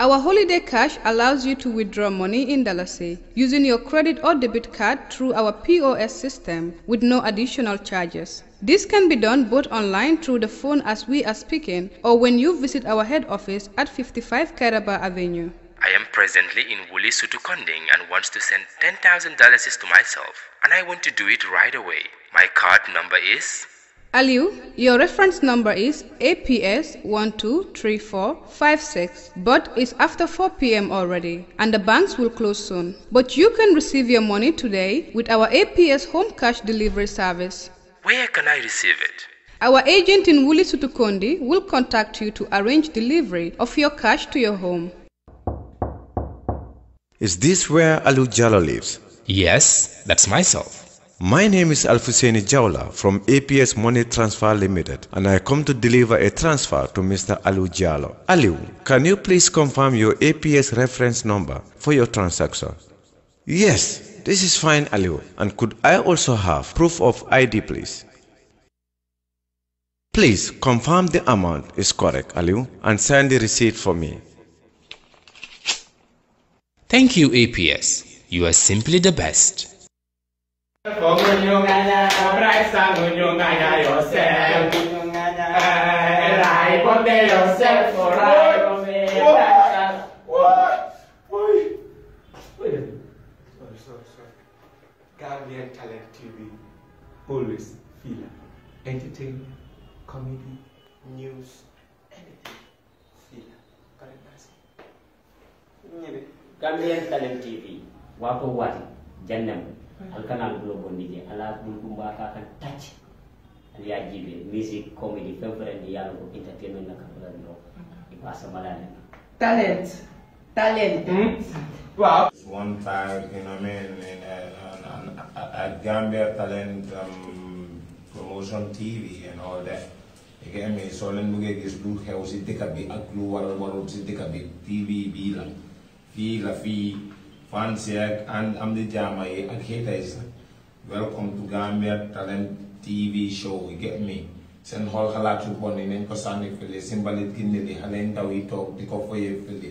Our holiday cash allows you to withdraw money in Dalase using your credit or debit card through our POS system with no additional charges. This can be done both online through the phone as we are speaking or when you visit our head office at 55 Karaba Avenue. I am presently in Wuli Sutukonding and want to send $10,000 to myself and I want to do it right away. My card number is Aliu, your reference number is APS 123456, but it's after 4 p.m. already and the banks will close soon. But you can receive your money today with our APS home cash delivery service. Where can I receive it? Our agent in Wuli Sutukondi will contact you to arrange delivery of your cash to your home. Is this where Alu Jalo lives? Yes, that's myself. My name is Alfuseni Jaula from APS Money Transfer Limited and I come to deliver a transfer to Mr. Alu Jalo. Alu, can you please confirm your APS reference number for your transaction? Yes, this is fine Alu and could I also have proof of ID please? Please confirm the amount is correct Alu and send the receipt for me. Thank you APS. You are simply the best. Fomunyunganya obraisa munyunganya yourself. Rai bonde yourself for rai bonde. What? What? Sorry, sorry, sorry. Gambian Talent TV. Always filler. Entertainment, comedy, news, anything. Filler. Correct, Gambian Talent TV. Wapo wati. Jannamu. alkanal bulo bondije ala ɗum ɗum mbata kan tacce ala ya jiɓe musique comédie fen frende yalla entertainment na kam hmm. ɓulan ɗo e basa malane talent talent mm? wow one time you know me in uh, at uh, uh, gambia talent um, promotion tv and all that you get me so len buggee gis lu xew si dëkk bi ak lu waral warul si dëkk bi tv bii la fii la fii fans here and I'm the Jamai and haters. Welcome to Gambia Talent TV show, you get me? seen xool xalaatu bon and nañ ko sànni fële si mbalit gi ne li xale ndaw yi toog di ko foyee fële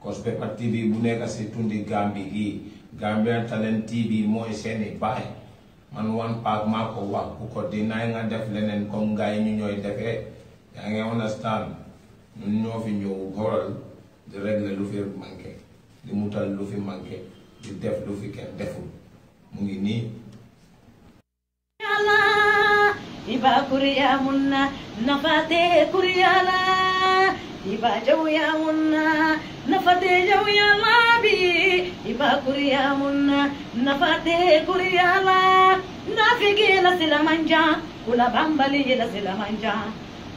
cause Pepper TV bu nekk si tundi Gambi gii Gambian Talent TV More is seeni baay man one pack maa ko wax bu ko di naay nga def leneen comme gars yi ñu understand ñun ñoo fi ñëw xoolal di régler lu fi di mutal lu fi manqué di def lu fi kenn iba kuriya munna nafate kuriya la iba munna nafate la bi iba kuriya munna nafate kuriya la nafigi la silamanja kula bambali la silamanja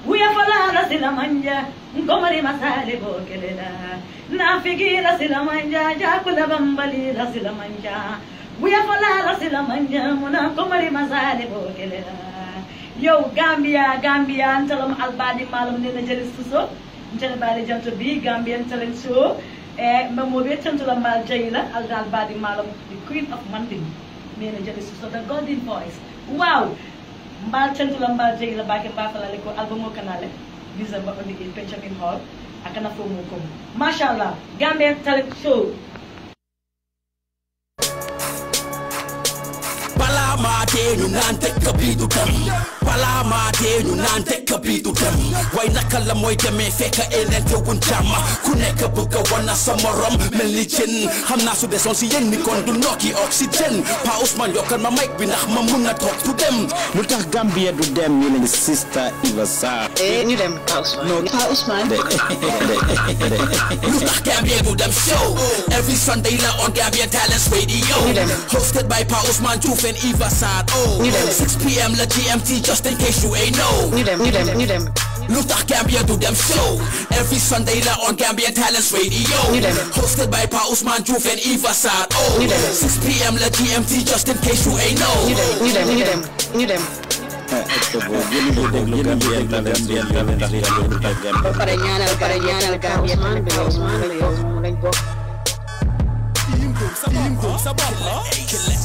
uyafalala silamanja nkomari masali bokelela nafikila silamanja jakula bambalila silamanja uyafalala silamanja muna nkomari masali bokelela yow gambia gambia ntalam albadi malam nena jeli suso ntele bale jamto bi gambia ntalen so e mamo be tantula mal jeyla aldal badi malam the queen of manding nena jeli suso the golden voice wow mbal centula mbal jegila bake bafalale ko albumo kanale visa mbako ndigi benjamin hall akana fo mo ko machallah gambia talent show Palamate nante kapitu dami Palamate nante kapitu dami Waina kala moita me feka elente wunjama Kuneka buka wana samaram melichin Hamna sube sonsi yen mi kondu noki oxygen Pa Usman yokan ma mic binah mamuna talk to them Lutah Gambia do them meaning sister Ivasa Eh ni dem Pa Usman No Pa Usman Lutah Gambia do dem show Every Sunday la on Gambia Talent Radio Hosted by Pa Usman Juf and Eva Riverside, oh. 6 p.m. the GMT, just in case you ain't know. New them, new them, new them. Luther Gambia do them show Every Sunday they're on Gambian Talents Radio Hosted by Pa Usman Juf and Eva Sad Oh 6pm la GMT just in case you ain't know New them, new them, new them ba pare Killer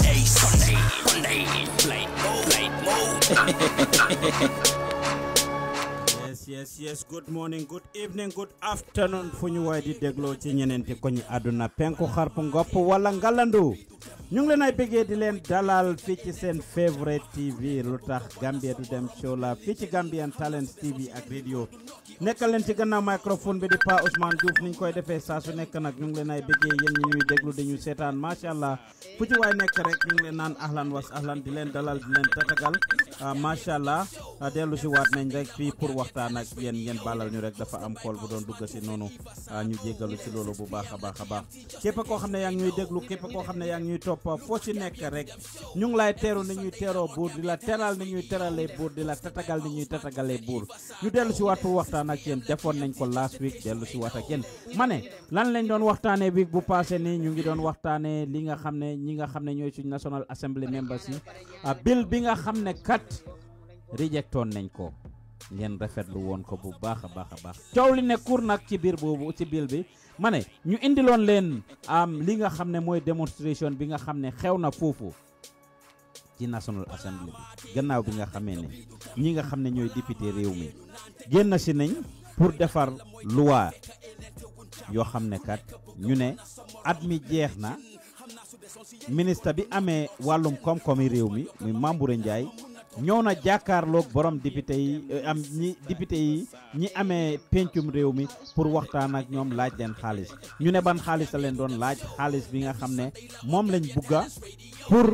Ace Sunday, Monday mode, mode Yes, yes, yes. Good morning, good evening, good afternoon. Fu ñu waay di dégloo ci ñeneen ci koñi àdduna penku xarpu ngopp wala ngalandu ñu ngi leen ay di leen dalal fii ci seen favorite TV lu tax Gambia du dem show la fii ci Gambian talent TV ak radio nekkal leen ci gannaaw microphone bi di Pa Ousmane Diouf ni ñu koy defee saa su nekk nag ñu ngi leen ay bëggee yéen ñi ñuy déglu seetaan macha allah fu ci waay nekk rek ñu ngi naan ahlan was ahlan di leen dalal di leen tatagal ah, macha allah ah, dellu si waat nañ rek fii pour waxtaan ak yéen ñu rek dafa am xool bu doon dugg si noonu ah, ñu jéggalu ci loolu bu baax a baax a baax képp koo xam ne yaa ngi ñuy déglu képp koo xam ne ñuy topp foo ci nekk rek ñu ngi lay teeru ni ñuy teeroo buur di la teral ni ñuy di la tatagal ni ñuy tatagalee buur ñu dellu si waat waxtaan ak yéen defoon nañ ko last week dellu si waat ak yéen ma ne lan lañ doon waxtaanee week bu paase nii ñu ngi doon waxtaanee li nga xam ne ñi nga xam ne ñooy suñ National Assembly members yi ah, bill bi nga xam ne kat rejectoon nañ ko ngeen rafetlu woon ko bu baax a baax a baax coow li ne kur nag ci biir boobu ci bill bi ma ne ñu indiloon leen am li nga xam ne mooy démonstration bi nga xam ne xew na foofu ci National Assembly bi gannaaw bi nga xamee ne ñi nga xam ne ñooy député réew mi génn si nañ pour defar loi yoo xam ne kat ñu ne at mi jeex na ministre bi amee wàllum koom-koomi réew mi muy Mamboura Ndiaye ñëw na jàkkaarloog borom député yi euh, am ñi député yi ñi amee pencum réew mi pour waxtaan ak ñoom laaj leen xaalis ñu ne ban xaalis la leen doon laaj xaalis bi nga xam ne moom lañ bugga pour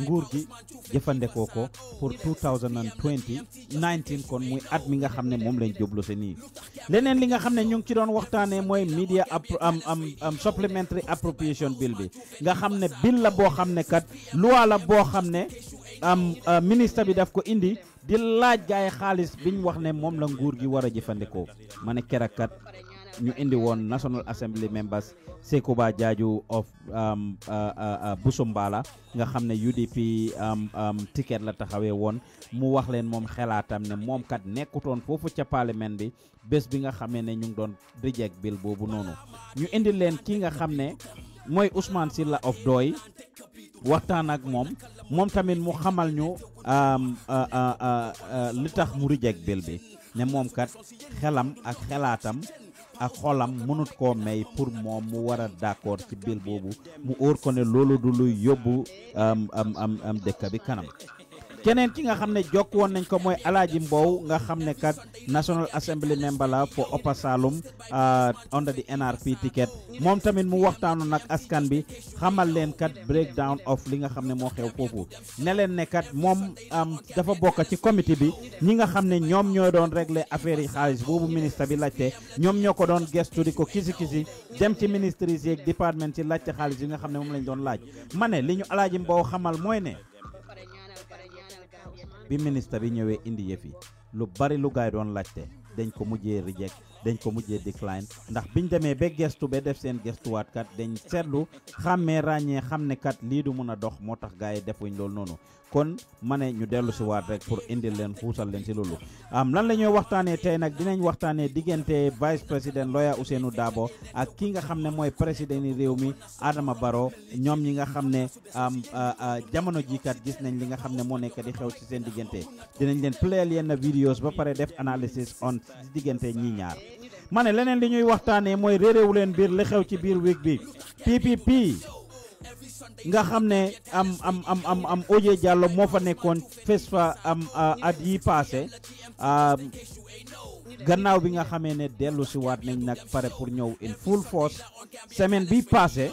nguur gi jëfandikoo ko pour 2020 19 kon muy at mi nga xam ne moom lañ jublu si nii leneen li nga xam ne ñu ngi ci doon waxtaanee mooy media am am supplementary appropriation bill bi nga xam ne bill la boo xam ne kat loi la boo xam ne am euh, ministre bi def ko indi di laaj gaay xaalis bi ñu wax ne moom la nguur gi war a jëfandikoo ma ne kerakat ñu indi woon National Assembly members Sekouba Jaaju of um, uh, uh, uh, Busumbala nga xam ne UDP um, um, ticket la taxawee woon mu wax leen moom xelaatam ne moom kat nekkutoon foofu ca parlement bi bés bi nga xamee ne ñu ngi doon reject bill boobu noonu ñu indi leen ki nga xam ne mooy Ousmane Silla of Dooy waxtaan ak moom moom tamit mu xamal ñu li tax mu rijek bil bi ne moom kat xelam ak xelaatam ak xolam mënut ko may pour moom mu war a d'accord ci bil boobu mu óor ko ne loolu du luy yóbbu am am am dëkk bi kanam keneen ki nga xam ne jokk woon nañ ko mooy alaaji Mbow nga xam ne kat National Assembly member la for Upper Saloum euh, under di NRP ticket moom tamit mu waxtaanu nag askan bi xamal leen kat breakdown of li nga xam ne moo xew foofu ne leen ne kat moom dafa bokk ci comité bi ñi nga xam ne ñoom ñoo doon regle affaire yi xaalis boobu ministre bi laajte ñoom ñoo ko doon gestu di ko kisi kisi dem ci ministres yi ak département ci laajte xaalis yi nga xam ne moom lañ doon laaj ma ne li ñu alaaji Mbow xamal mooy ne bi ministre bi ñëwee indi yëf yi lu bari lu gaay doon laajte dañ ko mujjee reject dañ ko mujjee decline ndax biñ demee ba gestu ba def seen gestuwaat kat dañ seetlu xàmmee ràññee xam ne kat lii du mun a dox moo tax gaay yi defuñ loolu noonu kon ma ne ñu dellu si waat rek pour indil leen xuusal leen si loolu am lan la ñuy waxtaanee tey nag dinañ waxtaanee diggante vice président lawyer Ousainou Darboe ak ki nga xam ne mooy président yi réew mi Adama Barrow ñoom ñi nga xam ne jamono jii kat gis nañ li nga xam ne moo nekk di xew ci seen diggante dinañ leen playal yenn videos ba pare def analysis on si diggante ñi ñaar ma ne leneen li ñuy waxtaanee mooy réeréwu leen biir li xew ci biir week bi nga xam ne am am am am am Oje Jallow moo fa nekkoon fes fa am uh, at yi passé um, gannaaw bi nga xamee ne dellu si waat nañ nag pare pour ñëw in full force semaine bi passé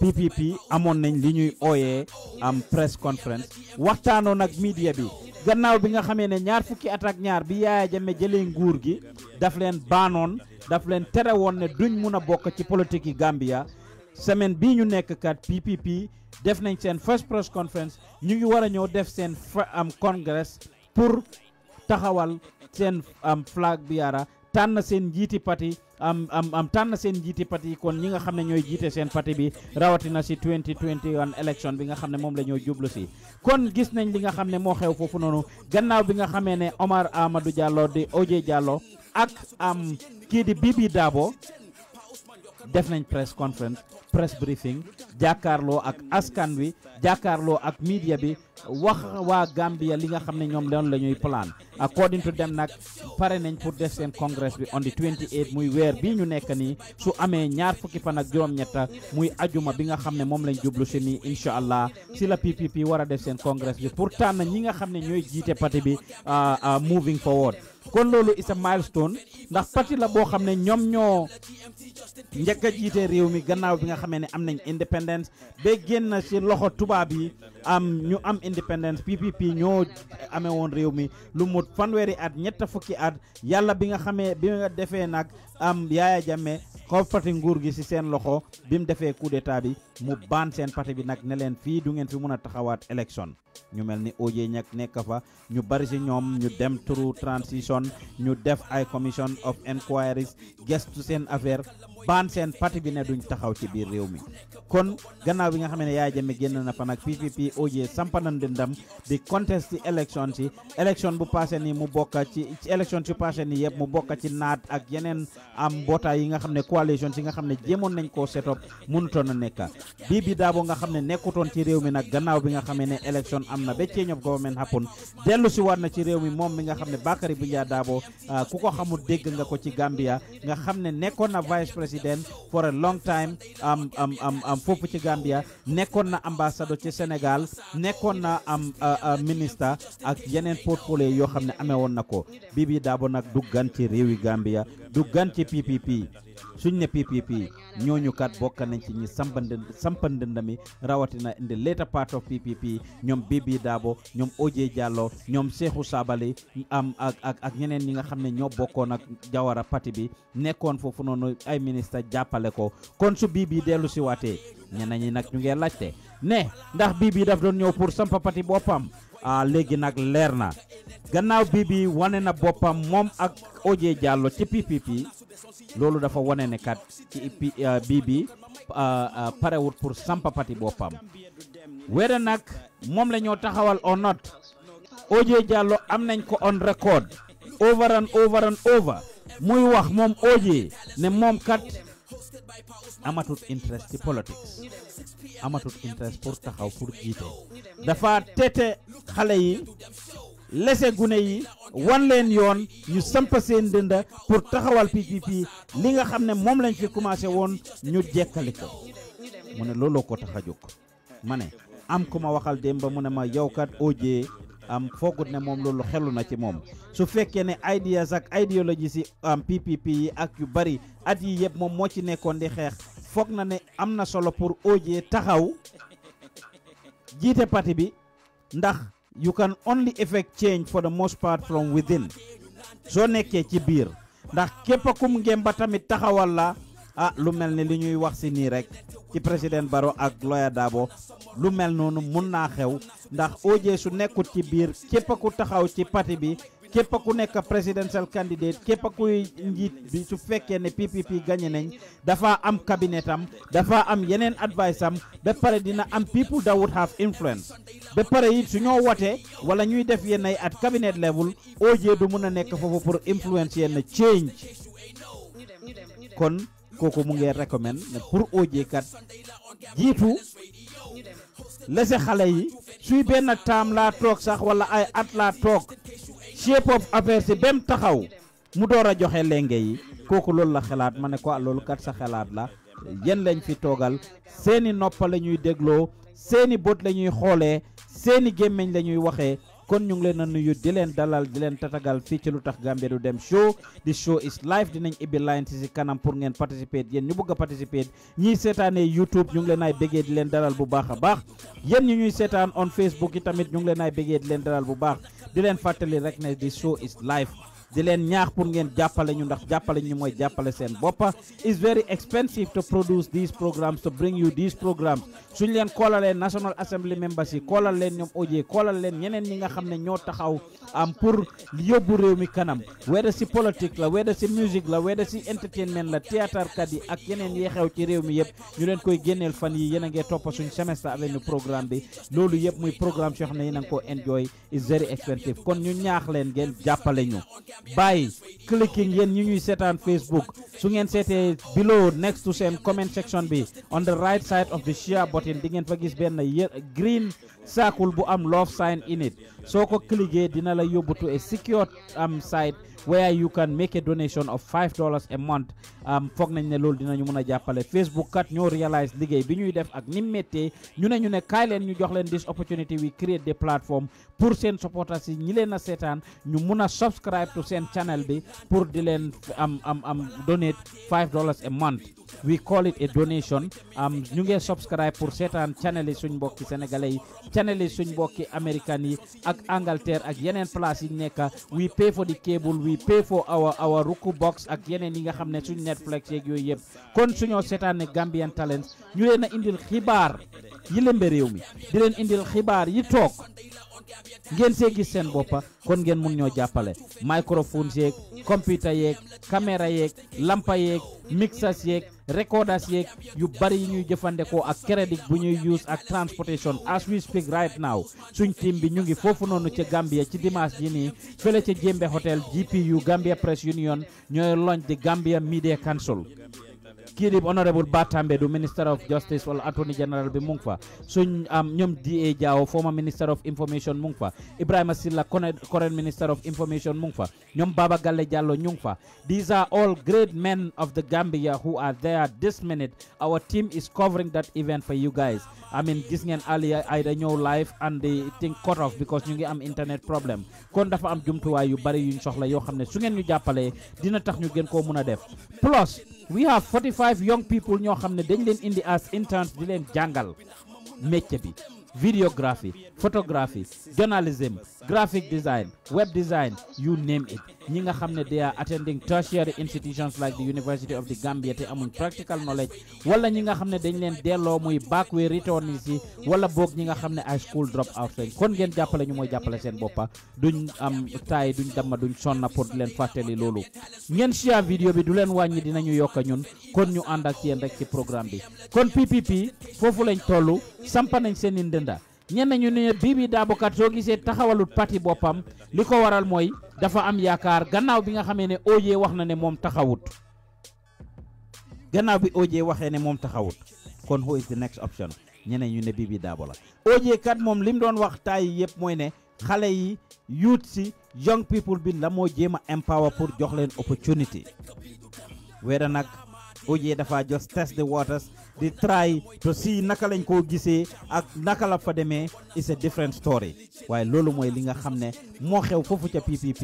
PPP amoon nañ li ñuy ooyee am press conference waxtaanoon ak media bi gannaaw bi nga xamee ne ñaar fukki at ak ñaar bi Yaya Jammeh jëlee nguur gi daf leen baanoon daf leen tere woon ne duñ mun a bokk ci politique yi Gambia semaine bii ñu nekk kat PPP def nañ seen first press conference ñu ngi war a ñëw def seen am congress pour taxawal seen am flag bi yara tànn seen njiiti parti am am am tànn seen njiiti parti kon ñi nga xam ne ñooy jiite seen parti bi rawatina si 2021 election bi nga xam ne moom la ñoo jublu si kon gis nañ li nga xam ne moo xew foofu noonu gannaaw bi nga xamee ne Omar Amadou jàlloo di OJ Diallo ak am kii di Bibi Dabo def nañ press conference press briefing jàkkaarloo ak askan wi jàkkaarloo ak media bi wax waa Gambia li nga xam ne ñoom loolu la ñuy plan according to dem nag pare nañ pour def seen congress bi on the muy weer bii ñu nekk nii su amee ñaar fukki fan ak juróom-ñetta muy ajuma bi nga xam ne moom lañ jublu si nii incha allah si la PPP war a def seen congress bi pour tànn ñi nga xam ne ñooy jiite parti bi ah, ah, moving forward kon loolu isa a milestone ndax parti la boo xam ne ñoom ñoo njëkk a jiite réew mi gannaaw bi nga xamee ne am nañu indépendance ba génn ci loxo tubaab yi am ñu am indépendance PPP ñoo amee woon réew mi lu mut fanweeri at ñett fukki at yàlla bi nga xamee bi nga defee nag am Yaya Jammeh xofati nguur gi ci seen loxo bi mu defee coup d'état bi mu baan seen parti bi nag ne leen fii du ngeen fi mën a taxawaat élection ñu mel ni OJ ñak nekk fa ñu bari ci ñoom ñu dem turu transition ñu def ay commission of inquiries gestu seen affaire baan seen parti bi ne duñ taxaw ci biir réew mi kon gannaaw bi nga xam ne Yahya Jammeh génn na fa nag PPP OJ sampanan ndëndam di contest ci élection si élection bu passé nii mu bokk ci ci si passé nii yëpp mu bokk ci naat ak yeneen am mbootaay yi nga xam ne coalition yi nga xam ne jéemoon nañ koo setop mënutoon a nekk bii bi daabo nga xam ne nekkutoon ci réew mi nag gannaaw bi nga xam ne élection am na ba change of government happen si waat na ci réew mi moom mi nga xam ne Bakary Bunja Daabo ah, ku ko xamul dégg nga ko ci Gambia nga president for a long time am am am am foofu ci Gambia nekkoon na ambassadeur ci Sénégal nekkoon na am ministre ak yeneen portfolio yoo xam ne amee woon na ko bii Bibi boo nag gan ci réewi Gambia duggan ci PPP suñ ne PPP ñooñu kat bokk nañ ci ñi sampandë sampandëndami rawatina in the later part of PPP ñoom Bibi Dabo ñoom OJ Jallow ñoom Cheikhou Sabali am ak ak ak ñeneen yi nga xam ne ñoo bokkoon ak Jawara parti bi nekkoon foofu noonu ay ministre jàppale ko kon su Bibi dellu si waatee ñeneen ñi nag ñu ngee laajte ne ndax Bibi daf doon ñëw pour sampa pati boppam ah léegi nag leer na gannaaw Bibi wane na boppam moom ak OJ Jallow ci PPP loolu dafa wane ne kat ci euh, bii bi euh, euh, parewut pour sampa pati boppam wéere nag moom la taxawal or not OJ Jallow am nañ ko on record over and over and over muy wax moom OJ ne moom kat amatut interest ci politics amatut interest pour taxaw pour jiite dafa tete xale yi lese gune yi wan leen yoon ñu samp seen dënda pour taxawal PPP li nga xam ne moom lañ fi commencé woon ñu jekkali ko mu ne loolu ko tax a ma ne am ku ma waxal démb ba mu ne ma yow kat OJ am foogut ne moom loolu xelu na ci moom su fekkee ne ideas ak idéologie si am PPP yi ak yu bari at yi yëpp moom moo ci nekkoon di xeex foog na ne am na solo pour OJ taxaw jiite parti bi ndax you can only effect change for the most part from within soo nekkee ci biir ndax képp kum ngeen ba tamit taxawal la ah lu mel ni li ñuy wax si nii rek ci président Barrow ak lawyer Darboe lu mel noonu mën naa xew ndax OJ su nekkut ci biir képp ku taxaw ci parti bi képp ku nekk presidential candidate képp kuy njiit bi su fekkee ne PPP gagné nañ dafa am cabinet am dafa am yeneen advice am ba dina am people that would have influence ba pare su ñoo wote wala ñuy def yenn ay at cabinet level OJ du mun a nekk foofu pour influence yenn change kon kooku mu ngi recommend ne pour OJ kat jiitu lese xale yi suy benn taam laa toog sax wala ay at laa toog shape of affairs yi bem taxaw mu door a joxe lenge yi kooku loolu la xalaat ma ne ko ah, loolu kat sa xalaat la yéen lañ fi toogal seeni noppa la ñuy dégloo seeni bët la ñuy xoolee seeni gémmiñ la ñuy waxee kon ñu ngi leen a nuyu di leen dalal di leen tatagal fii ci lu tax Gambia du dem show di show is live dinañ ibbi line si kanam pour ngeen participer yéen ñu bëgg a participer seetaanee YouTube ñu ngi leen ay bégee di leen dalal bu baax a baax yéen ñu ñuy seetaan on Facebook yi tamit ñu ngi leen ay bëggee di leen dalal bu baax di leen fàttali rek ne the show is live di leen ñaax pour ngeen jàppale ñu ndax jàppale ñu mooy jàppale seen boppa is very expensive to produce these programs to bring you these programs suñ leen koolalee National Assembly members yi koolal leen ñoom OJ koolal leen ñeneen ñi nga xam ne ñoo taxaw am pour yóbbu réew mi kanam weda si politique la weda si musique la weda si entertainment la théâtre kat yi ak yeneen yi xew ci réew mi yëpp ñu leen koy génneel fan yi yéen a ngee toppa suñ semestre avenue programme bi loolu yëpp muy programme soo ne yéen a ngi ko enjoy leen ngeen jàppale ñu bàyyi clicking yéen ñu ñuy seetaan Facebook su ngeen seetee below next to seen comment section bi on the right side of the share button di ngeen fa gis benn ye green circle bu am love sign in soo ko cliquer dina la yóbbu e a secure am um, site where you can make a donation of five dollars a month Um, foog nañ ne loolu dinañu mën a jàppale Facebook kat ñoo realize liggéey bi ñuy def ak ni mu méttee ñu ne ñu ne kaay leen ñu jox leen this opportunity we create the platform pour seen supporters yi ñi leen a seetaan ñu mun a subscribe to seen channel bi pour di leen am am am donate five dollars a month we call it a donation um, ñu ngi subscribe pour seetaan channel yi suñ mbokki sénégalais yi channel yi suñ mbokki américains yi ak Angleterre ak yeneen place yi nekk we pay for the cable We we pay for our our ruku box ak yeneen yi nga xam ne suñ Netflix yeeg yooyu yëpp kon suñoo seetaane Gambian Talents ñu leen a indil xibaar yi lëmbe réew mi di leen indil xibaar yi toog ngeen see gis seen boppa kon ngeen mun ñoo jàppale microphones yeeg computer yeeg caméra yeeg lampa yeeg mixas yeeg recorders yeeg yu bari yi ñuy jëfandikoo ak crédit bu ñuy use ak transportation as we speak right now suñ team bi ñu ngi foofu noonu ca Gambia ci dimanche ji nii fële ca Jembe Hotel GPU Gambia Press Union ñooy launch di Gambia Media Council Kirib honorable Batambe du minister of justice wala attorney general bi mu ngi fa suñ am ñoom DA Jawo former minister of information mu ngi Ibrahima Silla current minister of information mu ngi fa Baba Galle Jallow ñu these are all great men of the Gambia who are there this minute our team is covering that event for you guys I mean gis ngeen Aliya Aida ñëw live and the thing cut off because ñu ngi am internet problem kon dafa am jumtuwaay yu bari yuñ soxla yoo xam ne su ngeen ñu jàppalee dina tax ñu gën koo mun a def plus we have 45 young people ñoo xam ne dañu leen indi as interns di leen jàngal métier bi videography photography journalism graphic design, web design, you name it. ñi nga xam ne they are attending tertiary institutions like the University of the Gambia te amuñ practical knowledge wala ñi nga xam ne dañ leen delloo muy back way returnees yi wala boog ñi nga xam ne ay school drop out kon ngeen jàppale ñu mooy jàppale seen boppa duñ am taay duñ damma duñ sonna pour di leen fàttali loolu ngeen share vidéo bi du leen wàññi dinañu yokk ñun kon ñu ànd ak yéen rek ci programme bi kon PPP foofu lañ toll sampa nañ seen i ndënda ñemeñu ne Bibi Daabokat soo gisee taxawalut parti boppam li ko waral mooy dafa am yaakaar gannaaw bi nga xamee ne OJ wax na ne moom taxawut gannaaw bi OJ waxee ne moom taxawut kon who is the next option ñeneen ñu ne Bibi Daabo la OJ kat moom li mu doon wax taay yëpp mooy ne xale yi youth si young people bi la moo jéem a empower pour jox leen opportunity weera nag OJ dafa jot test de waters di try to see naka lañ koo gisee ak naka la fa demee it's a different story waaye loolu mooy li nga xam ne moo xew foofu ca PPP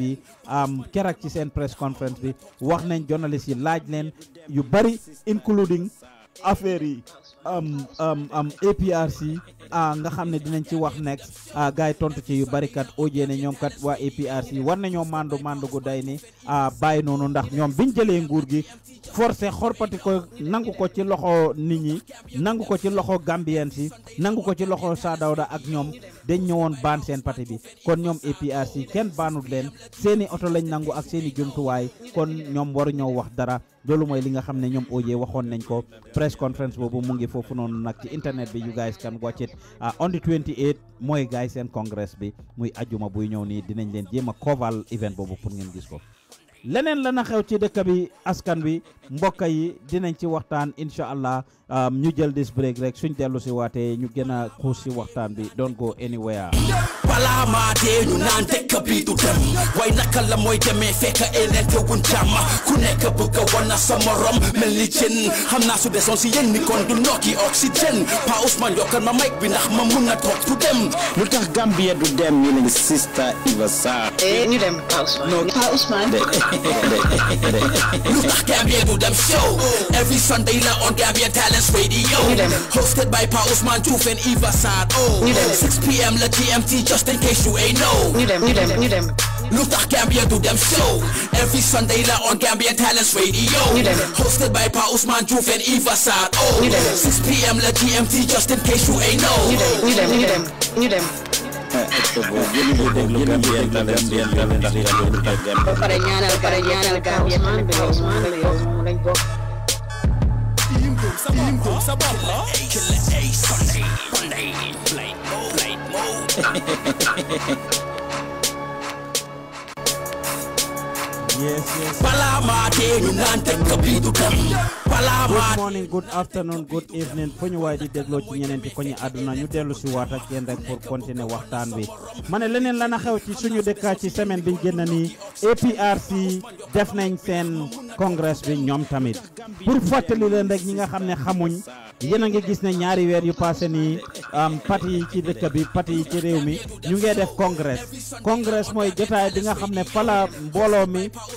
keroog ci seen press conference bi wax nañ journalist yi laaj leen yu bari including affaire yi am am APRC ah, nga xam ne dinañ ci wax nekk ah, gars yi tontu ci yu bari kat OJ ne ñoom kat waa APRC war nañoo mandu mandu gu day ni ah, bàyyi noonu ndax ñoom biñ jëlee nguur gi forcé xorpati ko nangu ko ci loxo nit ñi nangu ko ci loxo Gambien si nangu ko ci loxo Saa ak ñoom dañ ñëwoon baan seen pati bi kon ñoom APRC kenn baanut leen seeni oto lañ nangu ak seeni jumtuwaay kon ñoom waruñoo wax dara. loolu mooy li nga xam ne ñoom OJ waxoon nañ ko press conference boobu mu ngi foofu noonu nag ci internet bi you guys can watch it ah, on the 28 mooy gaay seen congress bi muy ajuma buy ñëw nii dinañ leen jéem a koval event boobu pour ngeen gis ko leneen la na xew ci dëkk bi askan bi mbokka yi dinañ ci waxtaan incha allah um, ñu jël dis break rek suñ dellu si waatee ñu gën a xuus si waxtaan bi don't go anywhere Palama de nunan te kabitu dem Wai nakala feka te wun Kuneka buka wana noki oxygen Pa Usman yokan ma mic bi talk to dem Gambia du dem sister Iva Eh dem Pa Usman No Pa Usman Gambia du dem show Every Sunday la on Gambia Talents Radio Hosted by Pa Usman Tuf Iva Oh 6pm la GMT just just in case you ain't know. Knew them, knew them, knew them. Luther Gambia do them show Every Sunday night on Gambian Talents Radio Hosted by Pa Usman Juf and Eva Sad 6pm la GMT just in case you ain't know Knew them, knew them, knew them ba pare ñaanal pare ñaanal Gambia tamit Pa Ousmane la yow moom lañ bokk Team Cook sa bopp la Team Cook sa bopp la Killer Ace Sunday Monday Play Ha ha ha ha ha ha! good morning good afternoon good evening fu ñu waay di dégloo ci ñeneenti ko ñi àdduna ñu dellu si waat ak yéen rek pour continuer waxtaan wi ma ne leneen lana xew ci suñu dëkkaa ci semaine biñ génn nii APRC def nañ seen congrès bi ñoom tamit pour fàttali leen rek ñi nga xam ne xamuñ yéen a ngi gis ne ñaari weer yu passé nii parti yi ci dëkk bi parti ci réew mi ñu ngee def congrès congrès mooy jotaay bi nga xam ne fala mbooloo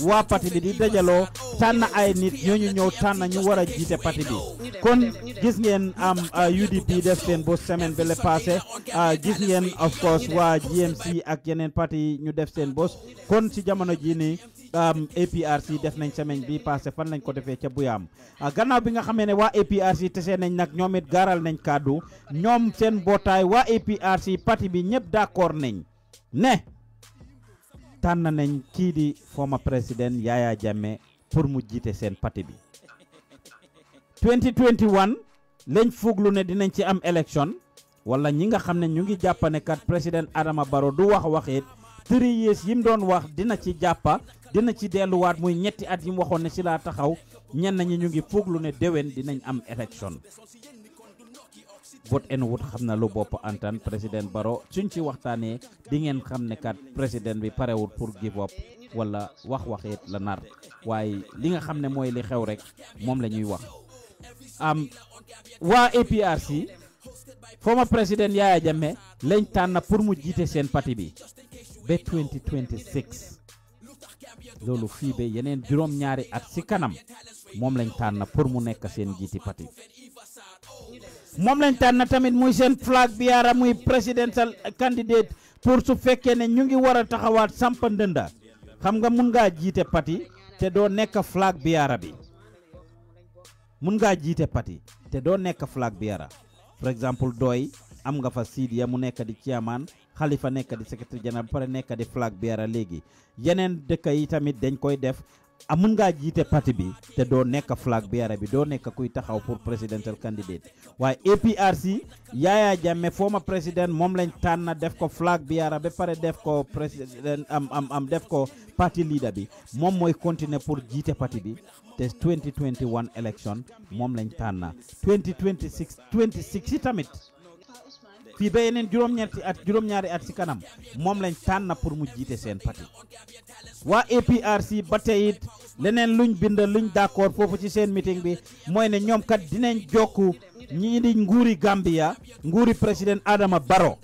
waa pati bi di dajaloo tànn ay nit ñu ñëw tànn ñu war a jiite pati bi kon gis ngeen am UDP uh, def seen bu semaine bi la passé uh, gis ngeen of course waa GMC ak yeneen parti ñu def seen bos kon ci jamono jii nii um, APRC def nañ semaine bi passé fan lañ ko defee ca Buyaam uh, gannaaw bi nga xamee ne waa APRC tesee nañ nag ñoom it gaaral nañ kàddu ñoom seen mbootaay waa APRC pati bi ñëpp d'accord nañ ne tànn nañ kii di former président Yaya Jammeh pour mu jiite seen pati bi 2021 lañ fooglu ne dinañ ci am élection walla ñi nga xam ne ñu ngi jàpp ne kat président Adama Barrow du wax waxit three yées yi mu doon wax dina ci jàppa dina ci delluwaat muy ñetti at yi mu waxoon ne si laa taxaw ñenn ñi ñu ngi fooglu ne déwén dinañ am élection vote en wut xam na lu bopp antan président Barrow suñ ci waxtaanee di ngeen xam ne kat président bi parewut pour give up wala wax waxit la nar waaye li nga xam ne mooy li xew rek moom la ñuy wax am waa APRC former président Yaya Jammeh lañ tànn pour mu jiite seen pati bi ba 2026 loolu fii ba yeneen juróom-ñaari at si kanam moom lañ tànn pour mu nekk seen jiiti pati moom na tànn tamit muy seen flag bi yaara muy presidential candidate pour su fekkee ne ñu ngi war a taxawaat sampa ndënda xam nga mun ngaa jiite pati te doo nekk flag bi yaara bi mun ngaa jiite pati te doo nekk flag bi par exemple dooy am nga fa Sidiya mu nekk di chairman xalifa nekk di secrétaire général ba pare nekk di flag bi léegi yeneen dëkk yi tamit dañ koy def amun nga jiite parti bi te doo nekk flag bearer bi doo nekk kuy taxaw pour presidential candidate waaye APRC Yaya Jammeh foma president moom lañ tànn def ko flag bearer ba pare def ko am am am def ko parti leader bi moom mooy continuer pour jiite parti bi 2021 election moom lañ tànn 2026 26 yi tamit fii ba yeneen juróom-ñetti at juróom-ñaari at kanam moom lañ tànn pour mu parti waa APRC ba tey it leneen luñ bind luñ d'accord foofu ci seen meeting bi mooy ne ñoom kat dinañ jokku ñii di nguuri Gambia nguuri président Adama Barrow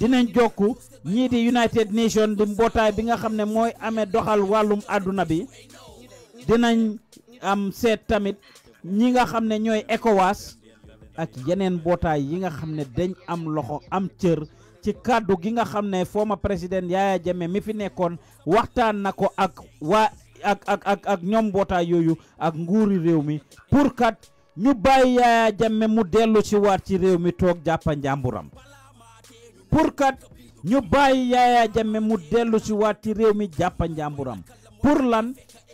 dinañ jokku ñii di United Nations di mbootaay bi nga xam ne mooy ame doxal wàllum àdduna bi dinañ am seet tamit ñi nga xam ne ñooy ECOWAS ak yeneen mbootaay yi nga xam ne dañ am loxo am cër ci kàddu gi nga xam former président Yaya jeme mi fi nekkoon waxtaan na ko ak wa ak ak ak ak ñoom mbootaay yooyu ak nguuri réew mi pour kat ñu bàyyi Yaya Jammeh mu dellu ci waat ci réew mi toog jàppa njàmburam pour kat ñu bàyyi Yaya mu dellu ci waat ci réew mi jàppa njàmburam pour lan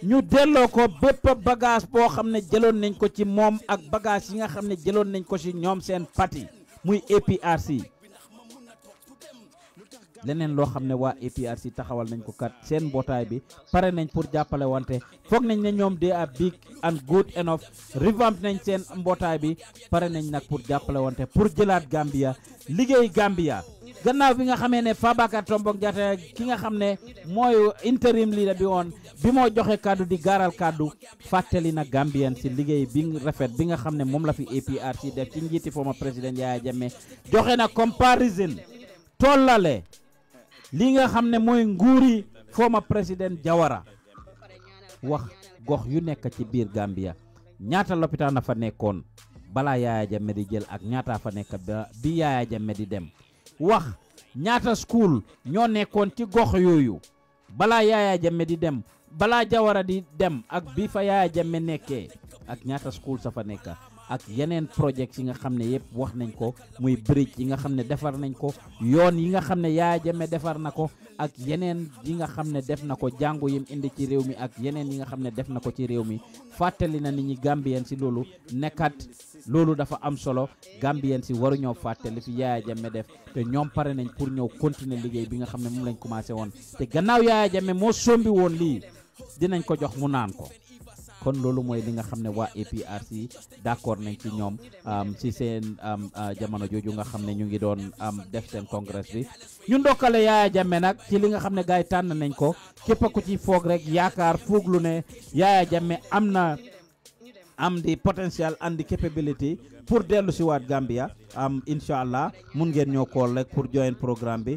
ñu delloo ko bépp bagage boo xam ne jëloon nañ ko ci moom ak bagage yi nga xam ne jëloon nañ ko ci ñoom seen parti muy APRC leneen loo xam ne waa APRC taxawal nañ ko kat seen mbootaay bi pare nañ pour jàppale wante foog nañ ne ñoom they are big and good enough revamp nañ seen mbootaay bi pare nañ nag pour jàppale wante pour jëlaat Gambia liggéey Gambia. gannaaw bi nga xamee ne Fabakary Tombong Jatta ki nga xam ne mooy interim leader bi woon bi moo joxe kàddu di gaaral kàddu fàttali na Gambien si liggéey bi rafet bi nga xam ne moom la fi APRC def ci njiiti former président Yahya Jammeh joxe na comparison lii nga xam ne mooy nguuri former président Jawara wax gox yu nekk ci biir Gambia ñaata lopitaan na fa nekkoon balaa Yaya Jammeh di jël ak ñaata fa nekk bi Yaya Jammeh di dem wax ñaata school ñoo nekkoon ci gox yooyu balaa Yaya Jammeh di dem balaa Jawara di dem ak bi fa Yaya Jammeh nekkee ak ñaata school sa fa nekk ak yeneen projets yi nga xam ne yëpp wax nañ ko muy bridge yi nga xam ne defar nañ ko yoon yi nga xam ne Yahya Jammeh defar na ko ak yeneen yi nga xam ne def na ko jàngu yim indi ci réew mi ak yeneen yi nga xam ne def na ko ci réew mi fàttali na nit ñi Gambien si loolu nekkat loolu dafa am solo Gambien si waruñoo fàttali fi Yahya Jammeh def te ñoom pare nañ pour ñëw continuer liggéey bi nga xam ne moom lañ commencé woon te gannaaw Yahya Jammeh moo sombi woon lii dinañ ko jox mu naan ko kon loolu mooy li nga xam ne waa APRC d'accord nañ ci ñoom ci seen jamono jooju nga xam ne ñu ngi doon am def seen congrès bi ñu ndokkale Yaaya Jammeh nag ci li nga xam ne gars yi tànn nañ ko képp ku ci foog rek yaakaar fooglu ne Yaaya Jammeh am na am di potential and di capability pour dellu si waat Gambia am incha allah mun ngeen ñoo kool rek pour join programme bi.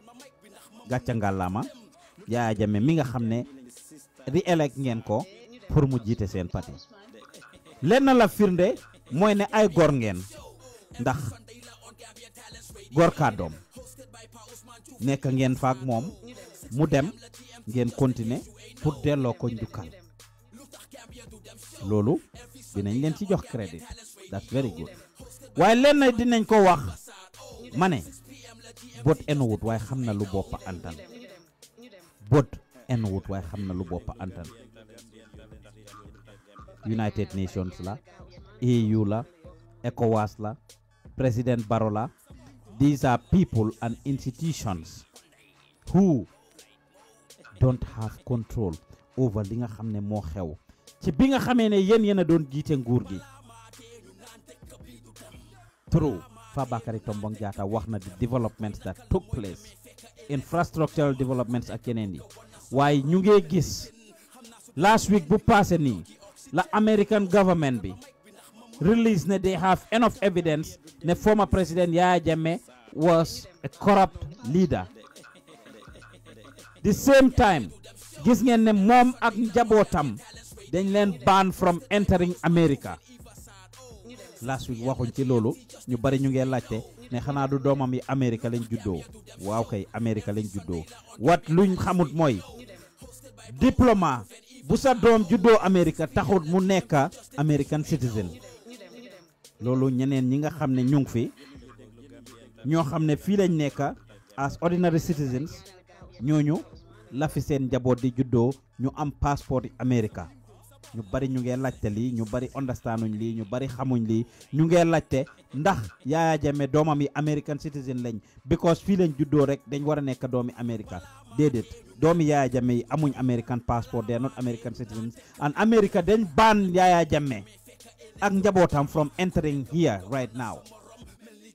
gàcca ngàllaama Yaya Jammeh mi nga xam ne di elek ngeen ko pour mu jiite seen parti lenn la firnde mooy ne ay gor ngeen ndax góor kàddoom nekk ngeen faak moom mu dem ngeen continuer pour delloo ko njukkal loolu dinañ leen ci jox crédit waaye lenn dinañ ko wax ma ne bot enuwut waay xam na lu boppa antan bot enuwut waaye xam na lu boppa antan United Nations la EU la ECOWAS la President Barrow la these are people and institutions who don't have control over li nga xam ne moo xew ci bi nga xamee ne yéen yéen a doon jiite nguur gi Fabakari Tombong Jata wax na the developments that took place infrastructural developments ak yeneen yi waaye ñu ngi gis last week bu passé nii la American government bi release ne they have enough evidence ne former president Yahya Jammeh was a corrupt leader the same time gis ngeen ne moom ak njabootam dañ leen ban from entering America last week waxuñ ci loolu ñu bari ñu ngee laajte ne xanaa du doomam yi Amérique lañ juddoo waaw kay Amérique lañ juddoo wat luñ xamut mooy diploma bu sa doom juddoo Amérique taxut mu nekk American citizen loolu ñeneen ñi nga xam ne ñu ngi fi ñoo xam ne fii lañ nekk as ordinary citizens ñoo la lafi seen njaboot di juddoo ñu am passeport Amérique ñu bari ñu ngee laajte lii ñu bari understanduñ lii ñu bari xamuñ lii ñu ngee laajte ndax Yaya Jammeh doomam yi American citizen lañ because feeling lañ juddoo rek dañ war a nekk doomi America déedéet doomi Yaya Jammeh yi amuñ American passport they are not American citizens and America dañ baan Yaya Jammeh ak njabootam from entering here right now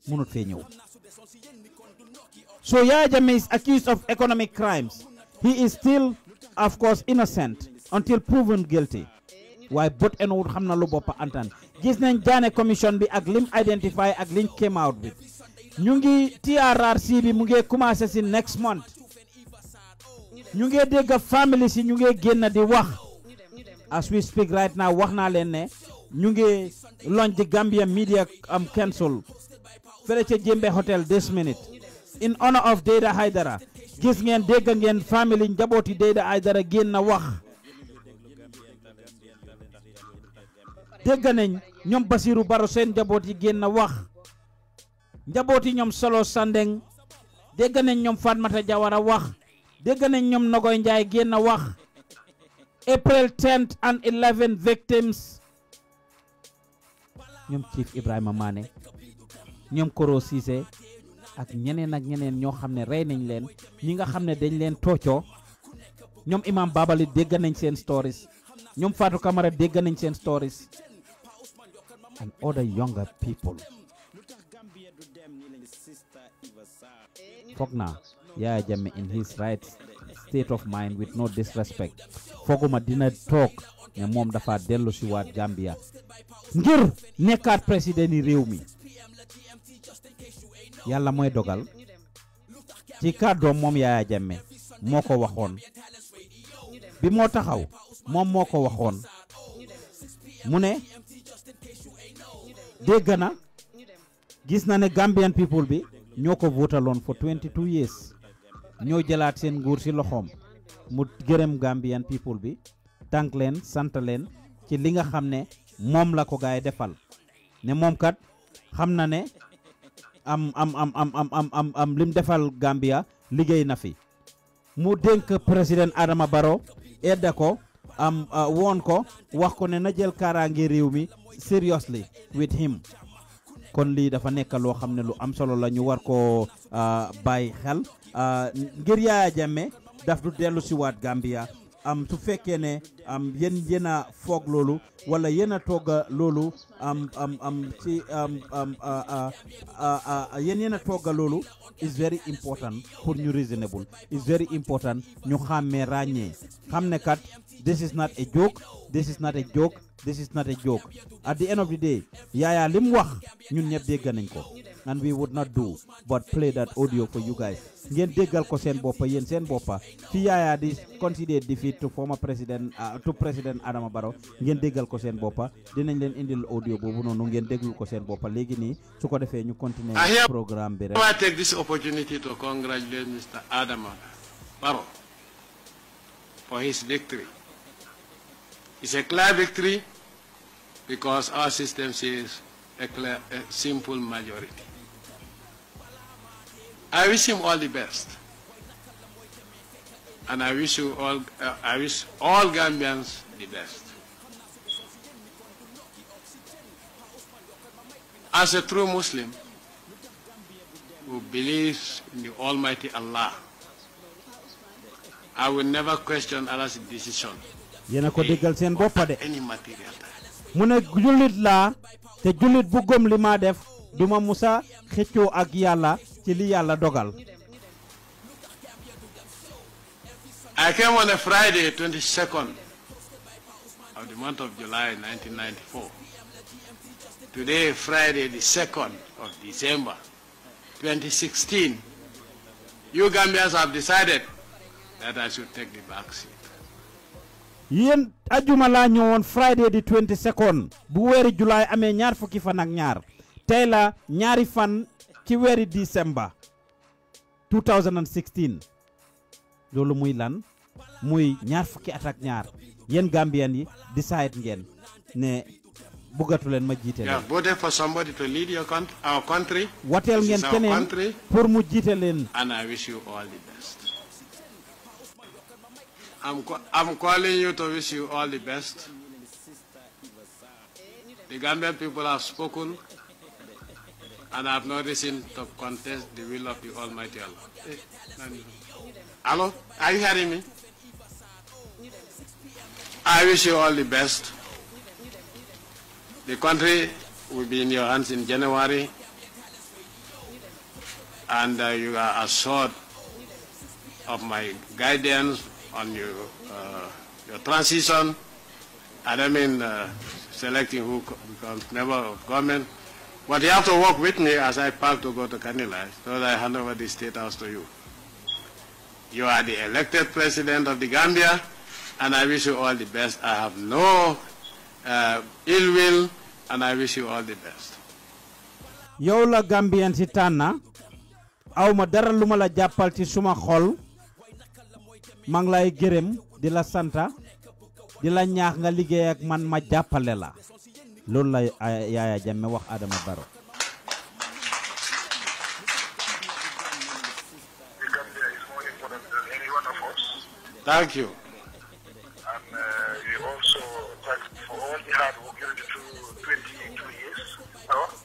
mënut fee ñëw so Yaya Jammeh is accused of economic crimes he is still of course innocent until proven guilty waaye bët enowul xam na lu boppa antan gis nañ jaane commission bi ak lim identify ak liñ came out bi ñu ngi TRRC bi mu ngi commencé si next month ñu ngi dégg family si ñu ngi génn di wax as we speak right naa wax naa leen ne ñu ngi launch di Gambia Media am um, Council fële ca Jembe Hotel this minute in honor of Dada Haidara gis ngeen dégg ngeen family njabooti Dada Haidara génn na wax dégg nañ ñoom Basiru Baro seen njaboot yi génn wax njaboot yi ñoom Solo Sandeng dégg nañ ñoom Fatmata a wax dégg nañ ñoom Nogoy Njaay génn wax April 10th and 11 victims ñoom Chief Ibrahima Mané ñoom Koro ak ñeneen ak ñeneen ñoo xam ne rey nañ leen ñi nga xam ne dañ leen toocoo ñoom Imam Babali dégg nañ seen stories ñoom Fatou Camara dégg nañ seen stories and other younger people. Fogna, yeah, Jammeh in his right state of mind with no disrespect foguma dina talk, ne moom dafa delo si waat Gambia ngir nekat president ni réew mi yàlla mooy dogal Chika kàddoom moom Yaya Jammeh moko ko waxoon bi moo taxaw moom moo ko waxoon mu ne dégg na gis na ne Gambian people bi ñoo ko vootaloon for 22 years ñoo jëlaat seen nguur ci loxoom mu gërëm Gambian people bi tànk leen sant leen ci li nga xam ne moom la ko gaay defal ne moom kat xam na ne am am am am am am lim defal Gambia liggéey na fi mu dénk président Adama baro edda ko am uh, woon ko wax ko ne na jël kaaraange réew mi seriously with him kon lii dafa nekk loo xam ne lu am solo la ñu war koo uh, bàyyi xel uh, ngir Yaya Jammeh daf du dellu si waat Gambia am su fekkee ne am yéen yéen foog loolu walla yéen a toog loolu am am am ci am am yéen yéen a loolu is very important pour ñu reasonable is very important ñu xàmmee ràññee xam ne kat. This is not a joke. This is not a joke. This is not a joke. At the end of the day, Yaya lim wax ñun ñep dégg nañ ko. And we would not do but play that audio for you guys. Ngeen déggal ko seen boppa yeen seen boppa. Fi Yaya di consider defeat to former president uh, to president Adama Barrow. Ngeen déggal ko seen boppa. Dinañ leen indil audio bobu nonu ngeen déglu ko seen boppa léegi ni su ko defé ñu continuer programme bi rek. I take this opportunity to congratulate Mr. Adama Barrow for his victory it's a clear victory because our system says a, clear, a simple majority. I wish him all the best. And I wish you all, uh, I wish all Gambians the best. As a true Muslim who believes in the Almighty Allah, I will never question Allah's decision ko déggal de te bu li ma def duma musa ak yàlla ci li yàlla dogal I came on a Friday 22nd of the month of July 1994 today Friday the 2nd of December 2016 you Gambians have decided that I should take the vaccine. yéen ajuma laa ñëwoon friday di 22nd bu weeri julaay amee ñaar fukki fan ak ñaar tey la ñaari fan ci weeri décembre 2016 loolu muy lan muy ñaar fukki atak ak ñaar yéen Gambien yi decide ngeen ne bëggatu leen ma jiite leen. boo dee for somebody to lead your country. wateel ngeen keneen pour mu jiite leen. and I wish I'm, I'm calling you to wish you all the best. The Gambian people have spoken, and I have not reason to contest the will of the Almighty Allah. Hello? Are you hearing me? I wish you all the best. The country will be in your hands in January, and uh, you are assured of my guidance on your, uh, your transition, and I mean uh, selecting who becomes member of government. But you have to work with me as I pack to go to Kanila, so that I hand over the State House to you. You are the elected president of the Gambia, and I wish you all the best. I have no uh, ill will, and I wish you all the best. Yola Gambian Gambien si tànna awma suma xol Mang lay gërem di la santa di la ñaax nga liggéey ak man ma jappalé la loolu lay yaaya wax Adama baro Thank you.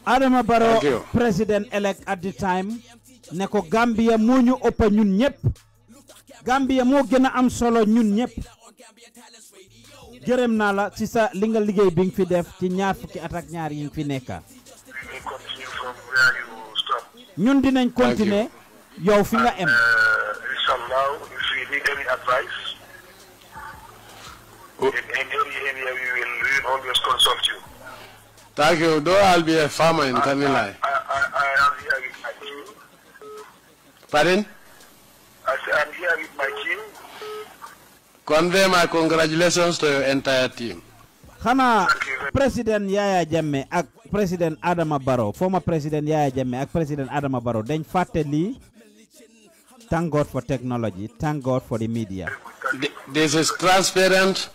And uh, Adama Baro, president-elect at the time, Neko Gambia Munyu, Opa, Nyun, Nyep, Gambia moo gën am solo ñun ñëpp gërëm naa la ci sa li nga liggéey bi nga fi def ci ñaar fukki at ak ñaar yi nga fi nekka ñun dinañ continuer yow fi nga em Thank you. Though I'll be a farmer in Kanilai. Pardon? I'm here with my team. Convey my congratulations to your entire team. xanaa President Yaya Jammeh ak President Adama Barrow former President Yaya Jammeh ak President Adama Barrow dañ fàtte thank God for technology thank God for the media. this is transparent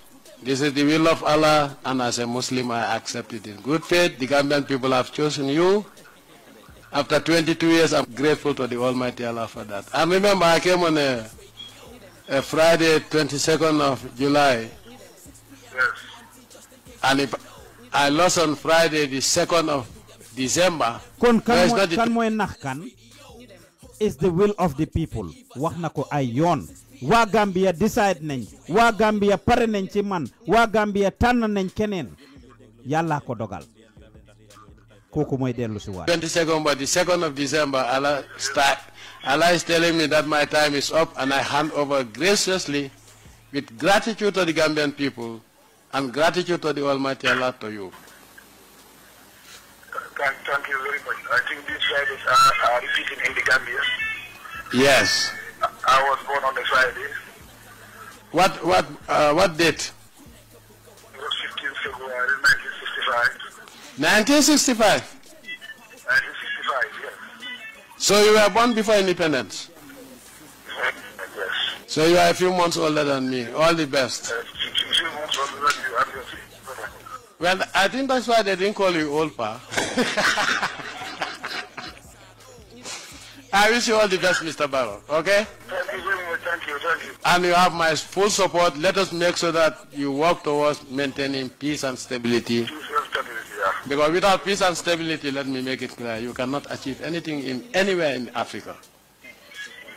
this is the will of Allah and as a Muslim I accept it in good faith the Gambian people have chosen you. After 22 years, I'm grateful to the Almighty Allah for that. I remember I came on a, a Friday, 22nd of July. And if I lost on Friday, the 2nd of December. Kon kan mo kan moy nax is the will of the people. Wax nako Wa Gambia decide nañ. Wa Gambia pare nañ ci Wa Gambia tan nañ keneen. Yalla ko dogal. 22nd but the 2nd of December Allah start Allah is telling me that my time is up and I hand over graciously with gratitude to the Gambian people and gratitude to the Almighty Allah to you. Thank, thank you very much. I think these Fridays are, uh, are uh, repeating in the Gambia. Yes. I was born on the Friday. What what uh, what date? It was 15 February 1965. 1965? 1965, yes. So you were born before independence? Yes. So you are a few months older than me. All the best. Uh, well, I think that's why they didn't call you old pa. I wish you all the best, Mr. Barrow, okay? Thank you very much. Thank you. Thank you. And you have my full support. Let us make sure that you work towards maintaining peace and stability. Because without peace and stability, let me make it clear, you cannot achieve anything in anywhere in Africa.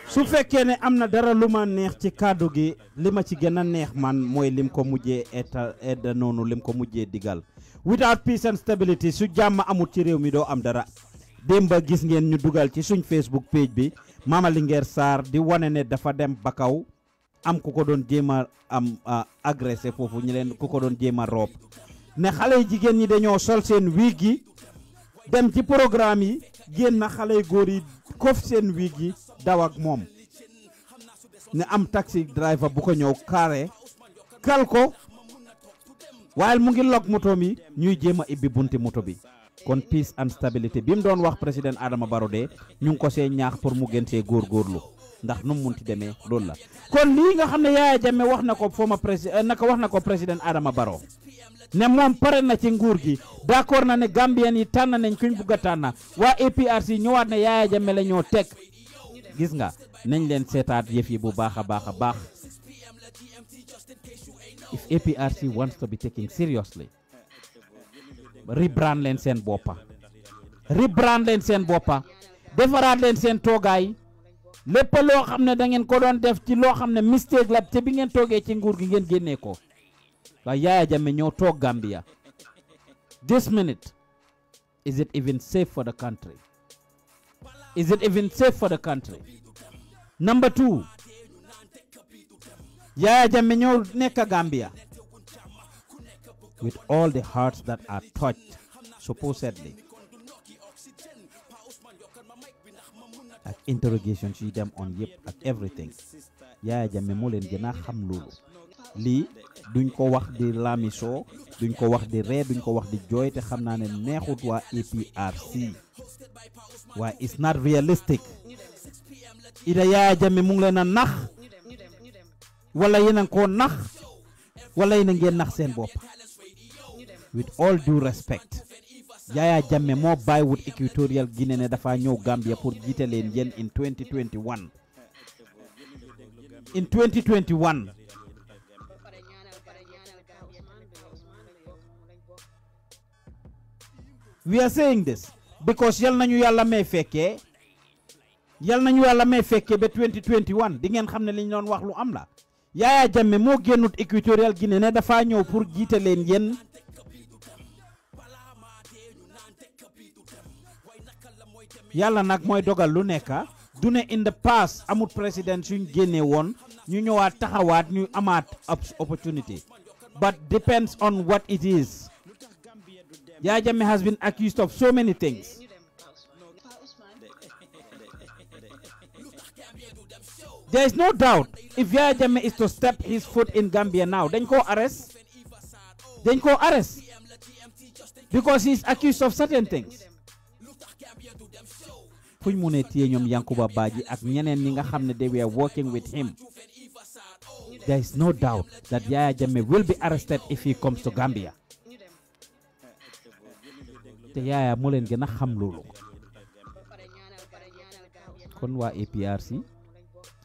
su fekkee ne am na dara lu ma neex ci kàddu gi li ma ci gën a neex man mooy lim ko mujjee eta edda noonu lim ko mujjee digal without peace and stability su jàmm amut ci réew mi doo am dara démb gis ngeen ñu dugal ci suñ Facebook page bi Mama Linguère Sarr di wane ne dafa dem Bakaw am ku ko doon jéem am agressé foofu ñu leen ku ko doon jéem a roob ne xale yu jigéen ñi dañoo sol seen wiig yi dem ci programme yi génn na xale yu góor yi kof seen wiig yi daw ak moom ne am taxi driver bu ko ñëw carré kal ko waaye mu ngi log moto mi ñuy jéem a ibbi bunti moto bi kon peace and stabilité bi mu doon wax président Adama Barrow de ñu ngi ko see ñaax pour mu gën see góorgóorlu ndax nu mu munti demee loolu la kon lii nga xam ne a Jammeh wax na ko former président eh, naka wax na ko président Adama Barrow ne moom pare na ci nguur gi d'accord na ne Gambien yi tànn nañ kuñ bugg a tànn waa APRC ñëwaat ne Yaya Jammeh la ñoo teg gis nga nañ leen seetaat yëf yi bu baax a baax a baax if APRC wants to be taken seriously rebrand leen seen boppa rebrand leen seen boppa defaraat leen seen toogaay lépp loo xam ne da ngeen ko doon def ci loo xam ne mistake la te bi ngeen toogee ci nguur gi ngeen génnee ko nga Yaya Jammeh ñoo toog Gambia this minute is it even safe for the country is it even safe for the country number two Yaya Jammeh ñoo nekk Gambia with all the hearts that are touched supposedly ak interrogation, yi them on yëpp ak everything Yaya Jammeh moo leen gën a xam lii duñ ko wax di lamisoo duñ ko wax di ree duñ ko wax di jooy te xam naa ne neexut waa APRC e waaye it's not realistic ida yaaya jame mu ngi leen a nax wala yéen koo nax wala yéen ngeen nax seen bopp with all due respect Yaya Jammeh moo bàyyiwut Equatorial Guinée ne dafa ñëw Gambia pour jiite leen yéen in 2021 in 2021 we are saying this because yal nañu yàlla may fekkee yal nañu yàlla may fekkee ba 2021 di ngeen xam ne li doon wax lu am la Yaya Jammeh moo génnut Equatorial Guinée ne dafaa ñëw pour jiite leen yéen yàlla nag mooy dogal lu nekka dune ne in the amut président suñ génnee woon ñu ñëwaat taxawaat ñuy amaat opportunity but depends on what it is Yaya Jammeh has been accused of so many things. There is no doubt if Yaya Jammeh is to step his foot in Gambia now, then go arrest. Then go arrest. Because he is accused of certain things. Yankuba they were working with him there is no doubt that Yaya Jammeh will be arrested if he comes to Gambia te yaaya mo leen gën a xam loolu kon waa APRC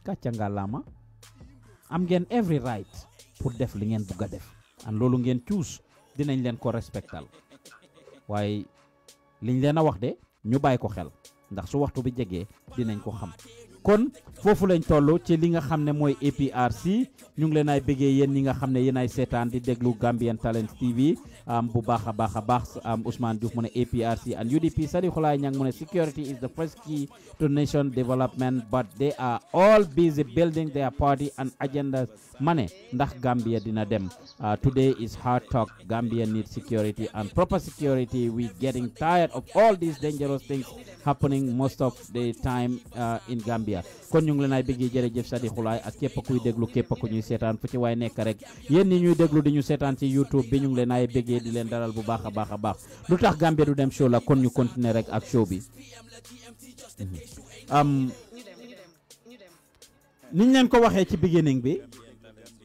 kàcca lama am ngeen every right pour def li ngeen bugg def an loolu ngeen cuus dinañ leen ko respectal waaye liñ leen a wax de ñu bàyyi ko xel ndax su waxtu bi jegee dinañ ko xam kon foofu lañ toll ci li nga xam ne APRC ñu ngi leen ay bëggee yéen ñi nga xam ne yéen ay seetaan di déglu Gambian Talents TV bu baax a baax Am baax Ousmane Diouf mu ne APRC and UDP Sadikhulai Nyang mu ne security is the first key to nation development but they are all busy building their party and agendas ma ne ndax Gambia dina dem ah, today is hard talk Gambia needs security and proper security we getting tired of all these dangerous things happening most of the time ah, in Gambia Gambia kon ñu ngi leen ay bëggee sa Sadi Xulaay ak képp kuy déglu képp ku ñuy seetaan fu ci waay nekk rek yéen ñi ñuy déglu di ñu seetaan ci YouTube bi ñu ngi leen ay bëggee di leen dalal bu baax a baax a baax lu tax Gambia du dem show la kon ñu continuer rek ak show bi am niñ leen ko waxee ci beginning bi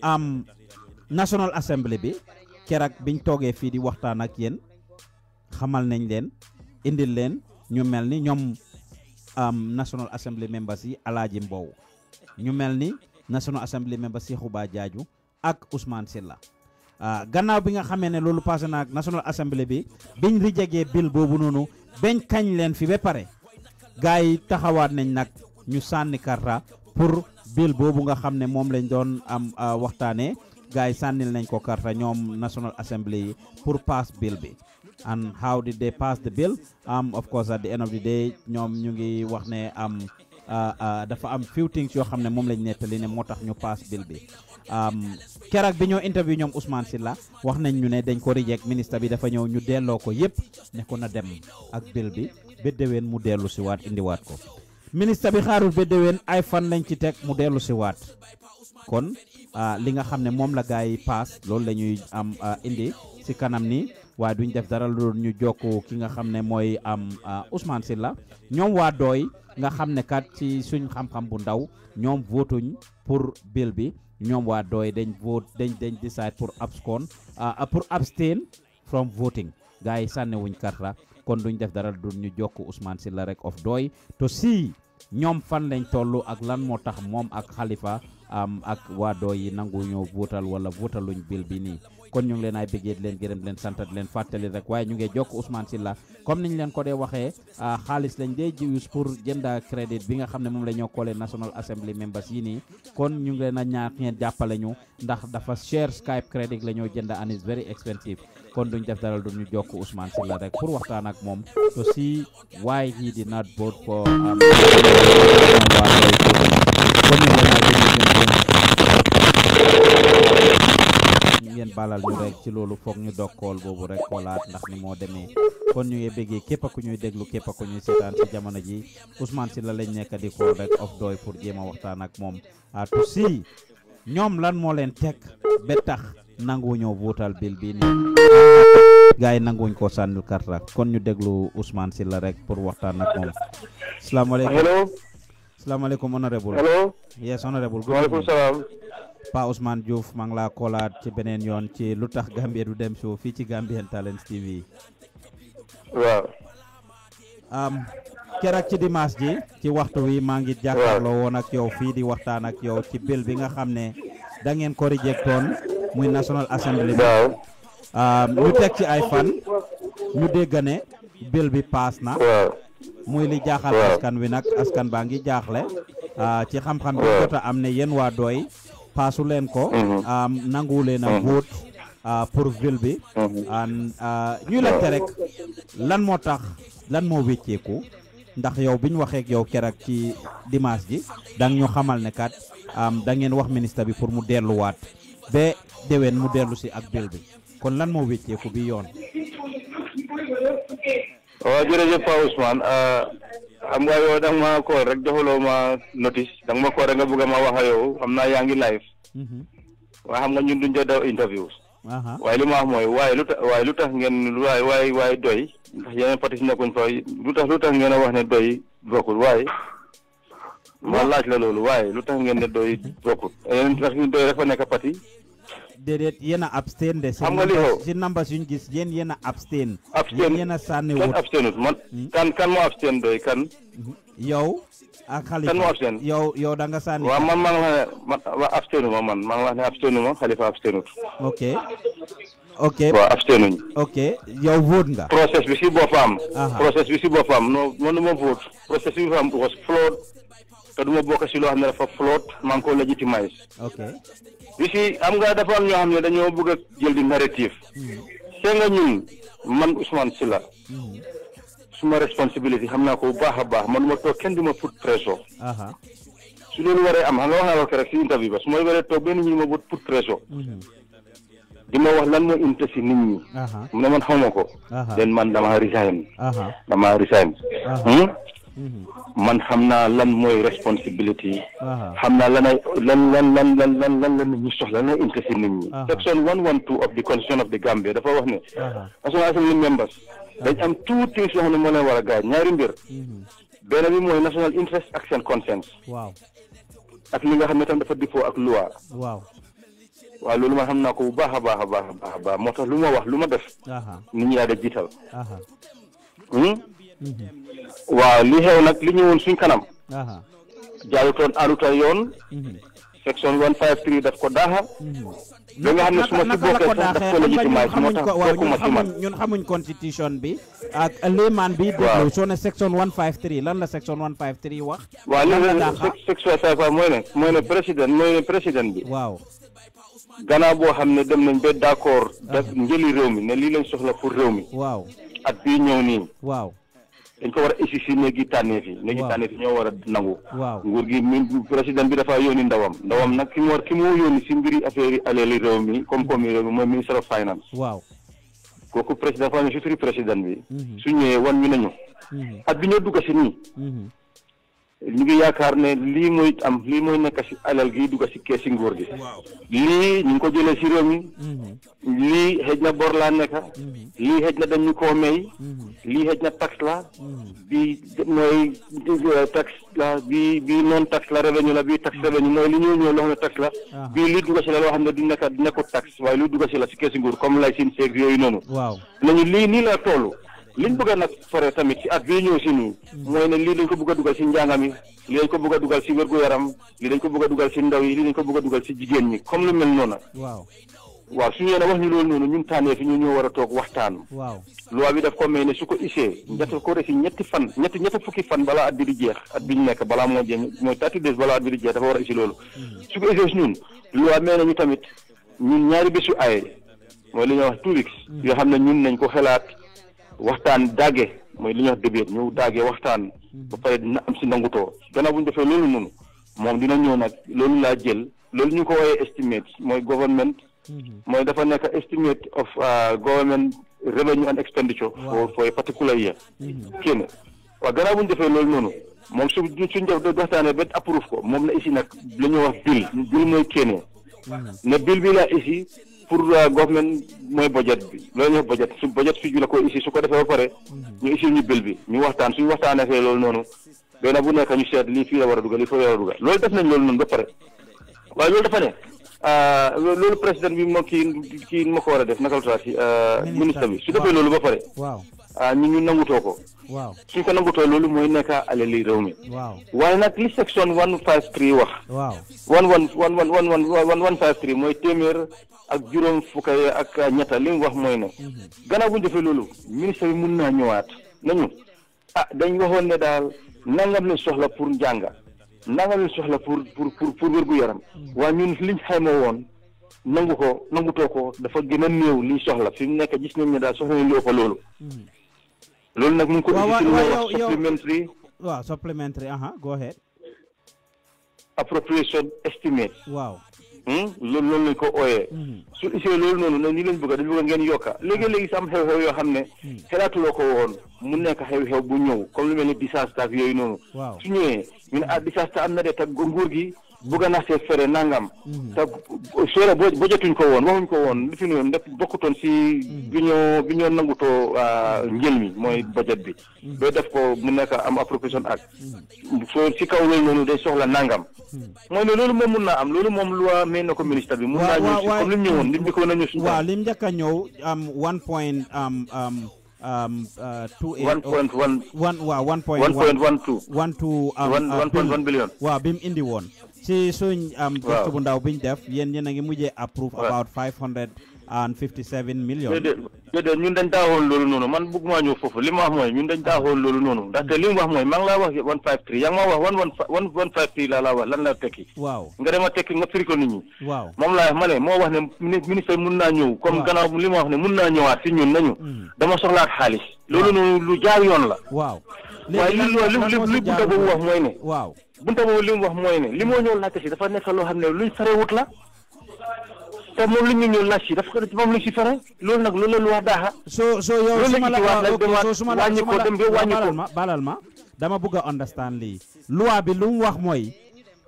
am National Assembly bi keroog biñ toogee fii di waxtaan ak yéen xamal nañ leen indil leen ñu mel ni ñoom National Assembly members yi Alaaji Mbow ñu mel ni National Assembly members Seexu Ba Jaaju ak Ousmane Silla ah, gannaaw bi nga xamee ne loolu passé na ak National Assembly bi biñ rijegee bill boobu noonu bañ kañ leen fi ba pare gars yi taxawaat nañ nag ñu sànni karta pour bill boobu nga xam ne moom lañ doon am ah, waxtaanee gars yi sànnil nañ ko karta ñoom National Assembly yi pour pass bill bi and how did they pass the bill um, of course at the end of the day ñoom ñu ngi wax ne am um, uh, uh, dafa am few things yoo xam ne moom lañ nettali ne moo tax ñu pass bill bi um, keroog bi ñoo interview ñoom Ousmane Silla wax nañ ñu ne dañ ko reject ministre bi dafa ñëw ñu delloo ko yëpp ne ko na dem ak bill bi ba déwén mu dellu si waat indiwaat ko ministre bi xaarul ba déwén ay fan lañ ci teg mu dellu si waat kon uh, li nga xam ne moom la gars yi paas loolu la ñuy am indi si kanam ni waaye duñ def dara lu ñu jokku ki nga xam ne mooy am ah, Ousmane Silla ñoom waa dooy nga xam ne kat ci suñ xam-xam bu ndaw ñoom votuñ pour bill bi ñoom waa doy dañ vote dañ dañ decide pour abscon ah, pour abstain from voting gars yi sànniwuñ karta kon duñ def dara du ñu jokk Ousmane Silla rek of dooy to si ñoom fan lañ toll ak lan moo tax moom ak xalifa am ak waa doo yi nangu ñoo votal wala votaluñ bill bi nii kon ñu ngi leen ay bëggee leen gërëm di leen santa leen fàttali rek waaye ñu ngi jokk Ousmane la comme niñ leen ko dee waxee ah, xaalis lañ dee jiwis pour jënda crédit bi nga xam ne moom la ñoo koolee National Assembly members yi nii kon ñu ngi leen a ñaax ngeen jàppale ñu ndax dafa cher Skype crédit la ñoo jënda and is very expensive kon duñ def dara duñu jokk Ousmane Silla rek pour waxtaan ak moom to see why he did not vote um, balal ñu rek ci loolu foog ñu dokkool boobu rek xoolaat ndax ni moo demee kon ñu ngi bëggee képp ku ñuy déglu képp ku ñuy seetaan ci jamono ji Ousmane Sylla lañ nekka di xool rek of doy pour jéem a waxtaan ak moom à si ñoom lan moo leen tek ba tax nangu ñoo votal bill bi nii gars yi nanguwuñ ko sànnil karta kon ñu déglu Ousmane la rek pour waxtaan ak moom salaamaaleykum salaamaaleykum honorable yes honorable waaleykum salaam Pa Ousmane Diouf ma ngi laa kolaat ci beneen yoon ci lu tax du dem show fii ci Gambian talent TV. waaw. kerak ci dimanche ji ci waxtu wi maa ngi jàkkaarloo woon ak yow fii di waxtaan ak yow ci bill bi nga xam ne da ngeen ko rejectoon muy National Assembly. waaw. ñu teg ci ay fan ñu dégg ne bill bi paas na. muy li jaaxal askan wi nag askan baa ngi jaaxle. Ah, ci xam-xam bi jot a am ne yéen waa doy. paasu leen ko mhm. nangu leen a mhm. vote ah, pour ville bi mhm. ah, ñuy laajte rek lan moo tax lan moo wécceeku ndax yow bi ñu waxeeg ak yow keroog ci dimaas ji dang ñu xamal ne kat dangeen wax ministre bi pour mu delluwaat ba déwén mu dellu si ak bill bi kon lan moo wécceeku bi yoon. am nga yow da nga ma call rek joxuloo ma notice da ma call rek nga bëgg ma wax ak yow am naa yaa ngi live. Mhm. waaye xam nga ñun duñ daw interview. waaye li ma wax mooy waaye lu tax waaye lu tax ngeen waaye waaye waaye doy ndax yeneen parti si nekkuñ fa lu tax lu tax ngeen a wax ne doy bokkul waaye. ma laaj la loolu waaye lu tax ngeen ne doy bokkul yeneen parti doy rek fa nekk parti. dedet yena abstain de. sen nga li xew namba gis yéen abstain. abstain yena sané kan wut abstainut hmm? kan kan mo abstain doy kan. yow. ak xalifa kan mo abstain yow yow da nga sané wa man maa ngi abstain mo man waa abstainuma man maa ngi abstain ne ok. ok abstain ñu ok yow vote nga. process bi si boppam. process bi ci boppam non man no mo vote process bi fam was float, te du ma bokk si loo xam ne dafa flawed ko ok. bi si am nga dafa am ñoo xam ne dañoo bëgg a jël di narratif see nga ñun man Ousmane Sylla suma responsabilité xam naa ko bu baax a baax man ma toog kenn du ma put pression su loolu waree am xam nga wax naa ko rek si interview ba su may waree toog benn ñu ma bët put pression mhm. di ma wax lan moo inte si nit ñi mu ne man xawma ko den man dama resign dama resign Mm-hmm. man xam naa lan mooy responsibility xam naa lan lan lan lan lan lan lan la nit ñi soxla lan la intéressé nit ñi section one one two of the constitution of the Gambia dafa wax ne national assembly members dañ am two things yoo xam ne moo leen war a gaay ñaari mbir mm-hmm. benn bi mooy national interest ak seen conscience waaw ak li nga xam ne tam dafa difoo ak loi waaw waaw loolu man xam naa ko bu baax a baax a baax a baax moo tax lu ma wax lu ma def nit ñi daa da jiital waaw li xew nag li ñëwoon suñ kanam. jaarutoon alutoon yoon. Mhm. section one five three daf ko daaxa. Mhm. ba nga xam ne su ma si bokkee sax daf ko légitimize moo tax bokkuma ci man ñun xamuñ constitution bi ak léemaan bi. waaw déglu soo ne section one five three lan la section one five three wax. waaw li section five five mooy ne mooy ne président mooy ne président bi. waaw. gannaaw boo xam ne dem nañ ba d' accord. def njëli réew mi ne lii lañ soxla pour réew mi. waaw at bii ñëw nii. waaw. dañ ko war a échoué léegi tànneef yi. waaw léegi tànneef yi ñoo war a nangu. waaw nguur gi mi président bi dafa yónni ndawam ndawam nag ki mu war ki mu yónni si mbiri affaire yi réew mi koom-koom yi mooy ministre of finance. waaw kooku président fa ne surtout président bi. Mhm. su ñëwee wan ñu nañu. Mhm. at bi ñoo dugg si nii. Mhm. ñu ngi yaakaar ne lii mooy am lii mooy nekk si alal gi dugg si kees si nguur gi lii ñu ngi ko jëlee si réew mhm. lii xëj na bor laa nekk mhm. lii xëj na dañu koo may mhm. lii xëj na tax la bii mooy euh, tax la bii bii non tax la revenu la bii tax revenu mooy li ñuy ñëw loo xam ne tax la ah. bii li dugg si la loo xam ne du di nekkul tax waaye lu dugg si la si kees si nguur comme lay sin seeg yooyu noonu nañu lii nii la toll liñ bëgg nag fore tamit ci at bii ñëw si nii mooy ne lii dañ ko bëgg a dugal si njàng dañ ko bëgg a dugal si wérgu yaram li dañ ko bëgg a dugal si ndaw yi li dañ ko bëgg a dugal si jigéen ñi comme lu mel noonu waaw su ñëwee wax ñu loolu noonu ñun tànnee fi ñu ñoo war a toog waxtaan waaw loi bi daf ko may ne su ko isee ñett ko resi ñetti fan ñetti ñetti fukki fan balaa at bi di jeex at bi nekk balaa moo jéem mooy tati des balaa at bi di jeex dafa war a isi loolu su ko isee ñun loi may nañu tamit ñun ñaari bésu aye mooy li ñuy wax two weeks yoo xam ne ñun nañ ko xelaat waxtaan daage mooy li ñuy wax débat ñu daage waxtaan ba pare dina am si nangutoo gannaaw bu ñu defee loolu noonu moom dina ñëw nag loolu laa jël loolu ñu ko woowee estimate mooy government mooy dafa nekk estimate of uh, government revenue and expenditure for for a particular year mhm. kenn waaw gannaaw bu ñu defee loolu noonu moom su suñ def da waxtaanee ba approuve ko moom na isi nag la ñuy wax bill bill mooy kénne mhm. isi pour euh, government mooy budget bi loolu ñuy budget su budget fii ju la ko isi su ko defee ba pare ñu isi ñu bill bi ñu waxtaan suñu waxtaan fee loolu noonu doy bu nekk ñu seet lii fii la war a dugal lii fii la war a dugal loolu def nañ loolu noonu ba pare waaye loolu dafa euh, loolu président bi moo kii kii moo ko war a def naka la tuuti euh, ministre bi su defee loolu ba pare ñu ah, ñu nangutoo ko. waaw suñ ko nangutoo loolu mooy nekk alali réew mi. waaw waaye nag li section one five three wax. waaw one one one one one one five three mooy téeméer ak juróom fukk ak ñetta li mu wax mooy ne. Mhm. gannaaw bu ñu defee loolu ministre bi mun naa ñëwaat nañu ah dañ waxoon ne daal nangam lañ soxla pour njàng. nangam lañ soxla pour pour pour pour wér gu yaram. Mhm. waaye ñun liñ xayma woon. nangu ko nangutoo ko dafa gën a néew liñ soxla fi mu nekk gis nañ ne daal soxla nañ loo ko loolu. Mhm. loolu nag mu ngi ko supplémentary waaw supplémentary aha go ahead appropriation estimate waaw hmm? loolu loolu ko ooyee hmm. suñu isee loolu noonu nag ñu leen bëgg dañu bëgg ngeen yokka hmm. léegi-léegi si am xew-xew yoo xam ne xelaatuloo ko woon mu nekk xew-xew bu ñëw comme lu mel ni disaster ak yooyu noonu su ñëwee ñu ne ah disaster am na de tag nguur gi bugga na see fere nangam. Mhm. te fere boo jotuñ ko woon waxuñ ko woon li fi ñu woon bokkutoon si. Mhm. bi ñoo bi ñoo nangutoo ah, mhm. njël mi mooy budget bi. ba def ko mu nekk am appropriation act. soo si kaw loolu noonu de soxla nangam. mooy ne loolu moom mun naa am loolu moom loi may na ko bi. mun naa ñëw si comme lim ñëwoon lim njëkk a ñëw am one point am am. um, uh, two eight, one point oh, one one wow, one point one point one two one two um, one, uh, billion wow bim in the si suñ am um, gëstu bu ndaw biñ def yéen yéen a ngi mujjee approve about five hundred and fifty seven million déedéet ñun dañ taaxoon loolu noonu man bëgguma ñëw foofu li ma wax mooy ñun dañ taaxoon loolu noonu ndaxte li mu wax mooy maa ngi laa wax one five three yaa ma wax one one five three laa laa wax lan la tekki waaw nga dem a tekki nga firi ko nit ñi waaw moom laa wax ma moo wax ne ministre mun naa ñëw comme gannaaw li ma wax ne mun naa ñëwaat si ñun nañu mm. dama soxlaat xaalis loolu noonu lu jaar yoon la waaw waaye li li li li bu wax mooy ne waaw bunta boobu li mu wax mooy ne li moo ñëw laajte si dafa nekk loo xam ne luñ farewut la te moom lu ñu ñëw laaj si dafa moom lu si fere loolu nag loolu la lu wax daaxa. soo soo yow su ma la ah, soo su ma la wàññi ko dem ba wàññi ko balal ma dama bëgg a understand lii. loi bi lu mu wax mooy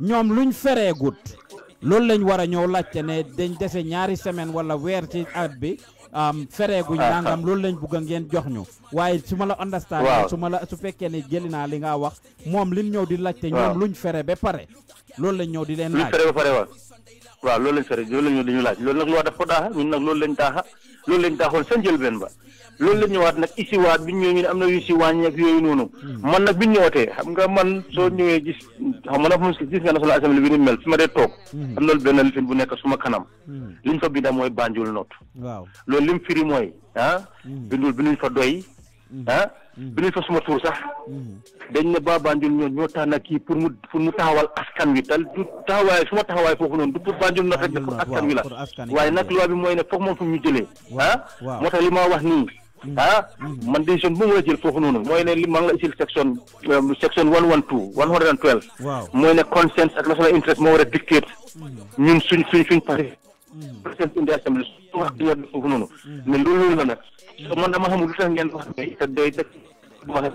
ñoom luñ fereegut loolu lañ war a ñëw laajte ne dañ dese ñaari semaine wala weer ci at bi. fereeguñ ah, nangam ah. loolu lañ bugg a ngeen jox ñu waaye su ma la understand su ma la su fekkee ne jëli naa li nga wax moom liñ ñëw di laaj laajte ñoom luñ fere ba pare loolu lañ ñëw di leen laaj luñ fere ba pare waaw loolu lañ fere loolu lañ ñu laaj loolu nag loo daf ko daaxa ñun nag loolu lañ daaxa loolu lañ daaxoon jël njëlbeen ba loolu la ñëwaat nag isiwaat bi ñëwee ñu am na yu si wàññi ak yooyu noonu hmm. man nag bi ñëwatee xam nga man soo hmm. ñëwee gis xam nga moom gis nga national assembly bi ni mel fi ma dee toog hmm. am na benn lifin bu nekk suma kanam liñ fa binda mooy Banjul North waaw loolu lim firi mooy ah bindul bi fa doy ah bi nuñ fa suma tuur sax dañ ne ba Banjul ñoo ñoo tax na kii pour mu pour mu taxawal askan wi tal du taxawaay suma taxawaay foofu noonu du pour Banjul North rek ne pour askan wi la waaye nag loi bi mooy ne foog moom fu ñu jëlee ah wax nii Mm-hmm. ah mm-hmm. man décision bu mu la jël foofu noonu mooy ne li ma ngi la isil section um, section one one two one hundred and twelve mooy ne conscience ak national interest moo war a dictate mm-hmm. ñun suñ suñ suñ parti président indi assemblée su wax di wàllu foofu noonu la nag so man dama xamul lu tax ngeen wax ne te day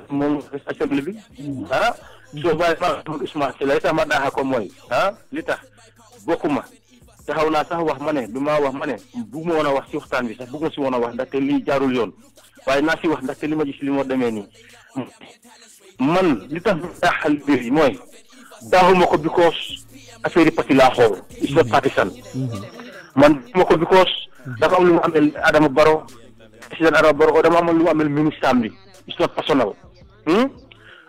moom assemblée bi ah soo bàyyi ma Ousmane si la li tax ma daaxa ko mooy ah li tax ma taxaw naa sax wax ma ne du maa wax ma ne bugg ma woon a wax si waxtaan bi sax bugg ma si woon wax ndaxte lii jaarul yoon waaye naa si wax ndaxte li ma gis li moo demee nii man li tax ma daaxal mbir yi mooy daaxuma ko because affaire yi parti laa xool is not partisan man daaxuma ko because dafa lu mu amel Adama Barrow président Adama Barrow dama am lu mu amel ministre am bi is not personal hmm?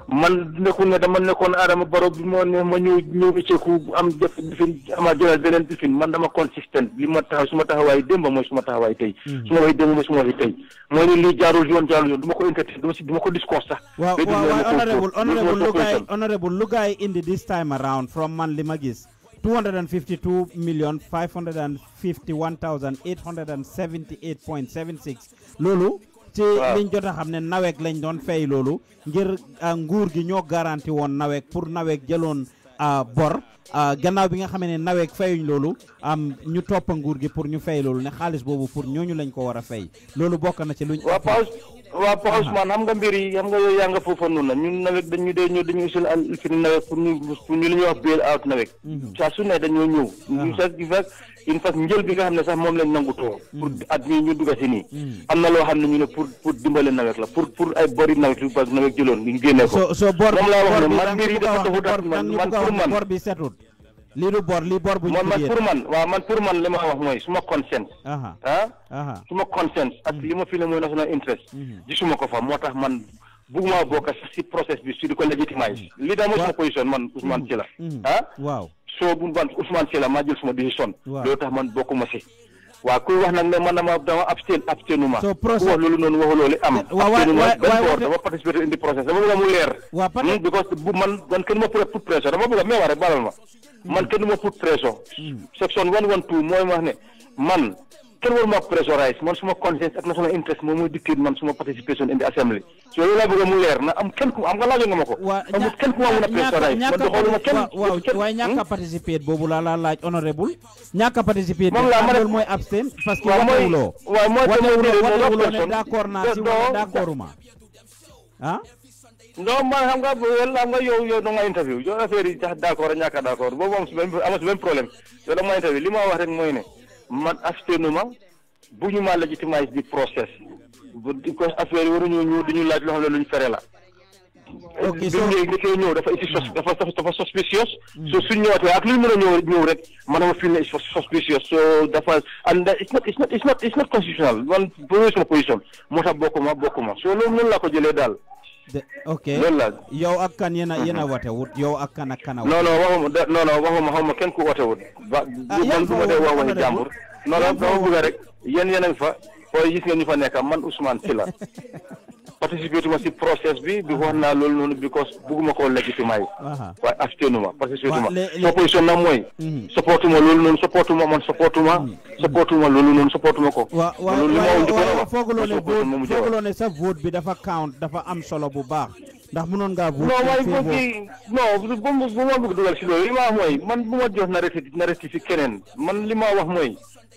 man nekkul ne dama nekkoon Adama Barrow bi moo ne ma ñëw ñëw wécceeku am def difin ama jëlaat beneen difin man dama consistent li ma taxaw su ma taxawaay démb mooy su ma taxawaay tey hmm. su ma way démb mooy su ma way tey mooy ni lii jaarul yoon jaarul yoon du ko entertain du ma si du ma ko discours sax waaw waaw honorable honorable lu gaay honorable lu gaay indi this time around from man li ma gis 252 million 551 thousand 878 point 76 loolu ci liñ jot a xam ne naweek lañ doon fay loolu ngir ah, nguur gi ñoo garanti woon nawek pour nawek jëloon ah, bor ah, gannaaw bi nga xamee ne nawek fayuñ loolu am ñu topp nguur gi pour ñu fay loolu ne xaalis boobu pour ñooñu lañ ko war a fay loolu bokk na ci luñ waaw Pape Ousmane xam nga mbir yi xam nga yooyu yaa nga foofa noonu ñun nawet dañu dee ñëw dañu usul al fini pour ñu pour wax bail out nawet mhm. saa su ne dañoo ñëw ah. ñu sax di fekk une fois njël bi nga xam ne sax moom lañ nangu too mhm. pour at mii ñu dugg si nii mhm. am na loo xam ne ñu ne pour pour dimbale nawet la pour pour ay bori nawet yu bag nawet jëloon ñu génne ko moom laa wax ne man mbir yi dafa taxu man pour man lii du bor lii bor bu ñu. man pour man waaw man pour man li ma wax mooy suma conscience. ah suma conscience ak mhm. li ma fi ne mooy national interest. Mhm. suma ko fa moo tax man bugguma bokk si process bi si di ko légitimiser. Mhm. lii daal mooy suma position man Ousmane Sylla. ah waaw soo bu man Ousmane Sylla maa jël suma décision. waaw loolu tax man bokkuma si. waa kuy wax nag ne man dama dama abstain abstainuma. wax loolu noonu waxu am. waaw waay waay dama participer indi process dama bëgg mu leer. waaw hmm, man man kenn ma put pression dama bëgg a mais wax man kenn put pression. Hmm. section one one two mooy wax ne man. kenn waruma wax pressurize man suma conscience ak national interest moom mooy dicté man suma participation indi assemblée so loolu laa bëgg mu leer na am kenn ku am nga laajoon nga waaw waaye ñàkk a hmm? boobu laa laa laaj honorable ñàkk a parce que waaw mooy watewuloo ne d'accord naa si wala d'accorduma ah non nga yow yow da nga interview yow affaire yi sax a ñàkk a boobu am su benn problème man askanuma bu ñu ma légitimiser di process bu ko affaire yi waruñoo ñëw di ñu laaj loo xam ne luñ fere la. ok soo bi nga ñëw dafa isi hmm. sos dafa dafa suspicious. Hmm. soo suñ ñëwaatee ak luñ mën a ñëw ñëw rek man ma fil ne suspicious soo dafa and it's not it's not it's not constitutional man boobu sama position moo tax bokkuma bokkuma soo loolu noonu laa ko jëlee daal. ok loolu la yow ak kan yéen a yéen a watewut yow ak kan ak kan a non non waxuma non non waxuma xawma kenn ku watewut ba ah, man du ma wax waxi jàmbur non non dama bëgg rek yéen yéen a fa fooy gis nga ñu fa nekk man Ousmane Sylla participé tuma si process bi bi wax naa loolu noonu because bugguma koo légitimer waaye abstenuma participé tuma sama position nag mooy mhm. supportuma loolu noonu supportuma man supportuma mhm. supportuma loolu noonu ko loolu li ma woon dikona fooguloo ne sa vote bi dafa count dafa am solo bu baax ndax mënoon ngaa vote non waaye bu ma bëgg dugal si loolu li ma wax mooy man bu ma jox na reti na reti si keneen man li ma wax mooy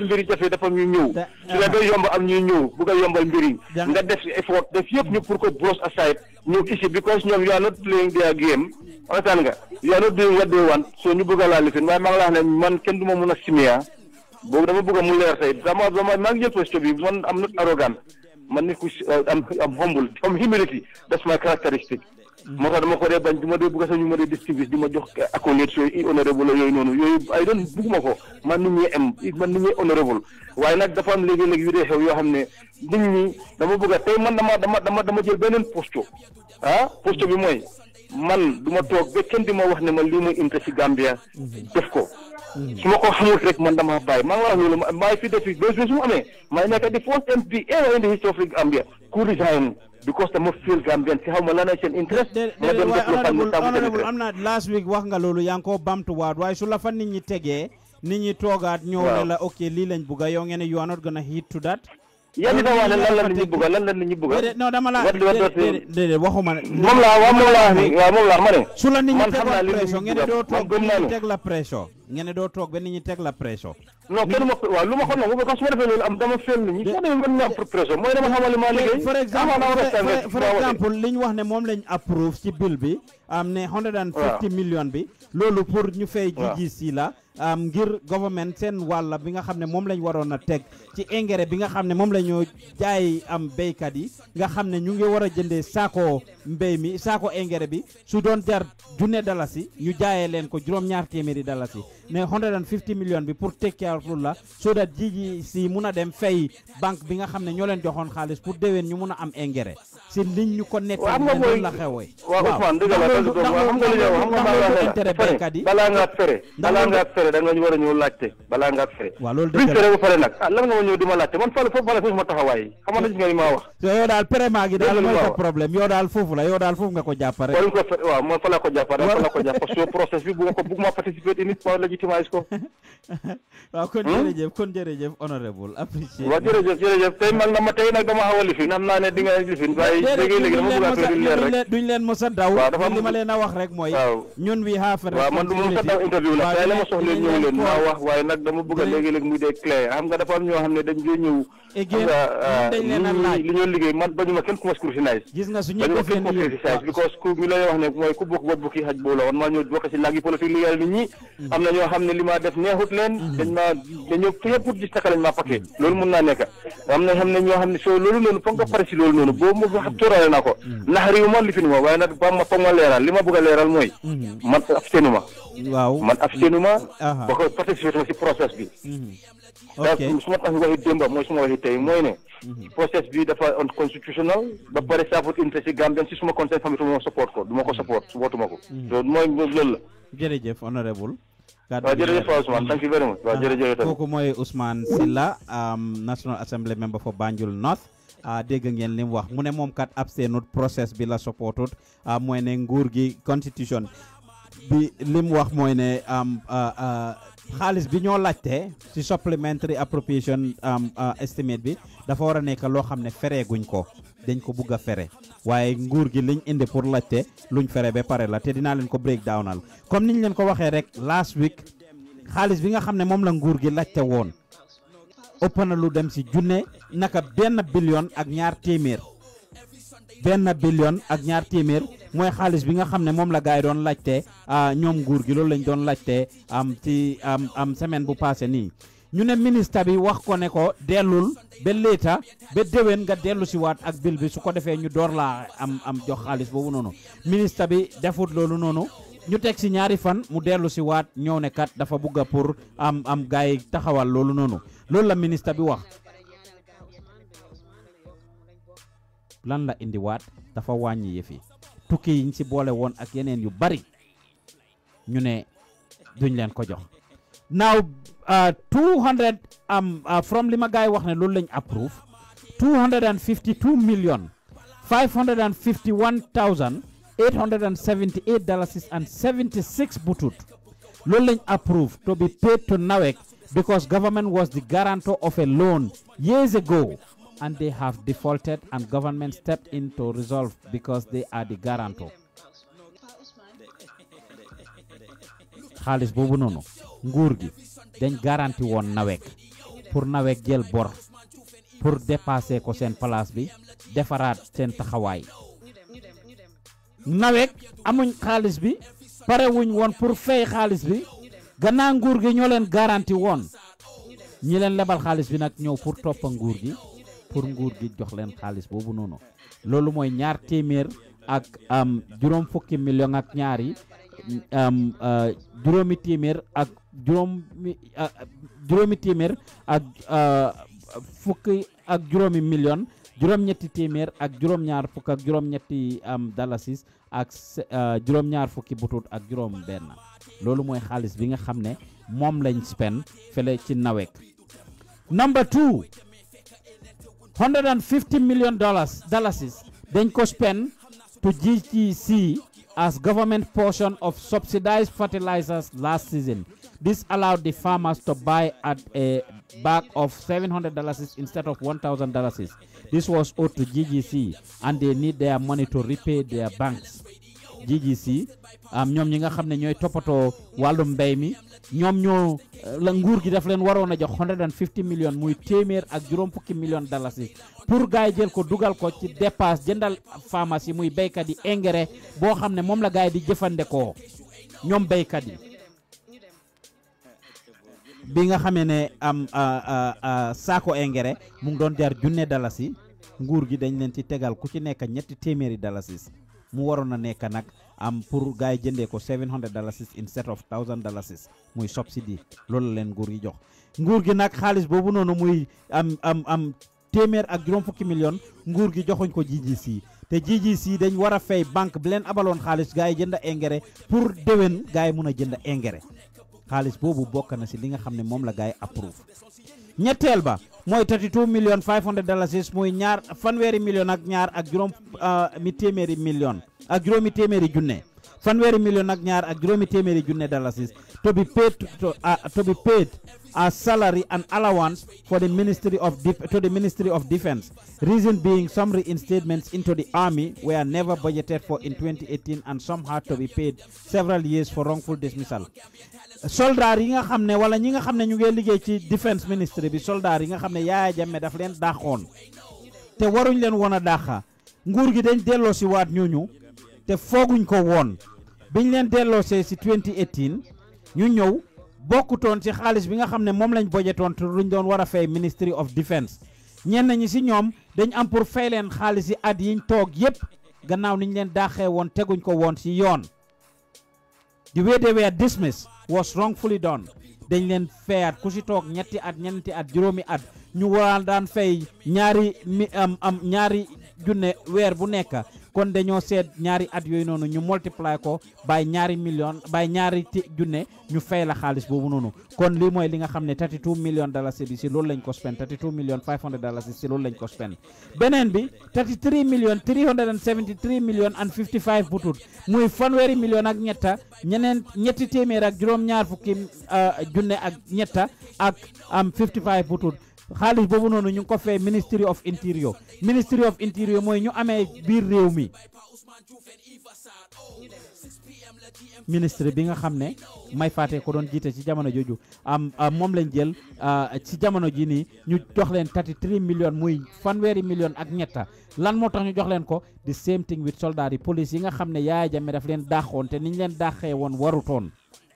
su mbiri jafee dafa ñu ñëw su la day yomb am ñuy ñëw bu nga yombal mbiri nga def effort def yëpp ñu pour que brush aside ñëw ici because ñoom you are not playing their game waxtaan nga you are not doing what they want so ñu bëgg a laa lifin waaye maa laa xam ne man kenn du ma mun a simia ah. boobu dama bëgg a mu leer tey dama dama maa ngi jël question bi man am not arrogant man nit ku am uh, am humble am humility that's my characteristic moo tax dama ko dee bañ du ma dee bëgg sax ñu ma dee distribuer di ma jox acolytes yooyu honorable yooyu noonu yooyu ay doon bugguma ko man nit ñi am man nit ñi honorable waaye nag dafa am léegi-léegi yu dee xew yoo xam ne nit ñi dama bëgg a tey man dama dama dama dama jël beneen posto ah posto bi mooy man du ma toog ba kenn di ma wax ne ma lii mooy intérêt ci Gambia def ko su ma ko xamul rek man dama bàyyi maa ngi wax loolu maa fi def bés bi su mu amee maa ngi nekk di first MP ever in the history of Gambia ku resign because dama feel Gambian si xaw ma lan seen interest ma dem def lu xam ne honorable am na last week wax nga loolu yaa ngi koo bamtuwaat waaye su la fa nit ñi tegee nit ñi toogaat ñëw ne la ok lii lañ bugga yoo ngeen ne you are not gonna heed to that yéen itam wax ne lan la nit ñi bëgg lan la nit ñi bëgg. non dama la déedéet waxuma ne. moom laa waaw moom laa waaw moom laa ma ne. su la nit ñi teg la doo toog ba nit ñi teg la pression. ngeen doo toog ba nit ñi teg la pression. non kenn ma waaw lu ma xam su ma defee loolu am dama fenn nit ñi soo demee ma liggéey. par exemple wax ne moom lañ approuve ci bill bi am ne 150 million bi. loolu pour ñu fay GGC la ngir government seen wàlla bi nga xam ne moom lañ waroon a teg ci engrais bi nga xam ne moom la ñoo jaay am béykat yi nga xam ne ñu ngi war a jëndee saako mbéy mi saako engrais bi su doon jar junne dalasi ñu jaayee leen ko juróom-ñaar téeméeri dalasi ne 150 million bi pour take care of la so that GGC mun a dem fay banque bi nga xam ne ñoo leen joxoon xaalis pour déwén ñu mun a am engrais si liñ ñu ko nettali la baykat yi balaa ngaa fere balaa ngaa fere da nga war a ñëw laajte balaa ngaa fere waaw loolu dëgg la fere ba pare nag ah lan nga ma ñëw di ma laajte kon jërëjëf kon jërëjëf honorable apprécié waaw ma tey nag a a a ma leen a rek mooy ñun wi xaafa waaw man du ma ko daw interview nag waaye la ma soxla ñëw leen maa wax waaye nag dama bëgg a léegi-léegi muy dee clé xam nga dafa am ñoo xam ne dañ koy ñëw xam nga ah, li ñoo liggéey man bañu ma kenn ku ma scrutinise gis nga suñu bañu ma kenn because ku mi lay wax ne mooy ku bokk bopp bukki xaj boobu la woon maa ñëw bokk si nag yi politique liggéeyal nit ñi mm-hmm. am na ñoo xam ne li maa def neexut leen mm-hmm. dañ maa dañoo fépp pour gis naka lañ maa paquet mm-hmm. loolu mun naa nekk am na xam ne ñoo xam ne soo loolu noonu foog nga pare si loolu noonu boobu mu wax tóorale naa ko ndax réew li fi ni ma waaye nag ba ma foog ma leeral li ma bëgg a leeral man abstenuma waaw man abstenuma ba ko participer ma si process bi mhm. ok su ma tax waxi démba mooy su ma waxi tey mooy ne mhm. process bi dafa unconstitutional ba pare saafut intérêt si Gambien si suma conseil famille ma support ko duma ko support mhm. supportuma ko loolu mooy loolu la jërëjëf honorable waaw jërëjëf Ousmane thank you very much waaw ah, mooy Ousmane Silla um, National Assembly member for Banjul North ah, dégg ngeen li mu wax mu ne moom kat abstenut process bi la supportut ah, mooy ne nguur gi constitution bi li mu wax mooy ne xaalis bi ñoo laajte ci supplementary appropriation estimate bi dafa war a nekk loo xam ne fereeguñ ko dañ ko bugg a fere waaye nguur gi liñ indi pour laajte luñ fere be pare la te dinaa leen ko break downal comme niñ leen ko waxee rek last week xaalis bi nga xam ne moom la nguur gi laajte woon ëpp na lu dem si junne naka benn billion ak ñaar téeméer. benn billion ak ñaar témèr moy xaalis bi nga xamné mom la gaay yi doon laajte ah, ñom nguur gi loolu lañ doon am ci am am semaine bu passé ni ñu ne ministre bi wax ko né ko dellul be l'état be déwén nga dellu ci waat ak bill bi su ko défé ñu dor la am am jox bu boobu noonu ministre bi defut loolu nonu ñu tek ci ñaari fan mu dellu ci waat ñëw ne kat dafa bugga pour am am gaay taxawal loolu nonu loolu la ministre bi wax lan la indiwaat dafa wàññi yëfi tukki yiñ ci boole woon ak yeneen yu bari ñu ne duñ leen ko jox now 200 uh, am um, uh, from li ma gaay wax ne loolu lañ approve 252 million 551,878 thousand 878 dollars and 76 butut loolu lañ to be paid to Nawek because government was the guarantor of a loan years ago and they have defaulted and government stepped in to resolve because they are the guarantor xaalis boobu noonu nguur gi dañ garanti woon nawek pour nawek jël bor pour dépasser ko seen palaas bi defaraat seen taxawaay nawek amuñ xaalis bi parewuñ woon pour fay xaalis bi gannaaw nguur gi ñoo leen garanti woon ñi leen lebal xaalis bi nag ñëw pour toppa nguur gi pour nguur gi jox len xaliss bobu nono lolou moy ñaar témèr ak juroom fukki million ak ñaari am euh, juroomi témèr ak juroom euh, juroomi témèr ak euh, fukki ak juroomi million juroom ñetti témèr ak juroom ñaar fuk ak juroom ñetti am dalasis ak juroom ñaar fukki butut ak juroom ben lolou moy xaliss bi nga xam ne lañ spend fele ci nawek number two 150 million dollars dañ ko spend to GTC as government portion of subsidized fertilizers last season. This allowed the farmers to buy at a bag of $700 instead of $1,000. This was owed to GGC and they need their money to repay their banks. GGC am ah, ñom ñi nga xamne ñoy topato toppatoo mbey mi ñom ño eh, la nguur gi daf leen warona jox 150 million muy téeméer ak juroom fukki million dalasi pour gaay jël ko dugal ko ci dépasse jëndal pharmacie muy béykat di engrais bo xamne mom la gaay di di ko ñom béykat yi bi nga xamé né am sako engrais mu ngi doon jar junne dalasi nguur gi dañ leen ci tegal ku ci nekk ñetti téeméeri dalasis mu waroon a nekk nag am pour gars yi jëndee ko 700 dollars instead of 1000 dollars muy subsidy loolu la leen nguur gi jox nguur gi nag xaalis boobu noonu muy am am am téeméer ak juróom fukki million nguur gi joxuñ ko GGC te sii dañ war a fay banque bi leen abaloon xaalis gars yi jënd engrais pour déwén gars yi mun a jënd engrais xaalis boobu bokk na si li nga xam ne moom la gars yi approuve ñetteel ba mooy 32 million 500 dollars mooy ñaar fanweeri million ak ñaar ak juróom uh, mi téeméeri million ak juróomi téeméeri junne fanweeri million ak ñaar ak juróomi téeméeri junne dollars to be paid to, uh, to be paid a salary and allowance for the ministry of Def to the ministry of defense reason being some reinstatements into the army were never budgeted for in 2018 and some had to be paid several years for wrongful dismissal soldaar yi nga xam ne wala ñi nga xam ne ñu ngi liggéey ci defense ministry bi soldaar yi nga xam ne Yaya Jammeh daf leen dàqoon te waruñ leen woon a dàqa nguur gi dañ delloo si waat ñooñu te fooguñ ko woon biñ leen delloosee si 2018 ñu ñëw bokkutoon si xaalis bi nga xam ne moom lañ bojetoon te luñ doon war a fay ministry of defense ñenn nañu si ñoom dañu am pour fay leen xaalis yi at yiñ toog yépp gannaaw niñ leen dàqee woon teguñ ko woon si yoon di was wrongfully doon dañ leen feyaat ku si toog ñetti at ñeenti at juróomi at ñu waral daan fay ñaari mi am am ñaari junne weer bu nekk kon dañoo seet ñaari at yooyu noonu ñu multiplier ko by ñaari million by ñaari junne ñu fay la xaalis boobu noonu kon lii mooy li nga xam ne 32 million dalasi bi si loolu lañ ko spend 32 million 500 dalasi si loolu lañ ko spend beneen bi 33 million 373 million and 55 butut muy fanweeri million ak ñetta ñeneen ñetti téeméer ak juróom-ñaar fukki euh, junne ak ñetta ak am bu butut xaalis boobu noonu ñu ngi ko fee ministry of interior ministry of interior mooy ñu amee biir réew mi ministre bi nga xam ne may faate ko doon jiite ci jamono jooju am ah, moom lañ jël ah, ci jamono ji nii ñu jox leen 33 millions muy fanweeri millions ak ñetta lan moo tax ñu jox leen ko di same thing with soldat yi yi nga xam ne Yahya jame daf leen daaxoon te niñ leen daaxee woon warutoon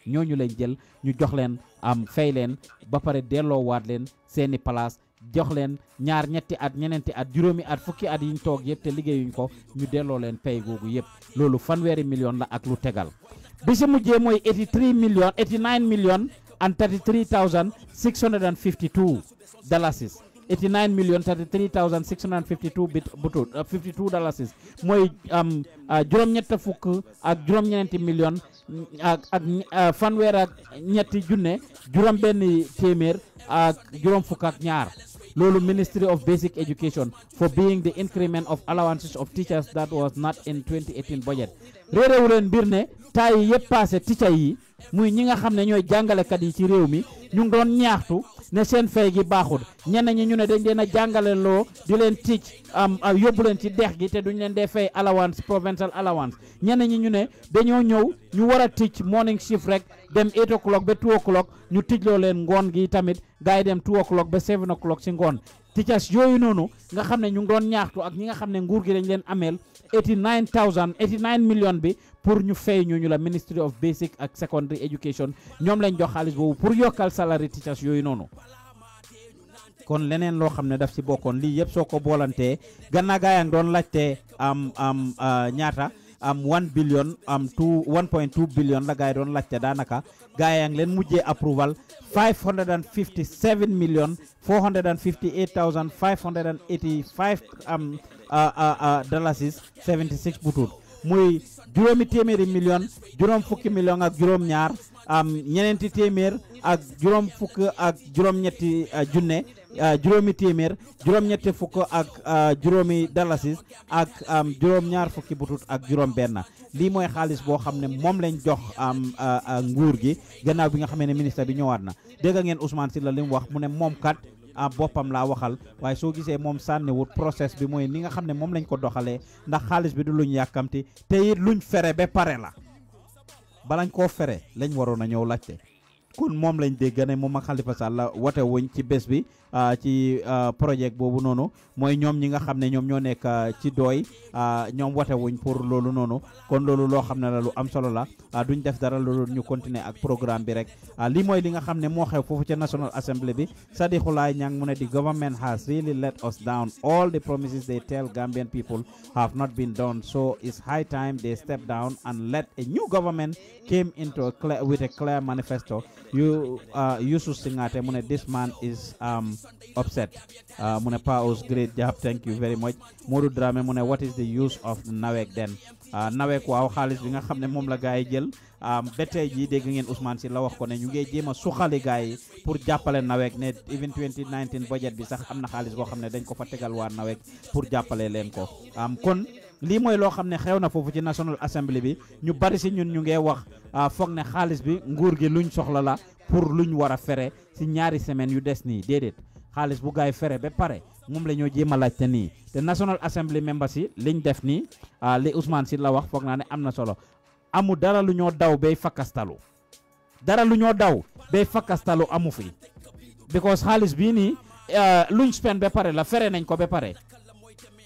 ñooñu lañ jël ñu jox leen am fay leen ba pare delloowaat leen seeni place jox leen ñaar ñetti at ñeneenti at juróomi at fukki at yiñ toog yëpp te liggéeyuñ ko ñu delloo leen pay googu yëpp loolu fanweeri million la ak lu tegal bi si mujjee mooy 83 million 89 million and 33 thousand 652 dalasis 89 million 33 thousand 652 bit butu 52 uh, dalasis mooy uh, juróom-ñett fukk ak juróom-ñeneenti million ak ak fanweer ak ñetti junne juróom benn téeméer ak juróom fukk ak ñaar loolu Ministry of Basic Education for being the increment of allowances of teachers that was not in 2018 budget réeréewu leen mbir ne taay yi yëpp teacher yi muy ñi nga xam ne ñooy jàngalekat yi ci réew mi ñu ngi doon ñaaxtu ne seen fay gi baaxul ñenn ñi ñu ne dañ leen a jàngale loo di leen tic am yóbbu leen ci dex gi te duñ leen dee fay allowance provincial allowance ñenn ñi ñu ne dañoo ñëw ñu war a tic morning shift rek dem 8 o'clock ba 2 o'clock ñu ticloo leen ngoon gi tamit gaa yi dem 2 o'clock ba 7 o'clock si ngoon teachers yooyu noonu nga xam ne ñu ngi doon ñaaxtu ak ñi nga xam ne nguur gi dañ leen ameel 89000 890 million bi pour ñu fay ñu la ministry of basic ak secondary education ñoom lañ jox xaalis boobu pour yokkal salary teachers yooyu noonu kon leneen loo xam ne daf si bokkoon lii yëpp soo ko boolantee gannaa gaa yaa ngi doon laajte am am ñaata am 1 billion am 2 1.2 billion la gaa yi doon laajte daanaka gaa yaa ngi leen mujjee approval 557 million 458 585 am dalasis 76 butut muy juróomi téeméeri million juróom fukki million ak juróom ñaar ñeneenti téeméer ak juróom fukk ak juróom ñetti euh, junne euh, juróomi téeméer juróom ñetti fukk ak euh, juróomi dalasis ak juróom ñaar fukki butut ak juróom benn lii mooy xaalis boo xam ne moom lañ jox nguur gi gannaaw bi nga xamee ne ministre bi ñëwaat na dégg ngeen Ousmane Sylla li mu wax mu ne moom kat ah boppam laa waxal waaye soo gisee moom sànniwut process bi mooy ni nga xam ne moom lañ ko doxalee ndax xaalis bi du luñ yàkkamti te it luñ fere ba pare la balañ koo fere lañ waroon a ñëw laajte kon moom lañ dégg ne moom ma Halifa Sallah wote wuñ ci bés bi Euh, ci euh, projet ñi nga euh, ci wate wuñ pour kon la lu am solo la duñ def dara ñu continuer ak programme bi rek li li nga xew National Assembly bi Ñang mu ne government has really let us down all the promises they tell Gambian people have not been done so it's high time they step down and let a new government came into a clear, with a clear manifesto you uh, Yusuf Singate mu ne this man is um, upset. Uh, Mune Pao's great job, thank you very much. Modu Drame Mune, what is the use of Nawek then? Uh, Nawek waaw xaalis bi nga xam ne moom la gars yi jël um, ba tey jii dégg ngeen Ousmane si la wax ko ne ñu ngi jéem a suxali gars yi pour jàppale Nawek ne even budget bi sax am na xaalis boo xam ne dañ ko fa tegal waa Nawek pour jàppale leen ko um, kon. lii mooy loo xam ne xew na foofu ci National Assembly bi ñu bari si ñun ñu ngee wax uh, foog ne xaalis bi nguur a fere si ñaari xaalis bu gaay fere ba pare moom la ñoo jéem a laajte nii National Assembly members yi liñ def nii ah, li Ousmane si la wax foog naa ne am na solo amu dara lu ñoo daw bay fakastalu dara lu ñoo daw bay fakastalu amu fi because xaalis bii nii eh, luñ spend ba pare la fere nañ ko ba pare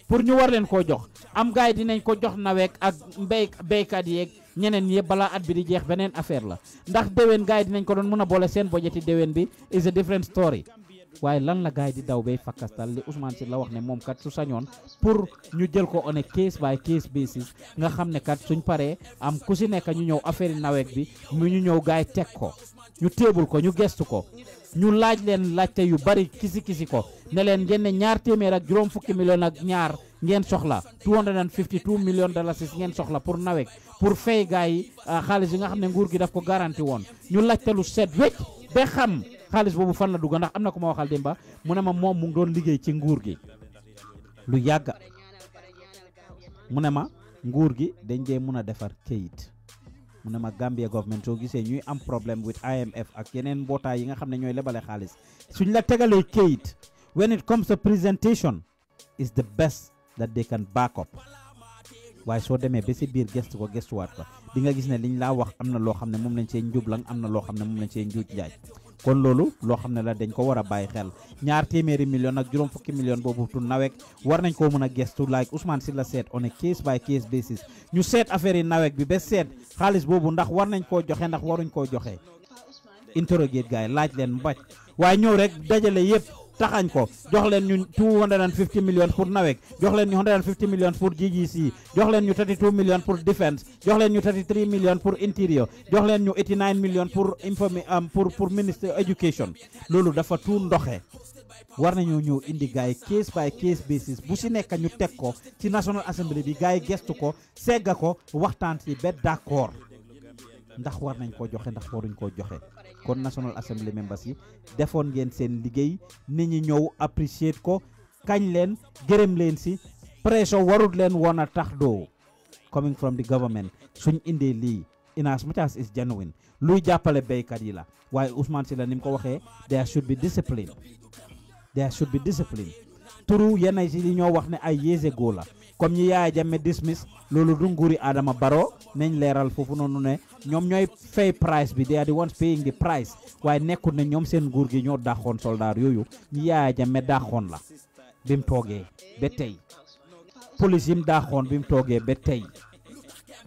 pour ñu war leen koo jox am gaay dinañ ko jox naweek ak mbéy béykat yeeg ñeneen ñi bala at bi di jeex beneen affaire la ndax déwén gaay dinañ ko doon a boole seen budget bi is a different story waaye lan la gaay di daw bay fakkastal li Ousmane la wax ne moom kat su sañoon pour ñu jël ko on a case by case nga xam ne kat suñ paree am ku si nekk ñu ñëw affaire yi nawet bi mu ñu ñëw gaay teg ko ñu téebul ko ñu gestu ko ñu laaj leen laajte yu bari kisi kisi ko ne leen ngeen ñaar téeméer ak juróom fukki million ak ñaar ngeen soxla 252 million dollars ngeen soxla pour nawet pour fay gaay yi euh, xaalis yi nga xam ne nguur gi daf ko garanti woon xaalis boobu fan la dugg ndax am na ku ma waxal démba mu ne ma moom mu ngi doon liggéey ci nguur gi lu yàgg mu ne ma nguur gi dañ dee mun a defar kayit mu ne ma Gambia government soo gisee ñuy am problème with IMF ak yeneen mbootaay yi nga xam ne ñooy lebale xaalis suñ la tegalee kayit when it comes to presentation is the best that they can back up waaye soo demee ba si biir gestu ko gestuwaat ko di nga gis ne liñ laa wax am na loo xam ne moom lañ see njublang am na loo xam ne moom lañ see njuuj njaaj kon loolu loo xam ne la dañ ko war a bàyyi xel ñaar téeméeri million ak juróom fukki million boobu tu nawek war nañ koo mën a gestu like Ousmane Sylla seet on a case by case basis ñu seet affaire yi nawek bi ba seet xaalis boobu ndax war nañ koo joxe ndax waruñ koo joxe interrogate gars yi laaj leen mbaj waaye ñëw rek dajale yëpp taxañ ko jox leen ñu 250 millions pour NAWEC jox leen ñu 150 millions pour GGC jox leen ñu 32 millions pour defense jox leen ñu 33 millions pour interior jox leen ñu 89 millions pour informi am pour pour ministre education loolu dafa tuur ndoxe war nañoo ñëw indi gaay case by case basis bu si nekk ñu teg ko ci National Assembly bi gaay gestu ko segga ko waxtaan si ba d'accord ndax war nañ koo joxe ndax waruñ koo joxe kon National Assembly members yi defoon ngeen seen liggéey nit ñi ñëw apprécier ko kañ leen gërëm leen si pression warut leen woon a tax doo coming from the government suñ indee lii in as much as is genuine luy jàppale béykat yi la waaye si la ni mu ko waxee there should be discipline there should be discipline turu yenn yi ñoo wax ne ay yeese góo la comme ñi Yaya Jammeh dismiss loolu du nguur nguuri Adama Barrow nañ leeral foofu noonu ne ñoom ñooy fay price bi they are the ones paying the price waaye nekkul ne ñoom seen nguur gi ñoo dàqoon soldat yooyu ñi Yaya Jammeh dàqoon la bi mu toogee ba tey police yi mu daaxoon bi mu toogee ba tey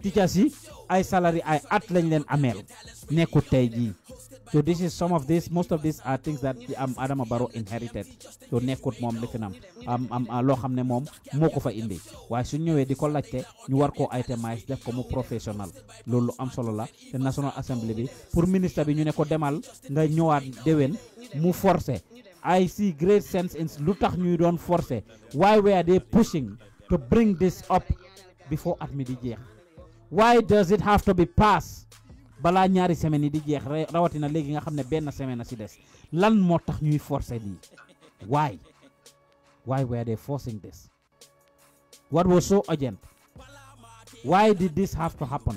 teachers yi ay salari ay at lañ leen ameel nekkut tey jii So this is some of this. Most of these are things that um, Adam Barrow inherited. So nekkut Mom, li fi nam am am um, um, uh, loo xam ne moom moo ko fa indi waaye su ñëwee di ko laajte ñu war koo itemize def ko mu professionnel loolu am solo la The National Assembly bi pour minister bi ñu ne ko demal nga ñëwaat déwén mu forcer. I see great sense in lu tax ñuy why were they pushing to bring this up before at mi why does it have to be passed balaa ñaari semaines yi di jeex rawatina léegi nga xam ne benn semaine a si des lan moo tax ñuy forcer lii why why were they forcing this what was so why did this have to happen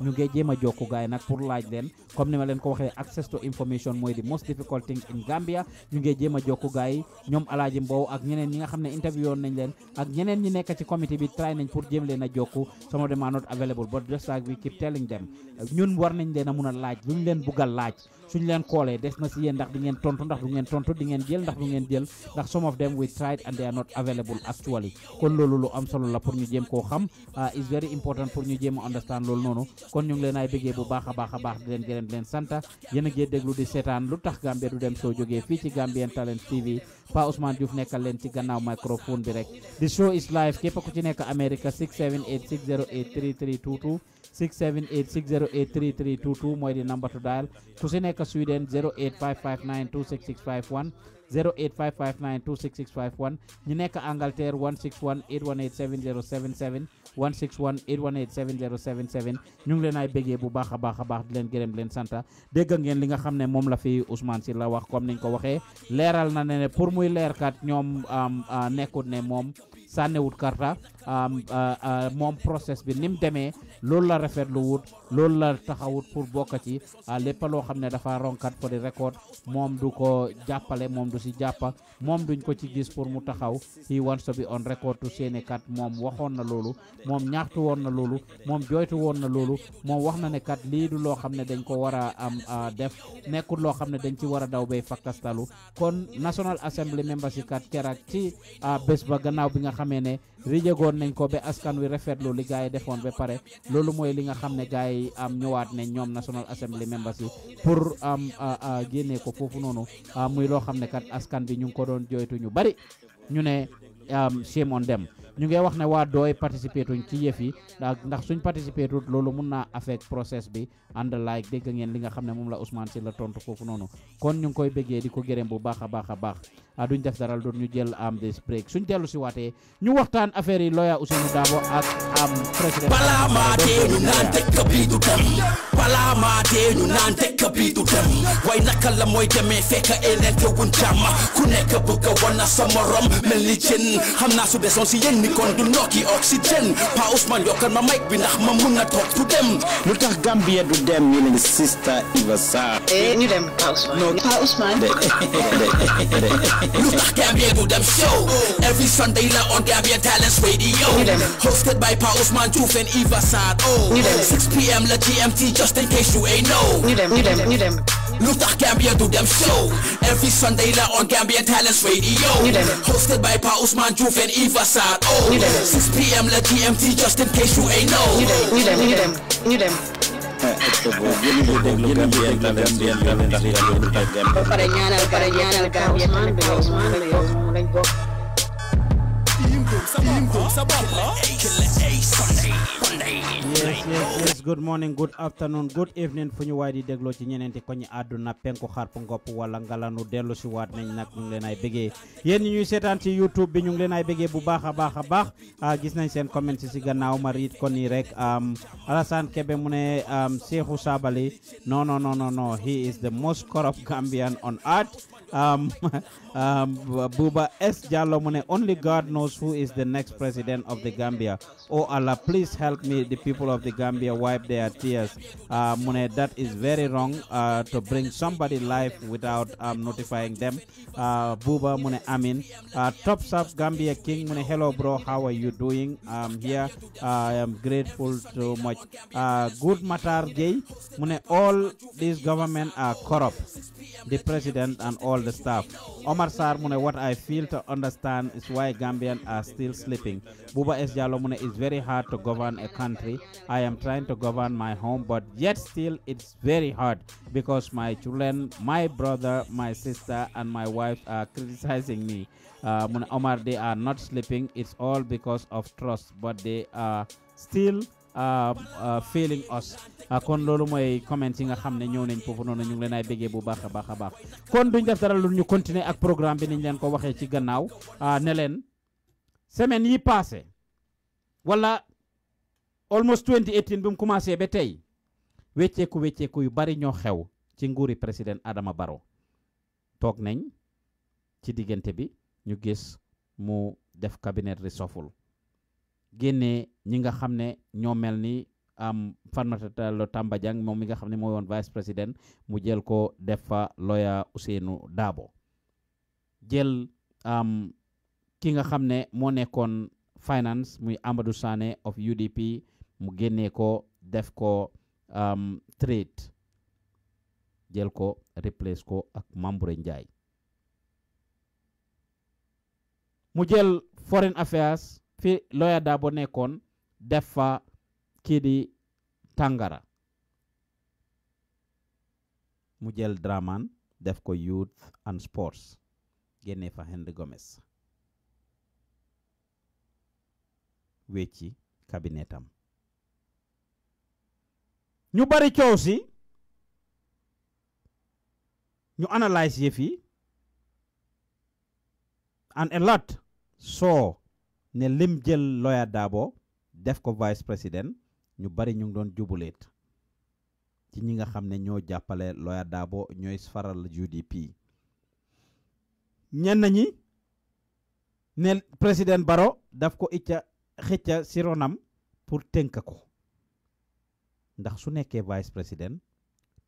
ñu ngi jéem a jokku gaay nag pour laaj leen comme ni ma leen ko waxee access to information mooy di most difficult in Gambia ñu ngi jéem a jokku gaay ñoom Alaaji Mbow ak ñeneen ñi nga xam ne interview woon nañ leen ak ñeneen ñi nekk ci comité bi try nañ pour jéem leen a jokku some of them are not available but just like we keep telling them ñun war nañ leen a mun a laaj lu ñu leen bugg laaj suñ leen koolee des na si yéen ndax di ngeen tontu ndax du ngeen tontu di ngeen jël ndax du ngeen jël ndax some of them we tried and they are not available actually kon loolu lu am solo la pour ñu jéem koo xam uh, is very important pour ñu jéem a understand loolu noonu kon ñu ngi leen ay bëggee bu baax a baax a baax di leen gërëm leen santa yéen a ngee déglu di seetaan lu tax Gambia du dem soo jógee fii ci Gambian Talent TV Pa Ousmane Diouf nekkal leen ci gannaaw microphone bi rek the show is live képp ku ci nekk America 678 608 3322 678608332 मैले number dial ठुसिनेको Sweden zero eight five five nine two six six five one zero eight five five nine two six six five one निनेका आङ्गलटेयर one six one eight one eight seven zero seven seven one six one eight one eight seven jeero seven seven ñu ngi leen ay béggee bu baax a baax a baax di leen gërëm leen santa dégg ngeen li nga xam ne moom la fi Ousmane Sylla wax comme niñ ko waxee leeral na ne pour muy leerkat ñoom nekkut ne moom sànniwut karta Euh, euh, moom process bi ni mu demee loolu la rafet lu wut loolu la taxawut pour bokk ci lépp loo xam ne dafa ronkat for di record moom du ko jàppale moom du si jàppa moom duñ ko ci gis pour mu taxaw he wants to be on record to Senecat moom waxoon na loolu moom ñaxtu woon na loolu moom jooytu woon na loolu moom wax na ne kat lii du loo xam ne dañ ko war a am def nekkul loo xam ne dañ ci war a daw bay fakkastalu kon National Assembly members kat keroog ci bés bi nga xamee ne rijegoon nañ ko ba askan wi rafetlu li gars yi defoon ba pare loolu mooy li nga xam ne gars yi am ñëwaat ne ñoom National Assembly members yi pour am génnee ko foofu noonu muy loo xam ne kat askan bi ñu ko doon jooytu ñu bari ñu ne shame on them ñu ngi wax ne waa dooy participer tuñ ci yëf yi ndax suñ participer tut loolu mun naa affect process bi and like dégg ngeen li nga xam ne moom la Ousmane Sy la tontu foofu noonu kon ñu ngi koy bëggee di ko gërëm bu baax a baax a baax ah, duñ def dara doon ñu jël am des break suñ dellu si waatee ñu waxtaan affaire yi lawyer Ousmane Dabo ak am president. bala maa dee ñu naan dëkk bi du dem balaa maa dee ñu naan dëkk bi du dem way naka la mooy demee fekk elente wuñ jàmm ku nekk bëgg a wan na sa morom mel ni jën xam naa su desoon si yéen ni kon du nokki oxygène Pa Ousmane yokkal ma mic bi ndax ma mun a toog fu dem lu tax Gambia du dem ñu ne sista Iva Sarr ñu eh, dem Pa Ousmane Pa Ousmane lu tax Gambia du dem show every Sunday la on Gambia talent Radio hosted by Pa Ousmane Diouf and Iva oh 6 p.m. la GMT just in case you ain't know ñu dem ñu dem ñu dem Luther Gambia do them show Every Sunday now on Gambia Talents Radio Hosted by Pa Usman Juf and Eva Oh 6pm let empty, just in case you ain't know dem dem dem Team Sunday yes yes yes good morning good afternoon good evening fu ñu waay di dégloo ci ñeneenti ko ñi àdduna penku xarpu ngopp wala ngalanu dellu si waat nañ nag ñu ngi leen ay bëggee yéen ñi ñuy seetaan ci youtube bi ñu ngi leen ay bëggee bu baax a baax a ah, gis nañ seen comment si gannaaw ma riit ko nii rek Alassane Kebe mu ne Seexu Sabali non non non non he is the most corrupt Gambian on earth um, um, Buba S. Jallo only God knows who is the next president of the Gambia. Oh Allah, please help me, the people of the Gambia, wipe their tears. Uh, Mune, that is very wrong uh, to bring somebody live without um, notifying them. Uh, Buba Mune Amin. Uh, Top Gambia King Mune, hello bro, how are you doing? I'm here, I am grateful so much. Uh, good matter, Jay Mune, all these government are corrupt. The president and all all the staff. Omar Sar Mune, what I feel to understand is why Gambians are still sleeping. Buba S. Jalo it's very hard to govern a country. I am trying to govern my home, but yet still it's very hard because my children, my brother, my sister, and my wife are criticizing me. Uh, Omar, they are not sleeping. It's all because of trust, but they are still uh, uh, failing us. Ah, kon loolu mooy comments yi nga xam ne ñoo nañ foofu noonu ñu ngi leen ay béggee bu baax a baax a baax kon duñ def dara lu ñu continuer ak programme bi niñ leen ko waxee ci gannaaw ah, ne leen semaine yi passé wala almost 2018 bi mu commencé ba tey wecceeku wecceeku yu bari ñoo xew ci nguuri président Adama baro toog nañ ci diggante bi ñu gis mu def cabinet reshuffle génnee ñi nga xam ne ñoo mel ni am Fatoumata Tamba Dieng moom mi nga xam ne mooy woon vice président mu jël ko def fa lawyer Ousseynou Dabo jël am ki nga xam ne moo nekkoon finance muy Amadou Sané of UDP mu génnee ko def ko trade jël ko replace ko ak Mamboure Ndiaye mu jël foreign affairs fi lawyer Dabo nekkoon def Kiri Tangara, mu jël draman def ko youth and sports Genefa fa Henry Gomez wecci kabinetam ñu bari New si ñu analyse yefi and a lot so ne lim jël lawyer Dabo, def ko vice President. ñu bari ñu ngi doon jubuleet ci ñi nga xam ne ñoo jàppale Lawyer Darboe ñooy faral UDP ñenn ñi ne président Barrow daf ko icca xëcca si ronam pour tenk ko ndax su nekkee vice président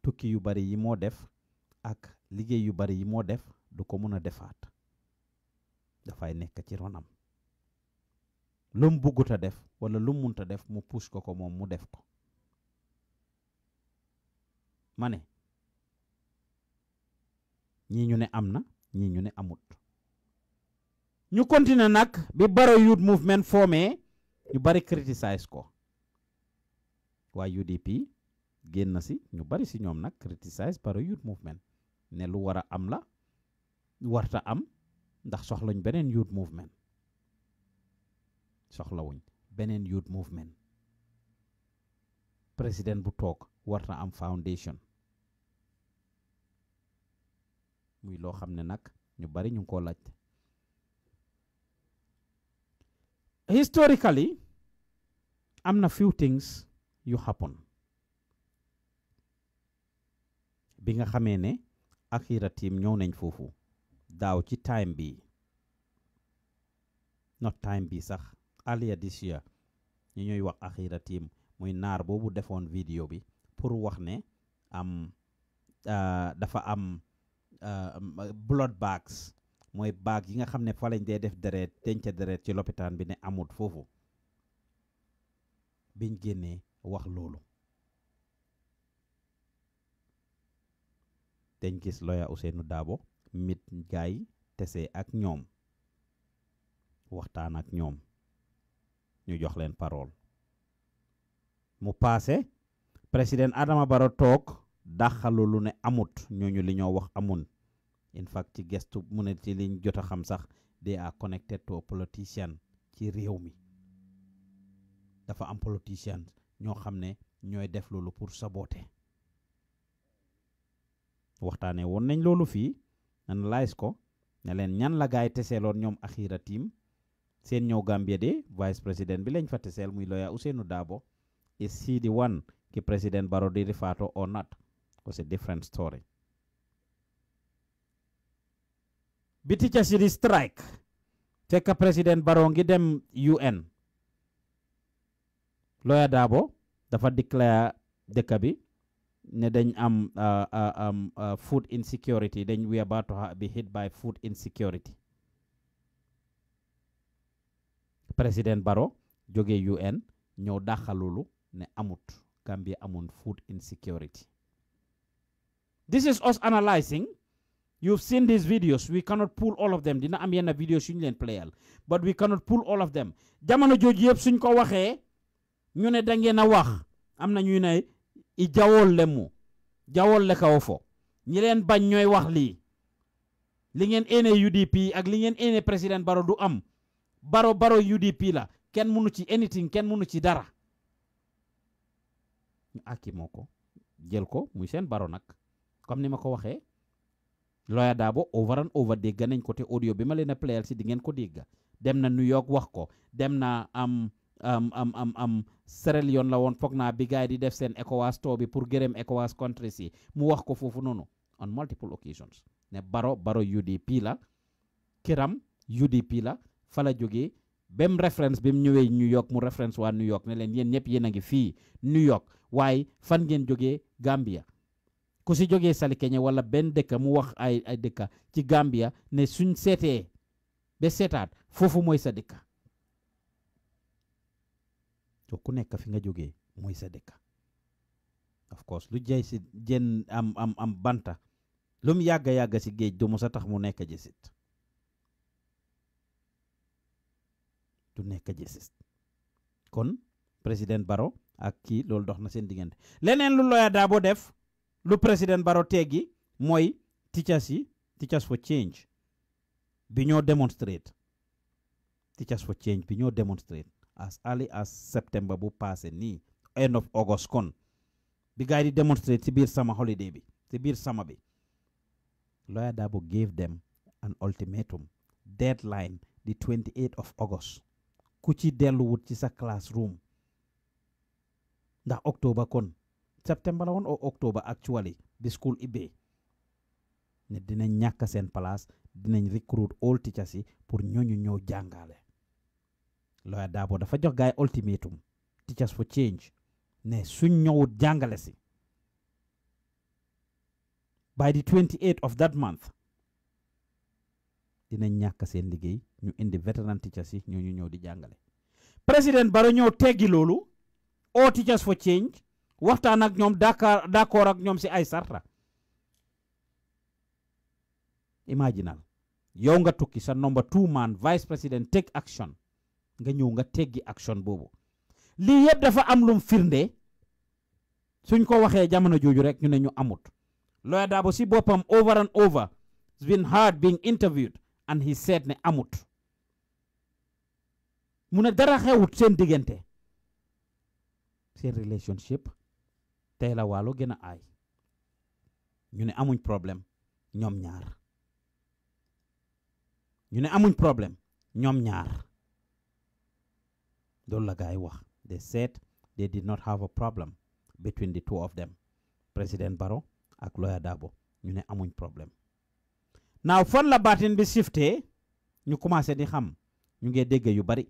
tukki yu bari yi moo def ak liggéey yu bari yi moo def du ko mën a defaat dafay nekk ci ronam Lumbu guta def wala lum munta def mu push ko ko mom mu def ko mané ñi ñu né amna ñi ñu né amut ñu continuer nak bi baro Youth Movement formé ñu bari criticize ko wa UDP genn na si ñu bari si ñom nak criticize baro Youth Movement ne lu wara am la warta am ndax soxlañ benen youth movement soxlawuñ beneen youth movement président bu toog war na am foundation muy loo xam ne nag ñu bari ñu ngi koo laaj historically am na few things yu happen bi nga xamee ne akira team ñëw nañ foofu daaw ci time bi not time bi sax Aliadisia ñu ñuy wax Axiira tiim muy naar boobu defoon vidéo bi pour wax ne am euh, dafa am euh, blood bags mooy baag yi nga xam ne fa lañ dee def deret denc deret ci lopitaan bi ne amut foofu biñ génnee wax loolu dañ gis lawyer Ousseynou Dabo mit gaay tese ak ñoom waxtaan ak ñoom ñu jox leen parole mu paase président Adama Barrow toog daxalu ne amut ñooñu li ñoo wax amun in fact ci gestu mu ne ci liñ jot a xam sax they are connected to politician ci réew mi dafa am politician ñoo xam ne ñooy def loolu pour saboter waxtaanee woon nañ loolu fii analyse ko ne leen ñan la gaay teseeloon ñoom axiira tiim seen ñëw Gambia de vice président bi lañ fa teseel muy lawyer Ousainou Darboe is he the one ki président Barrow di refaato or not was a different story bi teachers yi di strike fekk président Barrow ngi dem UN lawyer Darboe dafa declare dëkk bi ne dañ am uh, uh, um, uh, food insecurity dañ we are about to be hit by food insecurity president Baro, Joge UN ñëw daxalulu ne amut Gambia amun food insecurity this is us analyzing you've seen these videos we cannot pull all of them dina am yena videos yu ñu leen playal but we cannot pull all of them jamono jooju yeb suñ ko waxe ñu ne da ngeena wax amna ñuy ne i jawol le mu le kaw fo ñi leen bañ ñoy wax li li ngeen ene UDP ak li ngeen ene president baro du am baro baro UDP la ken munu ci anything ken munu ci dara Aki moko, moo jël ko muy sen baro nak comme nima ko waxé lawyer dabo over and over dégg nañ ko té audio bima leena playal ci di ngeen ko dégg dem na New York wax ko dem na am am am am am serel yon la won fogna bi gaay di def sen ECOWAS to bi pour gërëm ECOWAS country ci mu wax ko fofu nono on multiple occasions ne baro baro UDP la kiram UDP la fa la bem reference bi New York mu reference waa New York ne leen yéen ñëpp yéen a New York why? fan ngeen jógee Gambia ku si jógee kenya wala ben deka mu wax ay ay dëkk ci Gambia ne suñ seetee ba seetaat foofu mooy sa dëkk to ku nekk fi nga jógee mooy sa of course lu jay si jën am am am banta lu mu yàgga yàgga si du mu sa tax mu nekk jësit du nekk jësist kon président Barrow ak kii loolu dox na seen diggante leneen lu lawyer Darboe def lu président Barrow tegi. mooy teachers yi teachers for change bi demonstrate teachers for change bi demonstrate as early as september bu passé nii end of august kon bi di demonstrate si biir sama holiday bi si biir sama bi lawyer Dabo gave them an ultimatum deadline the 28th of august ku ci delluwut ci sa classroom ndax october kon septembre la woon o october actually bi school ibbee ne dinañ ñàkk seen place dinañ recruit all teachers yi pour ñooñu ñëw jàngale lawyer Darboe dafa jox gaay ultimatum teachers for change ne suñ ñëwut jàngale si by the 28 of that month dina ñàkk seen liggéey ñu indi veteran teachers yi ñoo ñu ñëw di jàngale président baro ñëw teggi loolu oo teachers for change waxtaan ak ñoom dakar d'accord ak ñoom si ay sarra. imaginal yow nga tukki sa number two man vice President take action nga ñëw nga teggi action boobu lii yëpp dafa am lum firnde suñ ko waxee jamono jooju rek ñu ne ñu amut lawyer Darboe si boppam over and over has been heard being interviewed and he seet ne amut mu ne dara xewut seen diggante seen relationship tey la waalo gën a aay ñu ne amuñ problème ñoom ñaar ñu ne amuñ problème ñoom ñaar loolu la gaay wax they said they did not have a problem between the two of them président Barrow ak lawyer Darboe ñu ne amuñ problème naaw fan la baatin bi shifté ñu commencé di xam ñu ngee dégg yu bari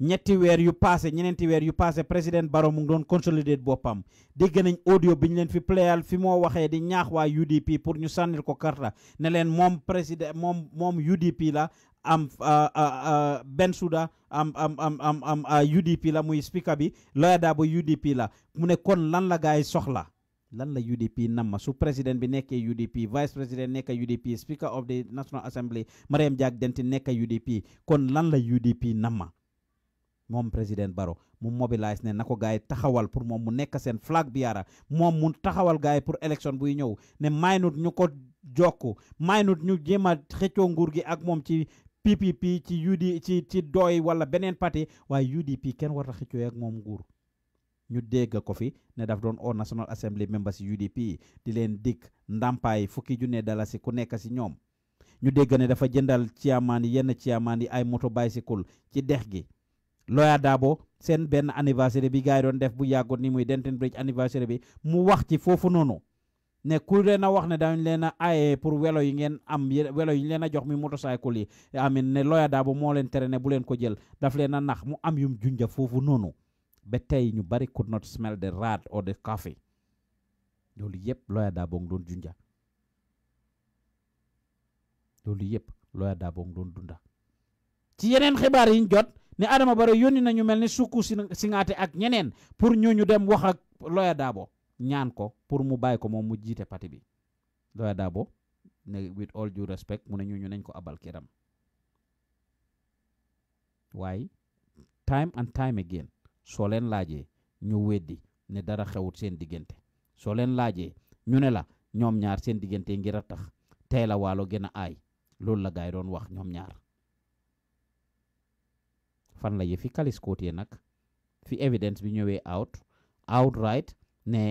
ñetti weer yu passé ñeneenti weer yu passé président Barrow mu ngi doon consolider boppam dégg nañ audio bi ñu leen fi playal fi moo waxee di ñaax waa UDP pour ñu sànnil ko karta ne leen moom président moom moom UDP la am Bensouda am am am am am UDP la muy speaker bi Lawyer Darboe UDP la mu ne kon lan la gaay soxla lan la UDP namma su président bi nekkee UDP vice président nekk UDP speaker of the National Assembly Mariam Jack Denton nekk UDP kon lan la UDP namma moom président Barrow mu mobilise ne na ko gars yi taxawal pour moom mu nekk seen flag bi yara moom mu taxawal gars yi pour élection buy ñëw ne maynut ñu ko jokk maynut ñu jéem a xëccoo nguur gi ak moom ci PPP ci UD ci ci doy wala beneen parti waaye UDP kenn war a xëccoo ak moom nguur ñu dégg ko fi ne daf doon oo National Assembly members UDP di leen dikk ndàmpaay fukki junne dalasi ku nekk si ñoom ñu dégg ne dafa jëndal ciamaan yi yenn ciamaan yi ay moto bicycle ci dex gi Lawyer Darboe seen benn anniversaire bi gars yi doon def bu yàggoon ni muy Denton Bridge anniversaire bi mu wax ci foofu noonu ne ku leen a wax ne dañ leen a aye pour welo yi ngeen am welo yi leen a jox mi motocycle yi amin ne Lawyer Darboe moo leen tere bu leen ko jël daf leen a nax mu am yum junja foofu noonu ba tey ñu bari could not smell the rat or the coffee loolu yëpp lawyer Darboe doon junja loolu yëpp lawyer Darboe doon dunda ci yeneen xibaar yiñ jot ne Adama Barrow na ñu mel ni sukku singaate ak ñeneen pour ñu ñu dem wax ak lawyer Darboe ñaan ko pour mu bàyyi ko moom mu jiite pati bi lawyer Darboe ne with all due respect mu ne ñu ñu nañ ko abal këram waaye time and time again soo leen laajee ñu weddi ne dara xewut seen diggante soo leen laajee ñu ne la ñoom ñaar seen diggante ngir a tax tey la waalo gën a aay loolu la gaay doon wax ñoom ñaar fan la fi yëfi kaliskootee nag fi evidence bi ñëwee out outright ne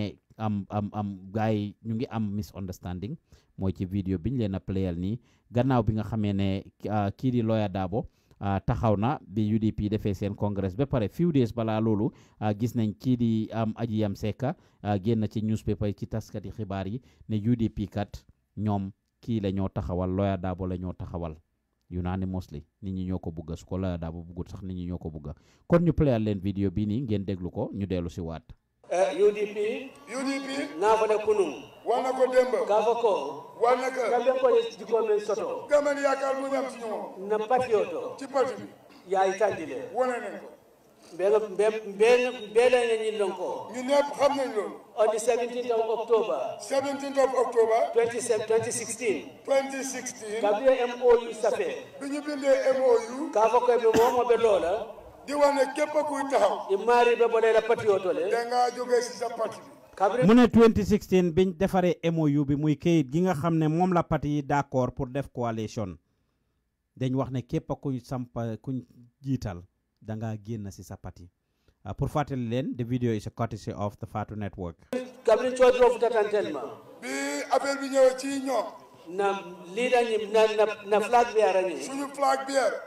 am am am gaay yi ñu ngi am misunderstanding mooy ci bi ñu leen a playal nii gannaaw bi nga xamee ne ah, kii di lawyer Darboe Ah, taxaw na bi UDP defee seen congrès ba pare few days balaa loolu ah, gis nañ kii di am aji yam sekka ah, génn ci newspaper ci taskati xibaar yi ne UDP kat ñoom kii lañoo taxawal Lawyer Darboe la ñoo taxawal unanimously nit ñi ñoo ko bugga su ko Lawyer Darboe buggut sax nit ñi ñoo ko bugga kon ñu playal leen vidéo bi nii ngeen déglu ko ñu dellu si waat Eh, UDP UDP naafale kunun wanna ko demba kafa ko wanna ka kambe ko ye jiko men soto na patio to ci pati bi yaay tandile wona nen ko mbega mbega mbele ne ñi ko ñu nepp xam nañ lool on the 17th of October 17th of October 2016 2016 kabiye MOU safe bi ñu bindé MOU kafa ko be mo mo be loola di wane képp kuy taxaw i maari be boneela pati o tole dangaa jógee si sa pati mu ne biñ defaree MOU bi muy kayit gi nga xam ne moom la parti yi d'accord pour def coalition dañ wax ne képp kuñ sampa kuñ jiital danga ngaa génn si sa pati ah, pour fàttali leen the video is a courtesy of the Fatu Network. kabri coodoo futatantel ma bi affaire bi ñëwee ci ñoom na lii dañu na na flag bearer ñi suñu flag bearer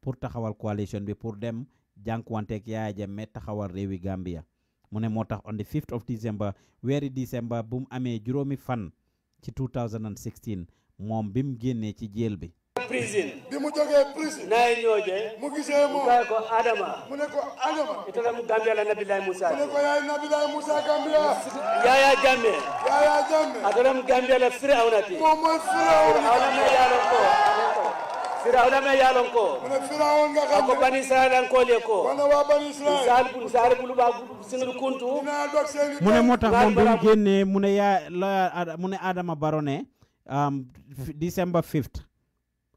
pour taxawal coalition bi pour dem jànkuwanteeg Yaya Jammeh taxawal réewi Gambia mu ne moo tax on the 5th of December weeri December bu mu amee juróomi fan ci 2016 moom bi mu génnee ci jéel bi. prison bi mu jógee prison naye ñooje mu gisee moom mu ko adama mu ne ko adama itala mu gambia la nabilaay musa mu ne ko yaay nabilaay musa gambia yaya jamme yaya jamme atala mu gambia la firawna ti moom mooy firawna ala ma ko firawna me yalon ko wona firawon ga ko bani israel ne moo tax moom ne Adama Barrow um, December 5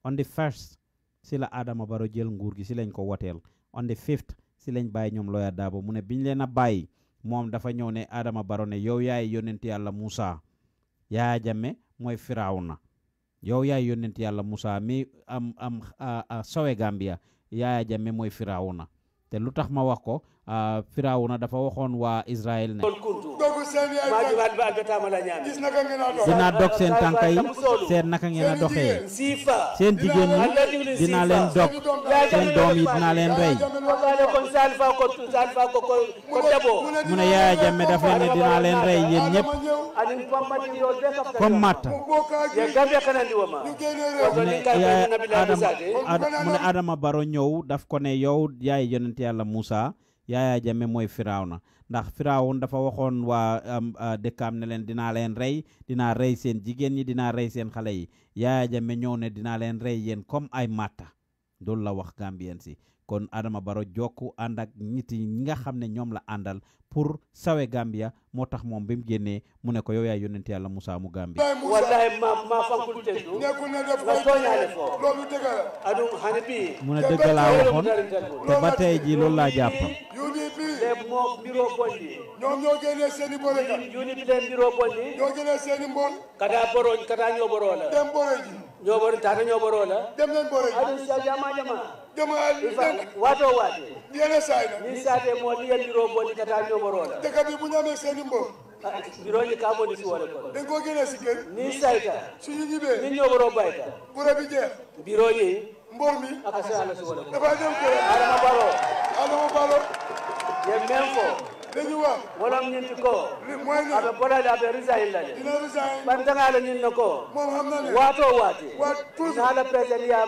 on the first si la Adama Barrow jël nguur gi si lañ ko woteel on the fifth si lañ bàyyi ñoom Lawyer Darboe mu ne biñ leen a bàyyi moom dafa ñëw ne Adama barone yow yaay yonent yàlla Moussa Yahya Jammeh mooy Firawna yow yaay yónnent yàlla Musa mi am am sawe Gambia Yaaya Jammeh mooy Firawuna te lu tax ma wax ko Firawuna dafa waxoon waa Israël ne waajubaat dog seen tànka yi seen naka ngeen a seen jigéen ñi leen dog seen doom yi leen rey mu ne daf leen ne dinaa leen rey yéen ñëpp comme matta adama baro ñëw daf ko ne yow yaay yonent yàlla Moussa yaaya jamme mooy Firawna ndax firawun dafa waxoon waa dëkkaam ne leen dinaa leen rey dinaa rey seen jigéen ñi dinaa rey seen xale yi Yahya Jammeh ne dinaa leen rey yéen comme ay màtta loolu la wax Gambien si kon Adama Barrow jokku ànd ak nit ñi nga xam ne ñoom la àndal pour sawe Gambia moo tax moom bi mu génnee mu ne ko yow yaay yónnent yàlla mu Gambia ma ma fankul tesu la tooñaale foo loolu dëgg la adum xane bii mu ne dëgg laa waxoon te loolu laa jàpp léegi moo mbiroo bondi ñoom ñoo génnee seeni bore ñoo génnee seeni ñoo boroo la taata ñoo boroo la dem sa jama jama waatoo waate yene saatee moo li mbiroo bondi kadaa ñoo borola daga bi bu ñu amee seeni mbo biroji ka mo disi wala kono den ko gene sikke ni sayta suñu ñibee ni ñoo ko adama baro i baro ye même fo dañu wax walam ko moy ni abe boda da be resign la de dina resign ban tanga la ñin na ne waato waati waat tous na la président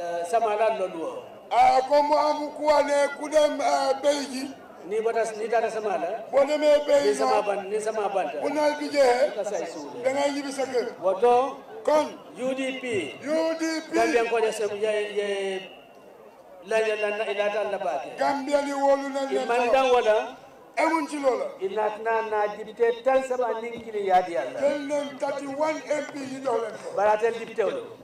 Euh, samalan lo luwo ko mo amu kuwane kudem beyji ni bata ni dara sama la boo demee bey ni sama ban ni sama banta bu naaj bi jeexee da ngay ñibbi sa kër woto kon UDP UDP Gambian ko dese ye ye la la na ila ta la baake Gambian yi wolu na le man dan wala emun ci loola inatna na député tan sama ning kili yaadi yalla tel nem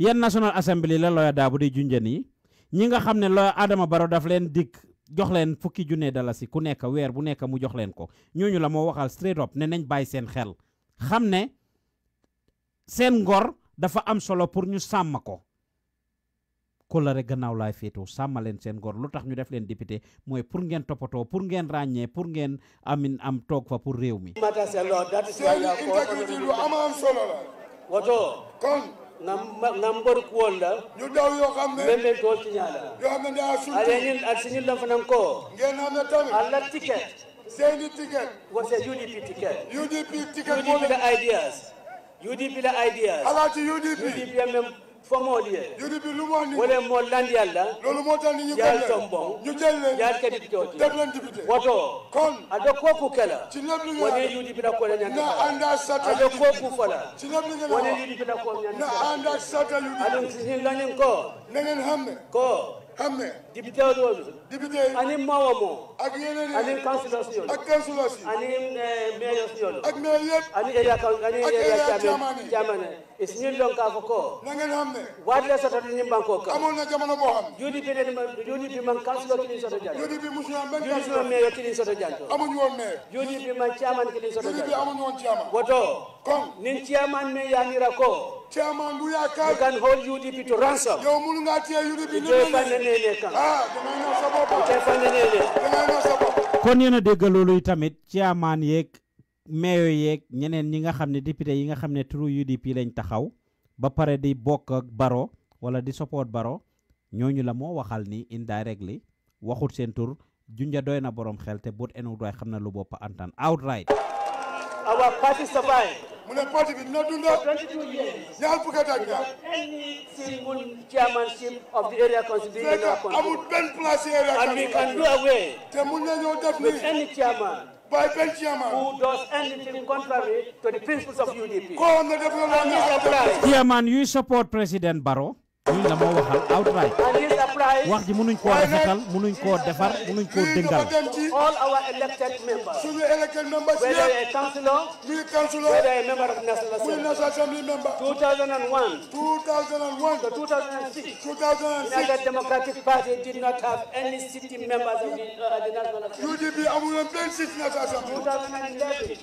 yen national assembly la loya Darboe di junje ni ñi nga xamne loya Adama baro daf len dik jox len fukki junne dalasi ku nekk weer bu nekk mu jox len ko ñooñu la mo waxal straight up ne nañ bay sen xel xamne sen ngor dafa am solo pour ñu sàmm ko kolare gannaaw lay féetoo sàmma leen gor, ngor lu ñu def len député moy pour ngeen topoto pour ngeen pour ngeen amin am tok fa pour réew mi. ko kon. ngambor kuonda memen to sinyala aleni asinyil la fanan ko ngena na tami alla ticket sendi ticket was a udp ticket udp ticket udp the ideas udp the ideas alati udp udp mem fo yiri bi lu mo ni wala mo lan yalla lolu mo tan ni ko yalla a ñu jël leen yalla kadi joti def leen député woto kon ado koku kala ci lem lu wala yudi bi na ko ñan na anda sata ado koku fala ci lem lu wala yudi bi na ko ñan na anda sata lu ado ci lanen ko nengen hamme ko hamme député lolu député ani mawamo ak isnin lon ka fo ko na ngeen xam ne waadle soto ni ñimban ko kam amoon na jamono boo xam juudi bi den juudi bi soto janto juudi bi musuna ben kasulo soto janto amuñu woon meyo juudi soto janto juudi bi amuñu woon ciaman woto kon nin ciaman me yanira ko chairman bu yaakaar. you can hold UDP to ransom. yow munu ngaa téye UDP ni mu ne fan ne itamit chairman yeeg meyo yek ñeneen ñi nga xam ne député yi nga xam ne turu UDP lañ taxaw ba pare di bokk ak baro wala di support baro ñooñu la moo waxal ni indirectly waxut seen tur junja doy na borom xel te bot enu doy xamna lu bop antan outright our party survive mu ne parti bi no dundo ñaar fukk ka tagga any single chairmanship of the area constitution amul benn place area and we can do away te mun nañoo def ni any chairman by Belgium who does anything contrary to the principles of UDP. man, you support President Barrow? lii la moo waxal outright wax ji mënuñ rafetal mënuñ defar mënuñ dëngal. all our elected members. suñu elected members yëpp. whether councillor. muy councillor. member of national assembly. national assembly member. 2001. 2001. to 2006. 2006. United Democratic Party did not have any city members of the, uh, the national assembly. UDP national assembly.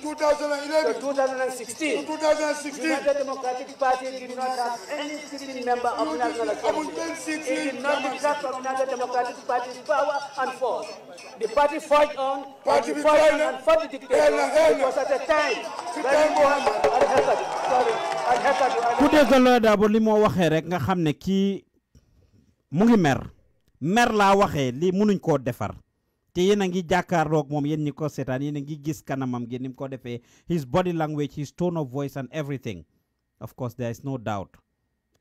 2011. 2011. to 2016. to 2016. United Democratic Party did not have any city member of national national assembly. It did not detract from another democratic party's power and force. The party fought on, party and fought on, and fought the dictator It was at the time, sorry, al-Hassad. Ku déggal Dabo li moo waxee rek nga xam ne kii mu ngi mer mer laa waxee li mënuñ koo defar te yéen a ngi jàkkaarloog moom yéen ñi ko seetaan yéen a ngi gis kanamam gi ni mu ko defee his body language his tone of voice and everything of course there is no doubt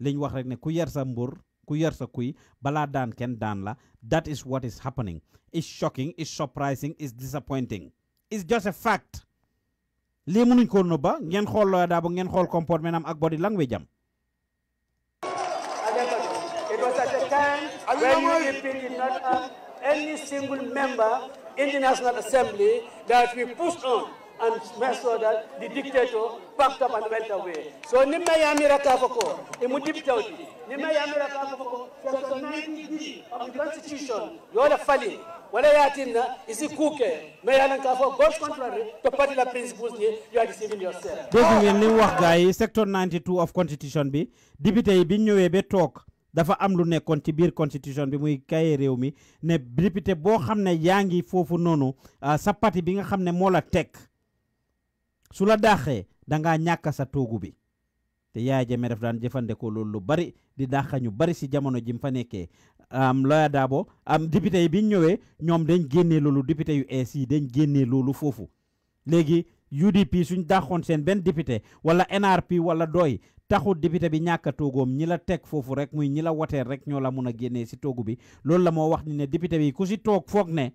liñ wax rek ne ku yar sa mbur ku yar sa kuy balaa daan kenn daan la that is what is happening it's shocking it's surprising it's disappointing it's just a fact lii mënuñ ko nëbba ngeen xool looya daa ba ngeen xool comportement am ak body language am It was at a time when UDP did not have any single member in the National Assembly that we pushed on and make sure that the dictator packed up and went away. So nimma yamira il imudip tawdi, ka section of the constitution, la fali, wala to ni, you are deceiving yourself. ni wax gaay sector 92 of constitution bi député bi ñëwé tok dafa am lu constitution bi muy ne député boo xam ne yaa ngi ah, sa parti ne la su la dàqee dangaa ñàkk sa toogu bi te yaay jame daf daan jëfandikoo loolu lu bari di dàqa ñu bari si jamono ji mu fa nekkee am lawyer Darboe am député yi bi ñu ñëwee ñoom dañ génnee loolu député yu ees yi dañ génnee loolu foofu léegi UDP suñ dàqoon seen benn député wala NRP wala doy taxut député bi ñàkk toogoom ñi la teg foofu rek muy ñi la woteel rek ñoo la mun a génnee si toogu bi loolu la moo wax ni ne député bi ku si toog foog ne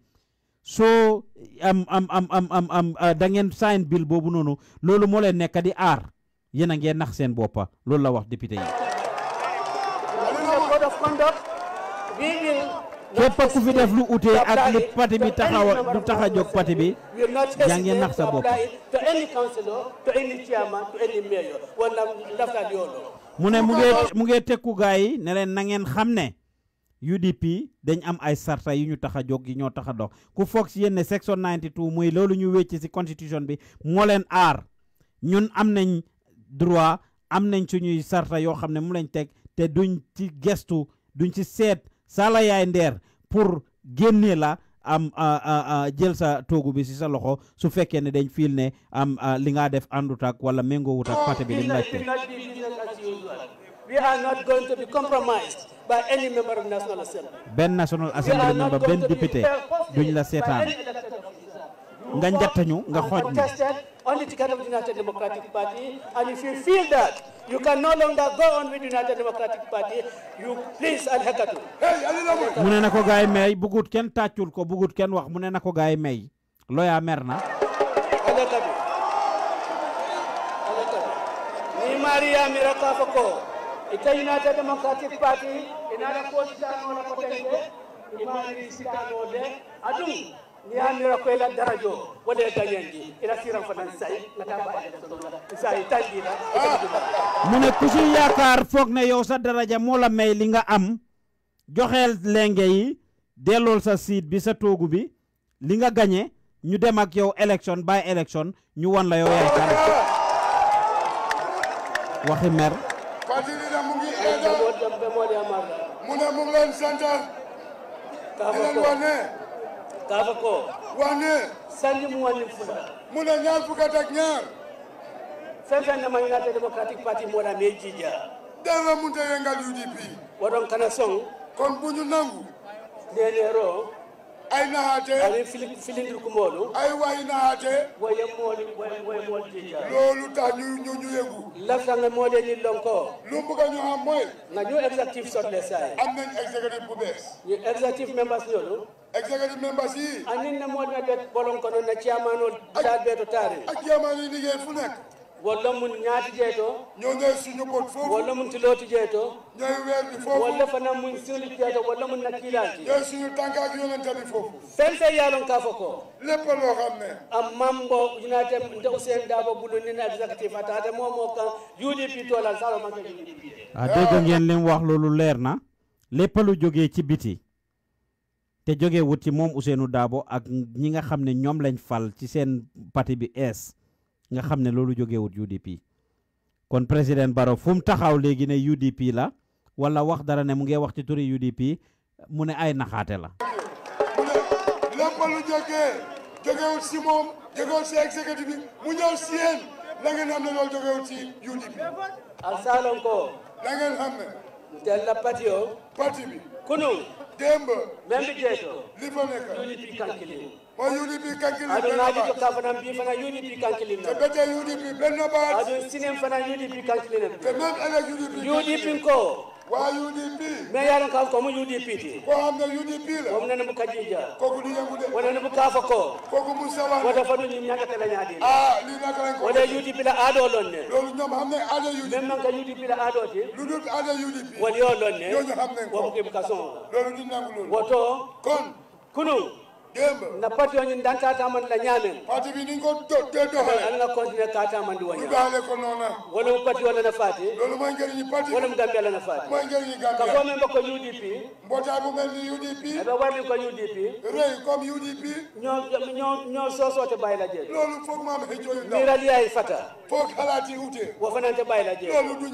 so am am am am am am uh, da ngeen sign bill bobu nonu lolu mo len nekk di ar yena ngeen nax sen bopa lolu la wax député yi. képp ku fi def lu outé ak li parti bi taxaw du tax a parti bi ya ngeen nax sa to to to any any any councilor chairman mayor wala bopp. yolo mune mu ngey mu ngey tekku gaa ne len na ngeen xamne yu UDP dañ am ay sarta yu ñu tax a jóg yi ñoo tax a dox ku foog si yéen ne section muy loolu ñu wécc si constitution bi moo leen aar ñun am nañ droit am nañ ñuy sarta yoo xam ne mu lañ teg te duñ ci gestu duñ ci seet saala yaay ndeer pour génnee la am jël sa toogu bi si sa loxo su fekkee ne dañ fiil ne am li ngaa def àndut ak wala méngoo wut ak parti bi dañ laajte We are not going to be compromised by any member of National Assembly. benn National Assembly member benn député duñ la seetaan nga njattañu nga xooj ñu. on the ticket of the United Democratic Party. And if you feel that you can no longer mu ne na ko gaay may bugut kenn tàccul ko bugut kenn wax mu ne na ko gaay may looya mer na. alekatu alekatu ni Maria Mira ite united democratic party kota kootitanola kotenge imani sitanode adum niyanira kwela darajo wode gagnandi ila sira fanan sai lata ba say tandina ah! mune kusi yakar fogne yow sa daraja mola may li nga am joxel lengue yi delol sa site bi sa togu bi li nga gagné ñu dem ak yow election by election ñu won la yow yaay waxi mer ne mu ngi leen santal. Kafa ko mu ne. Kafa ko. wax ne. ñaar fukk ak ñaar. fɛn fɛn nama United Democratic Party mɔda mɛ jija. mun tɛ ye nka UDP. waron kana sɔn. kon bu nangu. léeg ay naxaate ay filindir ku moolu ay wayi naxaate waye mooli waye waye mool tiija loolu tax ñu ñu ñu yëgu laftanga moole ni lonko lu bëgg ñu xam mooy na ñu executive sotle saay am nañ executive bu bees ñu executive members ñoolu executive members yi anin na mool na bet bolon na chairman ol daal beeto taari ak chairman yi liggéey fu nekk walla mun ñaati jeeto ñoo ñooy suñu bot foofu walla mun tilooti jeeto ñooy weer bi foofu walla fana mun siwli jeeto walla mun nakkiilaati ñooy suñu tànkaak yonente bi foofu fen fe yaalon kaa fo ko lépp loo xam ne a mambo unate nde useen daaba bulu nin exécutif ataate moo moo kan UDP toolal saalo manke UDP a ah, dégg ngeen lim wax loolu leer na lépp lu jógee ci biti te jógee wut ci moom Ousainu Darboe ak ñi nga xam ne ñoom lañ fal ci seen parti bi es nga xam ne loolu jógewut UDP kon président Barrow fu mu taxaw léegi ne UDP la walla wax dara ne mu ngi wax ci turi UDP mu ne ay naxaate la lépp lu jógee jógewut si moom jógewut si exécutif bi mu ñëw si yéen la ngeen jógewut si UDP alsaanon ko la xam ne tella parti o bi kunu démb o UDP kankilin ka fanan mbi fana UDP kankilin e bete UDP ɓenno baat aɗo sinen fana te UDP ko wa UDP mais yaron ka ko mo UDP ti ko amna UDP la ko nana mu kadija ko ko dinya mu de wala nabu kafa ko ko ko mu sawa wala fadu ni nyaka tele nyaade UDP la ado lonne lolu ñom xamne ka UDP la ado ti lu dul ado UDP wala yo lonne yo ñu xamne ko ko ka son lolu demba na parti o ñin danta tamandi la ñaamen parti bi ni ko do do doxale ala na continuer ka a wañu dale ko nona wala parti wala na faati lolu moy ngariñi la na faati moy ngariñi gambe ka ko UDP mbota bu mel ni eh ko UDP reuy comme UDP ñoo ñoo la jël lolu fokk ma fata fokk halati wuté wo fanante la jël lolu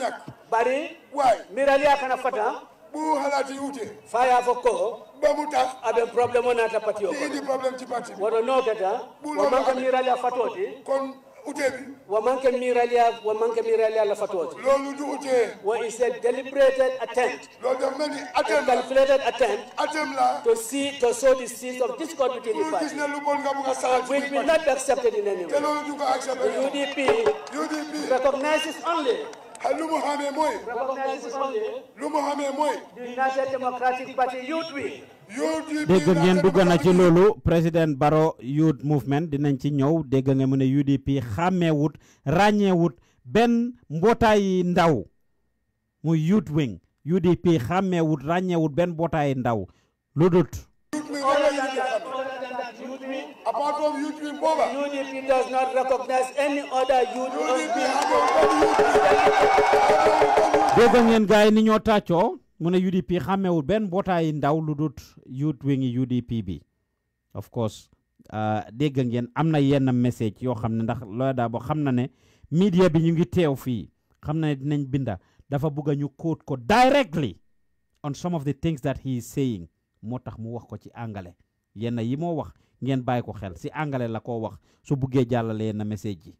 bari way mi fata bu halati wute faya fokko bamuta abe problème na ta patio ko no kata wa manka mirali fatoti kon ute bi wa manka mirali wa manka mirali la fatoti lolu du ute wa is a deliberated attempt a calculated attempt to see to sow the seeds of discord between the parties which will not be accepted in any way te UDP UDP recognizes only ah lu mu xamee mooy. lu mu xamee dégg ngeen dugg na ci loolu président Barrow youth movement dinañ ci ñëw dégg nga mu ne UDP xàmmeewut ràññeewut benn mbootaayi ndaw muy youth wing UDP xàmmeewut ràññeewut benn mbootaayi ndaw lu apart from youth in Boba. UDP does not recognize any other youth. UDP dégg ngeen gars yi ni ñoo tàccoo UDP xàmmewul benn mbootaayi in dauludut youth wingi UDP bi of course euh, dégg ngeen am na yenn message yoo xam ne ndax looy daa boo ne media bi ñu ngi teew fii xam dinañ binda dafa bëgg a ñu quote ko directly on some of the things that he is saying moo tax mu wax ko ci angale yenn yi moo wax ngeen bàyyi ko xel si angale la koo wax su buggee jàllalee na message yi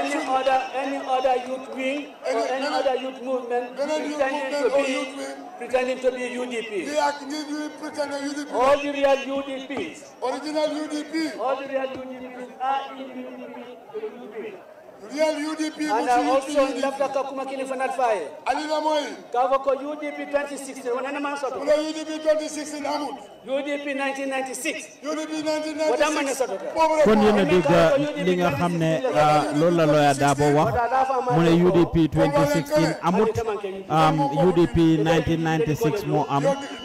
any other any other youth wing or any other youth movement pretending to be pretending to be UDP. All the real UDPs. Original UDP. All the real UDPs are ah, in UDP. real UDP ana also labda kakuma kile fanal faye alila moy kava ko UDP 2016 wanana masoto ko UDP 2016 amut UDP 1996 UDP 1996 wada man soto kon yene deg li nga xamne uh, uh, loolu la lawyer Dabo wax mu ne UDP 2016 UDP 1996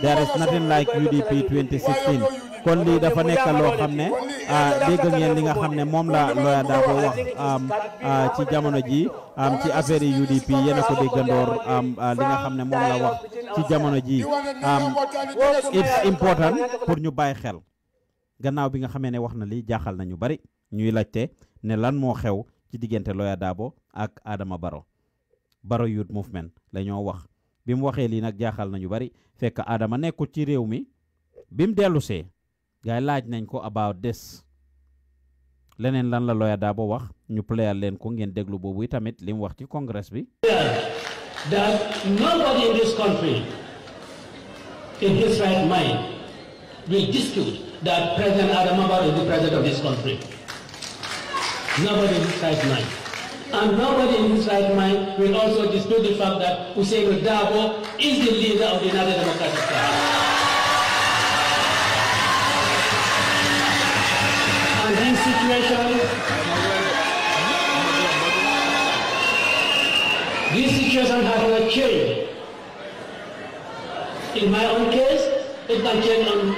there is nothing like UDP 2016 kon lii dafa nekk loo xam ne ah, dégg li nga xam ne moom la lawyer Darboe wax ah, ci jamono ji ci affaire yi UDP yéen a ko déggandoor ah, li nga xam ne moom la wax ci jamono ji it's important pour ñu bàyyi xel gannaaw bi nga xamee ne wax na li jaaxal na ñu bari ñuy laajte ne lan moo xew ci diggante lawyer Darboe ak Adama Barrow baro Youth Movement lañoo wax bi mu waxee lii nag jaaxal nañu bari fekk Adama nekkul ci réew mi bi mu dellusee laaj nañ ko about this lan la lawyer wax ñu playal ko ngeen déglu tamit wax ci congress bi. that nobody in this country in his right mind will dispute that President Adama Barrow is the president of this country. Nobody in his right mind. And nobody in his right mind will also dispute the fact that Hussein Dabo is the leader of the United Democratic Party. This situation. This situation has not changed. In my own case, it can change on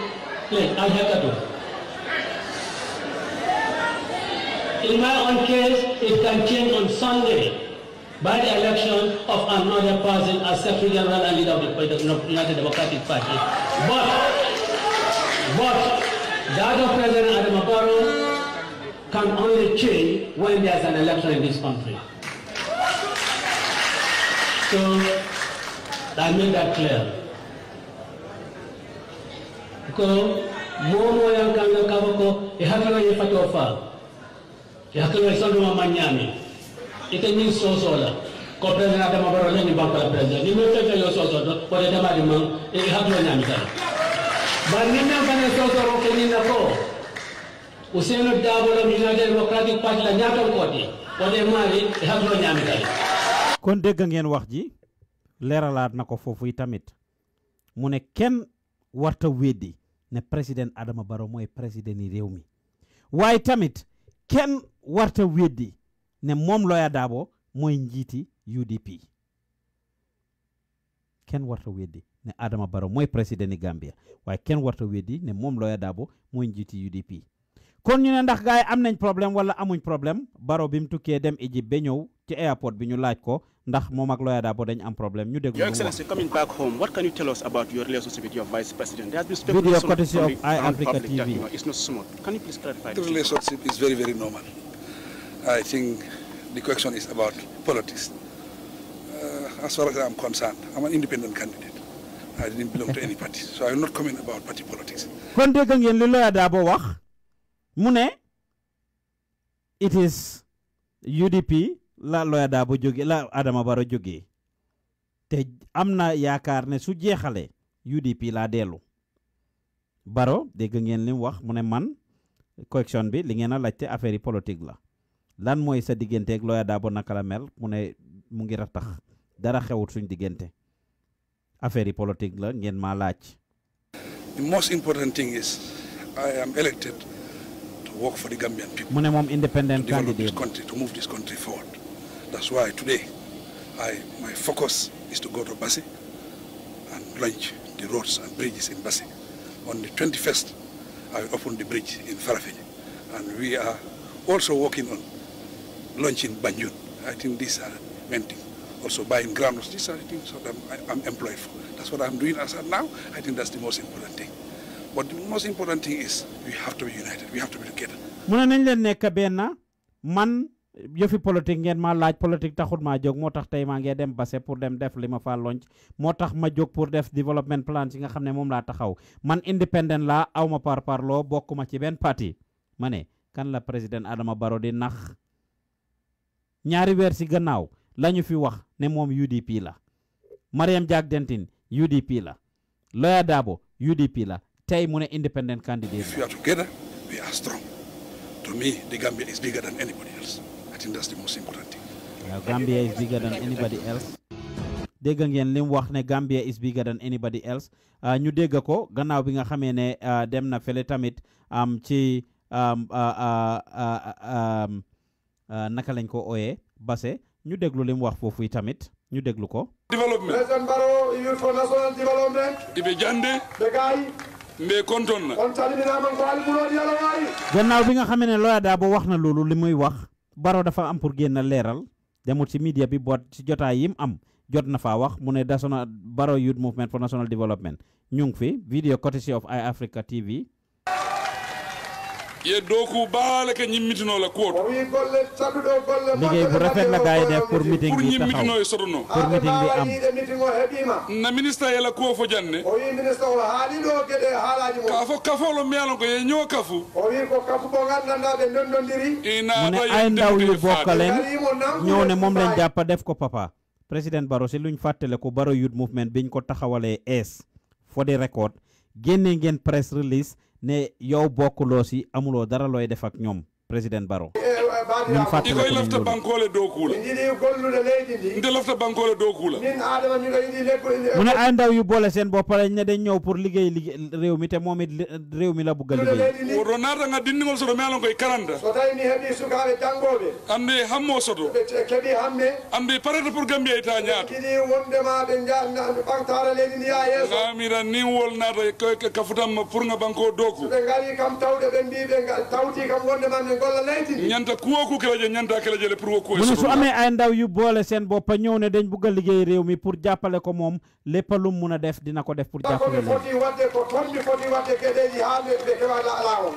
plane, on hackathon. In my own case, it can change on Sunday by the election of another person as Secretary General and leader of the United Democratic Party. But, but, that of President Adam Barrow can only change when there's an election in this country. So, I made that clear. ko momo yang kanga kabo ko e hakalo ye fato fa e hakalo e sondo mama nyami ite ni soso la ko president adama baro le ni bakala president ni me tete yo soso do ko de dama di man e hakalo nyami kala ba ni me kane soso ro ke ni na ko Ousseynou Daabolam kon dégg ngeen wax ji leeralaat na ko foofu yi tamit mu ne kenn warta weddi ne président Adama Barrow mooy président yi réew mi waaye tamit kenn warta weddi ne moom Lawyer daabo mooy njiiti UDP kenn warta weddi ne Adama Barrow mooy président yi Gambia waaye kenn warta weddi ne moom Lawyer Darboe mooy njiiti UDP kon ñu ne ndax gars am nañ problème wala amuñ problème baro bi tukkee dem Egypte ba ñëw ci airport bi ñu laaj ko ndax moom ak Lawyer Darboe dañ am problème ñu déglu. Your Excellency, coming back home, what can you tell us about your relationship with your vice president? There has been speculation from the Africa public TV. it's not smooth. Can you please clarify? The relationship is very, very normal. I think the question is about politics. Uh, as far as I'm concerned, I'm an independent candidate. I didn't belong to any party, so I am not coming about party politics. kon dégg ngeen li Lawyer Darboe wax. mu ne it is UDP la Lawyer Darboe jóge la Adama Barrow jóge te am na yaakaar ne su jeexalee UDP laa dellu Barrow dégg ngeen lim wax mu ne man correction bi li ngeen a laajte affaire yi politique la lan mooy sa digganteeg Lawyer Darboe naka la mel mu ne mu ngi ratax dara xewut suñ diggante affaire yi politique la ngeen maa laaj. The most important thing is I am elected. work for the Gambian people. Mune independent to develop candidate. this country, to move this country forward. That's why today, I my focus is to go to Basi and launch the roads and bridges in Basi. On the 21st, I will open the bridge in Farafeni, and we are also working on launching Banjul. I think these are main Also buying grounds. These are the things that I'm, I'm employed for. That's what I'm doing as of now. I think that's the most important thing. But the most important thing is we have to be united. We have to be together. Muna nañ leen man yofi politique ngeen ma laaj politique taxut ma jog motax tay ma ngey dem base pour dem def lima fa lonch motax ma jog pour def development plan ci nga xamne mom takau. taxaw man independent la awma ma par parlo bokuma ci ben parti mané kan la président Adama baro di nax ñaari weer ci gannaaw la fi wax ne mom UDP la Mariam Jack Dentin UDP la Lawyer Dabo, UDP la tey mu ne independent candidate if you are together is bigger than anybody else I ngeen li wax ne Gambia is bigger than anybody else ah, ñu dégg ko gannaaw bi nga xamee ne ah, dem na fële tamit am ci ah, naka lañ ko ooyee base ñu déglu li wax foofu tamit ñu déglu ko. development. Ibe Jande. Begaay. mbee kontoon gannaaw bi nga xamee ne Lawyer Darboe wax na loolu li muy wax baro dafa am pour génn leeral demut ci media bi boot ci jotaay yim am jot na faa wax mu ne Barrow Youth Movement for National Development ñu ngi fi video si of ay Africa TV ye doku baale ke ñimmitino la kuwoto liggéey bu rafet la gaay def pour meeting bi taxaw pour ñimmitino yi pour meeting bi am na ministre yela kuwo fo janne o wi ministre o haali ɗo geɗe haalaji mo kafo kafolo miyalon ko ye ñoo kafu o ko kafu bo ɓe dondodiri inaɗo ne ay ndaw yu bokkalen ñoo ne moom lañ jàppa def ko papa président baro si luñ fàttale ko baro youth movement biñ ko taxawalee ees fo the record génne ngeen press release ne yow bokkuloo si amuloo dara looy def ak ñoom président baro min fattata ko lafta bankole dow kuula nde lafta bankole dow kuula mu ne ay ndaw yu boole seen bopp pare ne dañ ñëw pour liggéey liggéey réew mi te moom it réew mi la bugg a liggéey woto naatanga dindigol soto mi alon koye karanta so tawi mi heɓi sukaaɓe jangooɓe ande hammo soto keɓi hamme ande parata pour gambia ta ñaato kiɗi wondema ɓe jahna ɓantara leydi ndi ha yeeso gamiran ni wol naata kafutanma pour nga banko dow ku ɓe ngari kam tawɗe ɓe mbi ɓe tawti kam wondema ne golla leydi ñanta ku woku kala je ñanta kala je le pour woku mu ne su amee ay ndaw yu boole seen boppa ñëw ne dañ bëgg a liggéey réew mi pour jàppale ko moom lépp mun a def dina ko def pour jàppale leen foti wadde ko tombi foti wadde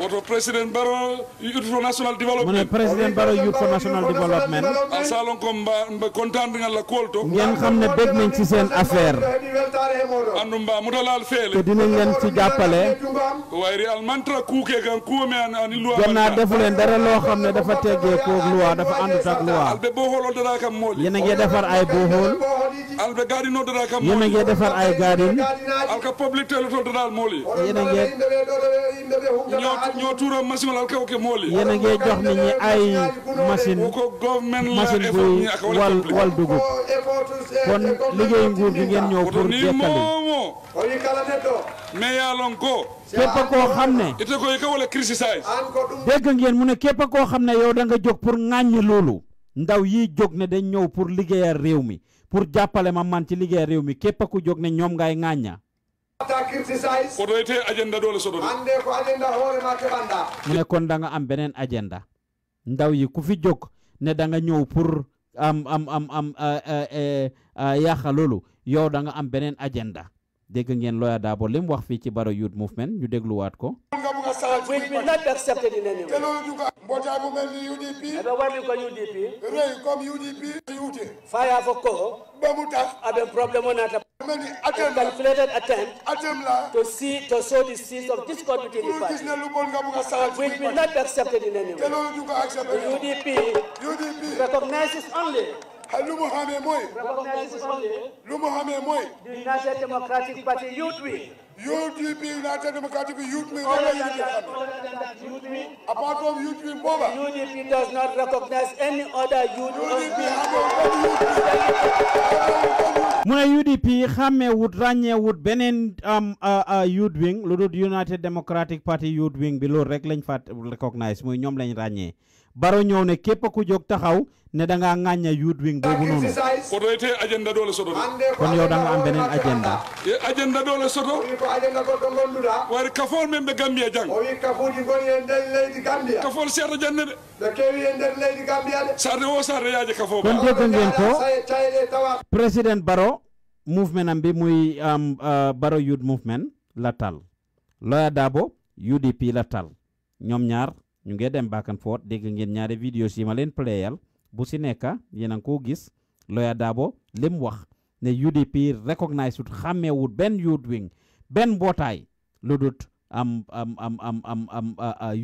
o woto président baro youth national development mu ne président baro youth for national development a salon ko mba contente ngal la kolto ngeen xam ne bég nañ ci seen affaire andu te dinañ leen ci jàppale ko wayri almantra kuuke kan kuume an defu leen dara loo xam ne dafa tegg dëppoog loi dafa àndut ak loi a ngi defar ay bohool albe gaadinoo dara kam yéen a ngi defar ay gaadin alka public a ñoo tuura machine a ngi buy wal wal dugub kon liggéey nguur gi ngeen ñëw pour jekkali képp koo xam ne ite ko ka wala criticize dégg ngeen mu ne képp koo xam ne yow danga nga jóg pour ŋàññi loolu ndaw yi jóg ne dañ ñëw pour liggéeyal réew mi pour jàppale ma man ci liggéeyal réew mi képp ku jóg ne ñoom ngay ŋàñña koto ite agenda doole soto ande ko agenda hoore ma keɓanda mu ne kon da am beneen agenda ndaw yi ku fi jóg ne da nga ñëw pour am am am am euh, euh, euh, yàqa loolu yow da nga am beneen agenda dégg ngeen Lawyer Darboe li wax fii ci Barrow Youth Movement ñu dégluwaat ko. we will not accept it in any way. mbootaay UDP. abe UDP. rëy UDP. si wuute. faya fo ko. ba mu to see to sow the seeds of discord between the parties. we will not accept it in any way. te loolu du ko accepté. UDP. UDP recognizes only. ah lu mu xamee mooy. lu mu xamee mooy. United Democratic Party youth bi. youth bi United Democratic youth bi. apart from youth bi booba. UDP does not recognize any other youth. mu ne UDP xàmmeewut ràññeewut beneen um, uh, uh, youth wing lu dul United Democratic Party youth wing bi loolu rek lañ fa recognize muy ñoom lañ ràññee. baro ñëw ne képp ku jog taxaw ne da nga ngagne youth wing boobu noonu koto ite agenda la soto kon yow da nga am benen agenda agenda do la soto war agenda goɗɗo gonduɗa gambia jang o wi kafuuji goni e nder leydi gambiya kafool seeɗa janne de da ɓe wi e nder leydi gambia de sarde wo sarde yaaje kafoo kon dégg ngeen ko président baro movement am bi muy am euh, baro youth movement la tal loya dabo udp la tal ñoom ñaar ñu ngi dem bàkkanfoot and dégg ngeen ñaari videos yi ma leen playal bu si nekka yéen a ngi koo gis Lawyer Darboe li mu wax ne UDP recognize wut xàmmeewut benn youth wing benn mbootaay lu dut am am am am am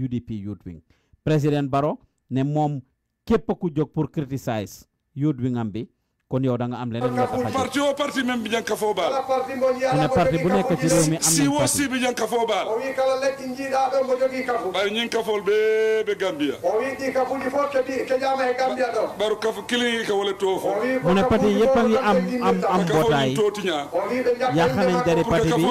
UDP youth wing président baro ne moom képp ku jóg pour criticize youth wing am bi kon yow da nga am leneen loo tax parti o oh, parti même bi jang ka foo baal mu ne parti bu nekk ci réew mi am si wo si bi jang ka foo baal bari ñing ka fo be be gambia o wi di ka fuli fo ke di ke jama gambia do baru ka fu kili ka wala to fo mo ne parti yepp ngi am am am mbootaay ya nañ jari parti bi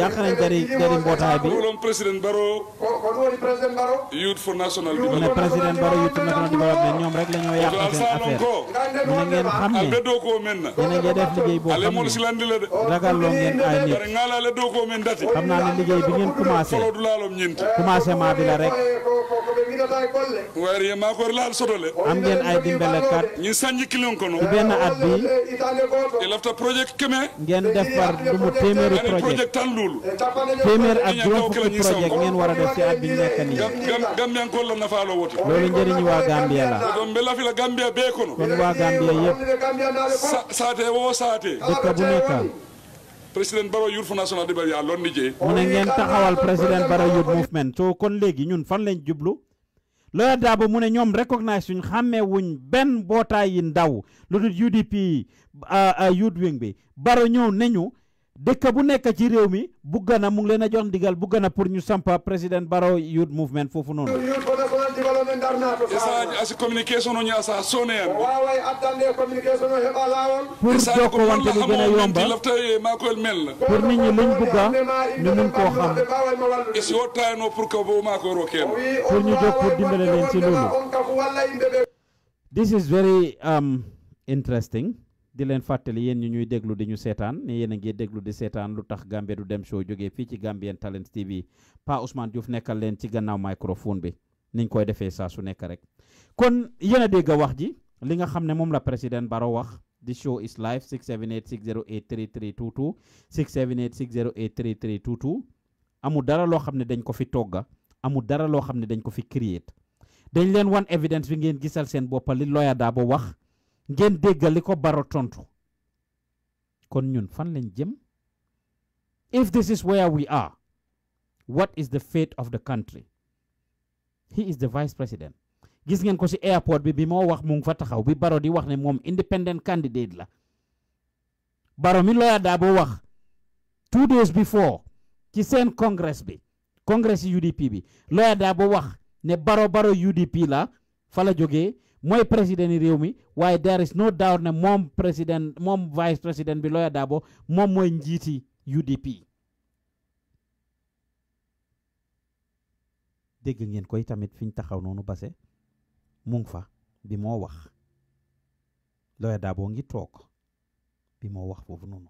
ya nañ jari dari botay bi loolu president baro do woni president baro youth for national mu ne president baro youth for national development ñoom rek lañu ñoo yàq affaire mu ne ngeen xam beddoo ko men na yéen a ngi def liggéey boo xam ne silandi la de oh, ragaloo ngeen ay nit bare ngaalaale doo ko men dati xam naa ne liggéey bi ngeen commencé solo du laaloom ñeenti commencement bi la rek waari maa ko laal sotole am ngeen ay dimbalekat ñu sànni kilon ko noonu benn at bi e lafta projet keme ngeen def par du mu téeméeri projet tan loolu téeméer ak juróom fukki projet Gambia la Gambia saate wo saate dëkk bu nekk président Barrow Youth National di bari yaa loon ni jee mu ne ngeen taxawal président Barrow Youth Movement so kon léegi ñun fan lañ jublu Lawyer Darboe mu ne ñoom recognize suñ xàmmee wuñ benn mbootaay yi ndaw lu dul UDP uh, uh, Youth Wing bi Barrow ñëw nañu dëkk bu nekk ci réew mi bugg na mu ngi leen a jox ndigal bugg na pour ñu sampa président Barrow Youth Movement foofu noonu this is very um interesting di leen fàttali yéen ñu ñuy déglu di ñu seetaan ne yéen a Gambia dem show jógee fii Gambian Talents TV Pa Usman Diouf nekkal microphone be. niñ koy defee sa su nek rek kon yena a ga wax ji li nga xam mom la président baro wax di show is live 6786083322 6786083322 amu dara lo xam dañ ko fi togga Amu dara lo xam dañ ko fi create dañ leen wan évidence bi ngeen gisal seen bopal li lawyer bo wax ngeen déggal liko baro tontu kon ñun fan lañ jëm if this is where we are what is the fate of the country he is the vice president gis ngeen ko ci airport bi bi mo wax mu fa taxaw bi baro di wax ne mom independent candidate la baro mi lawyer bo wax two days before ci sen congress bi congress UDP bi lawyer bo wax ne baro baro UDP la fa la joge moy president rew mi why there is no doubt ne mom president, mom vice president bi lawyer bo mom moy njiti UDP dégg ngeen koy tamit fi ñu taxaw noonu base mu fa bi moo wax Lawyer Darboe ngi toog bi moo wax foofu noonu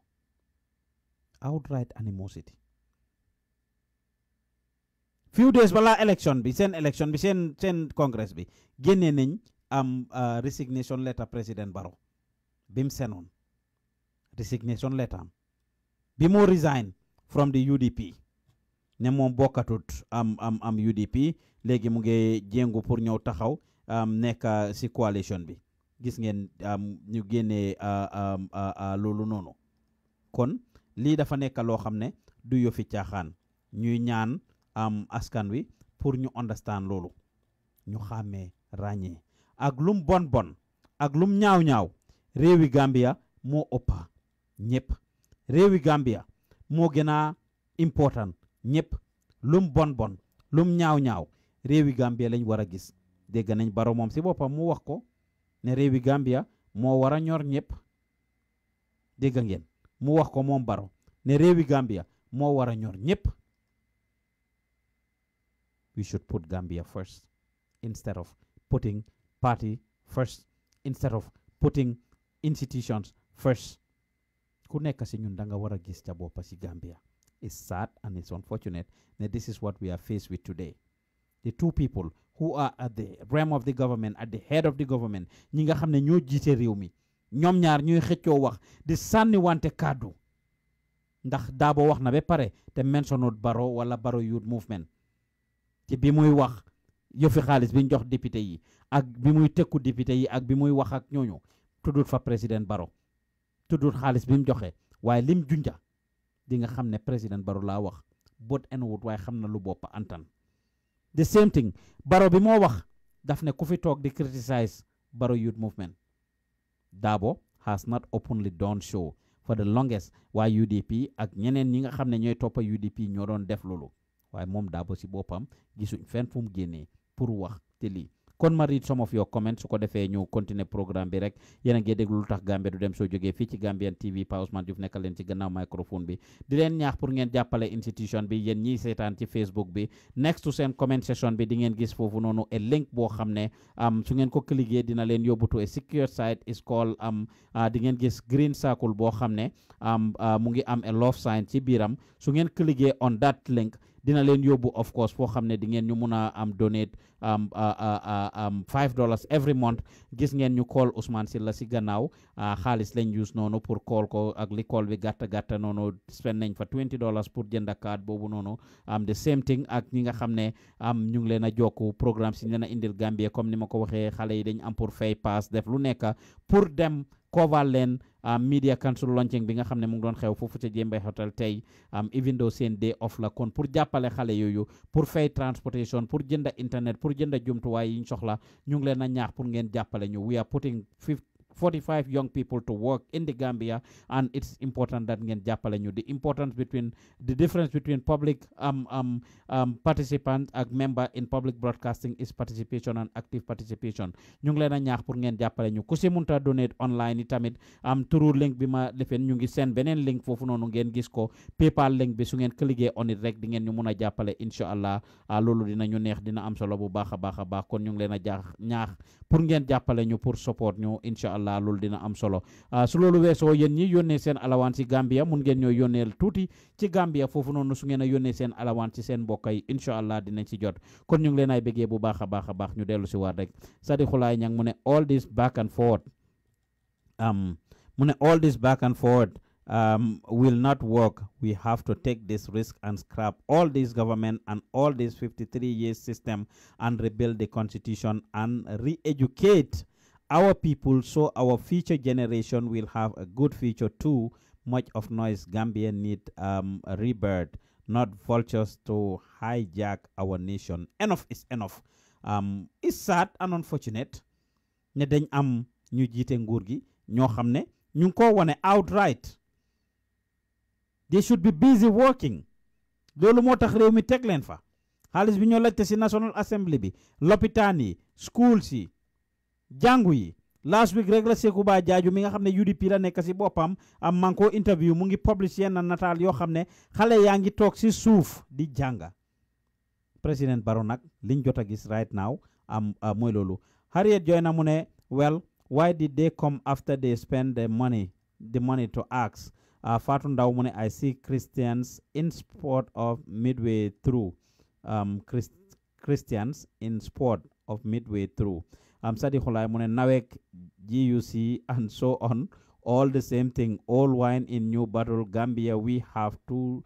outright animosity few days balaa élection bi seen élection bi seen seen congrès bi génnee nañ am euh, resignation letter président Barrow bi mu senoon resignation letter am bi moo resign from the UDP ne moom bokkatut am am am UDP léegi mu ngi jéngu pour ñëw taxaw nekk euh, si coalition bi gis ngeen ñu génnee euh, euh, loolu noonu kon lii dafa nekk loo xam ne du yëfi caaxaan ñuy ñaan am askan wi pour ñu understand loolu ñu xàmmee ràññee ak lum bon bon ak lum ñaaw ñaaw réewi Gambia moo ëppa ñëpp réewi Gambia moo gën a important ñëpp lum bon bon lum ñaaw-ñaaw réewi Gambia lañ wara gis dégg nañ baro mom ci bopam mu wax ko ne réewi Gambia mo wara ñor ñëpp dégg ngeen mu wax ko mom baro ne réewi Gambia mo wara ñor we should put Gambia first instead of putting party first instead of putting institutions first ku nekk si ñun da nga war gis ca boppa si Gambia It's sad and it's unfortunate that this is what we are faced with today. The two people who are at the realm of the government, at the head of the government, ñi nga xam ne ñoo jiite réew mi ñoom ñaar ñuy xëccoo wax di sànni wante kàddu ndax Dabo wax na ba pare te mentionul baro, wala baro Youth Movement ci bi muy wax yëfi xaalis bi ñu jox député yi ak bi muy tekku député yi ak bi muy wax ak fa président baro. Tudut xaalis bi mu joxe lim junja di nga xam ne président Barrow laa wax boot en waaye xam na lu bopp antan the same thing Barrow bi moo wax daf ne ku fi toog di criticize Barrow youth movement daabo has not openly done so for the longest waaye UDP ak ñeneen ñi nga xam ne ñooy toppa UDP ñoo doon def loolu waaye moom Darboe si boppam gisuñ fen fu mu génnee pour wax te lii kon ma read some of your comments su ko defé ñu continuer programme bi rek yéen a ngi déglu lu tax Gambia du dem so joggé fi ci Gambian TV Pa Ousman Joof nekkal len ci gannaaw microphone bi di len ñaax pour ngeen jappalé institution bi yeen ñi sétane ci Facebook bi next to sen comment session bi di ngeen gis fofu nonu e link bo xamné am su ngeen ko cliquer dina len yobutu to a secure site is called am ah, di ngeen gis green circle bo xamné am ah, mu ngi am a love sign ci biram su ngeen cliquer on that link dina leen yóbbu of course foo xam ne di ngeen ñu mun a am donate am five dollars every month gis ngeen ñu call si la si gannaaw xaalis lañ use noonu pour call ko ak li call bi gàtta gàtta noonu spend nañ fa twenty dollars pour jënd card boobu noonu am the same thing ak ñi nga xam ne am ñu ngi leen a jokku programme si leen indil Gambie comme ni ma ko waxee xale yi dañ am pour fay pass def lu nekk pour dem. koval leen ah, media council launching bi nga xam ne mu ngi doon xew foofu ca Jembe hotel tey even though seen day off la kon pour jàppale xale yooyu pour fay transportation pour jënda internet pour jënda jumtuwaay yi ñu soxla ñu ngi leen a ñaax pour ngeen jàppale ñu we are putting 45 young people to work in the Gambia and it's important that ngeen jàppale ñu the importance between the difference between public um, um, um, participant ak member in public broadcasting is participation and active participation ñu ngi ngeen jàppale ñu ku si munta donate online tamit am turu link bi ma defeen ñu ngi seen beneen link foofu noonu ngeen gis ko PayPal link bi su ngeen cliquer on it rek di ngeen ñu mun a jàppale incha allah ah, loolu dina ñu neex dina am solo bu baax a baax a kon ñu ngi leen a jaax ñaax pour ngeen allah loolu dina am solo ah, su loolu weesoo yéen ñi yónnee seen alawaan si Gambia mun ngeen ñoo yónneel tuuti ci Gambia foofu noonu su ngeen a yónnee seen alawaan si seen mbokk yi incha allah dinañ si jot kon ñu ngi leen ay bu baax a baax ñu dellu si waat rek sadi xulaay ñang mu all this back and forth um, mu all this back and forth Um, will not work. We have to take this risk and scrap all this government and all this 53 years system and rebuild the constitution and re-educate our people so our future generation will have a good future too. Much of noise Gambia need um, a rebirth, not vultures to hijack our nation. Enough is enough. Um, it's sad and unfortunate. ne am ñu jiite nguur gi ñoo ñu ko wane outright they should be busy working loolu moo tax mi teg fa bi national assembly bi lopitaan yi schools yi jàngu yi last week rek la Sekubaa Jaaju mi nga xam ne UDP la nekk si boppam am manko interview mu ngi publish yenn nataal yoo xam ne xale yaa ngi toog di jànga président Baronak nag liñ gis right now am mooy loolu Harriet Joyner mu ne well why did they come after they spend the money the money to ask ah, Fatou Ndaw mu ne I see Christians in sport of midway through um, Christians in sport of midway through I'm Sadi Hulaimune, Nawek, GUC, and so on. All the same thing, all wine in new bottle, Gambia. We have to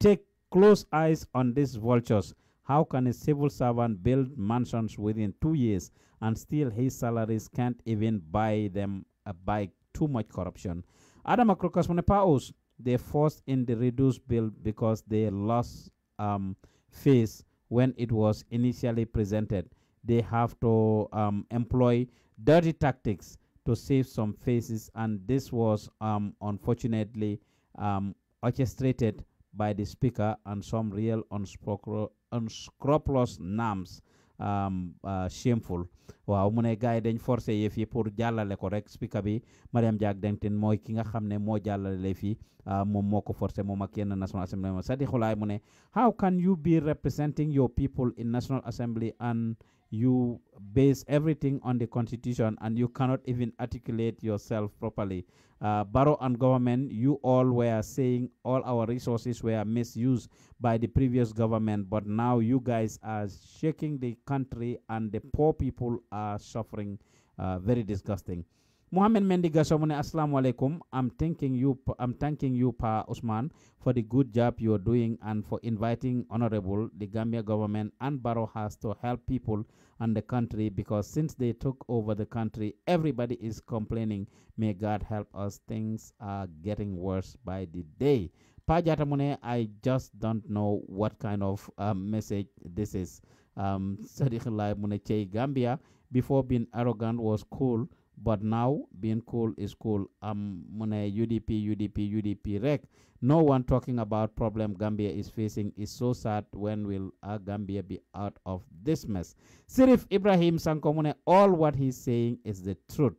take close eyes on these vultures. How can a civil servant build mansions within two years and still his salaries can't even buy them a uh, by too much corruption? Adam Akrokas Munepaos, they forced in the reduced bill because they lost um, face when it was initially presented they have to um, employ dirty tactics to save some faces, and this was um, unfortunately um, orchestrated by the speaker and some real unscrupulous nams. Um, uh, shameful Wow, mu guy, gars forcé yëf yi pour jàllale correct speaker bi Mariam Jack Denton mooy ki nga xam ne moo jàllale fii ah, moom moo ko forcé moom ak yenn National Assembly ma sadi xulaay mu how can you be representing your people in National Assembly and you base everything on the constitution and you cannot even articulate yourself properly. Uh, Barrow and government, you all were saying all our resources were misused by the previous government, but now you guys are shaking the country and the poor people are suffering. Uh, very disgusting. Mohammed Mendiga mu ne alaikum. I'm thanking you I'm thanking you Pa Osman, for the good job you are doing and for inviting Honorable the Gambia government and Barrow House to help people and the country because since they took over the country everybody is complaining may God help us things are getting worse by the day Pa Jatamune I just don't know what kind of um, message this is um, Sadiq Lai Mune Gambia before being arrogant was cool but now being cool is cool. I'm um, UDP, UDP, UDP rec. No one talking about problem Gambia is facing is so sad. When will uh, Gambia be out of this mess? Sirif Ibrahim Sankomune, all what he's saying is the truth.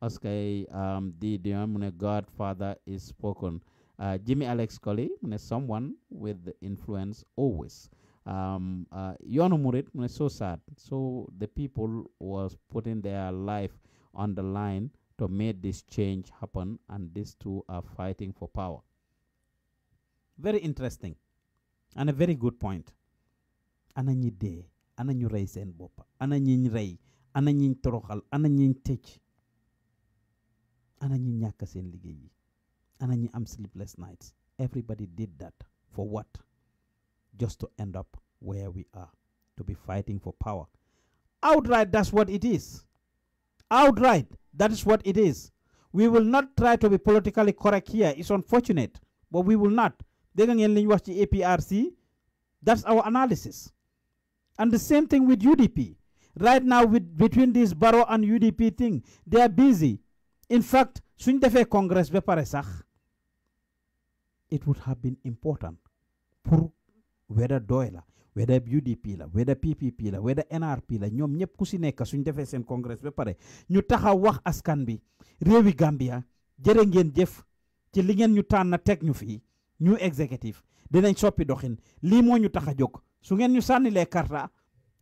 Oscar um, the Diamune Godfather is spoken. Uh, Jimmy Alex Colley, someone with the influence always. Um, uh, yonu Murit, so sad. So the people was putting their life on the line to make this change happen, and these two are fighting for power. Very interesting and a very good point. Ana ñi dee ana ñu bopa, seen bopp ana ñiñ rey ana ñiñ toroxal ana ñiñ tëj ana ñi ana ñi am sleepless nights everybody did that for what just to end up where we are to be fighting for power outright that's what it is outright. That is what it is. We will not try to be politically correct here. It's unfortunate, but we will not. Dégg ngeen li ñu APRC that's our analysis. And the same thing with UDP. Right now, with, between this Barrow and UDP thing, they are busy. In fact, suñ congress pare sah. it would have been important whether doy la whether UDP la whether PPP la whether NRP la ñoom ñëpp ku si nekk suñu defee seen congrès ba pare ñu taxaw wax askan bi réewi Gambia jërë ngeen jëf ci li ngeen ñu tànn teg ñu fii ñu exécutif dinañ soppi doxin lii moo ñu tax a jóg su ngeen ñu sànnilee karta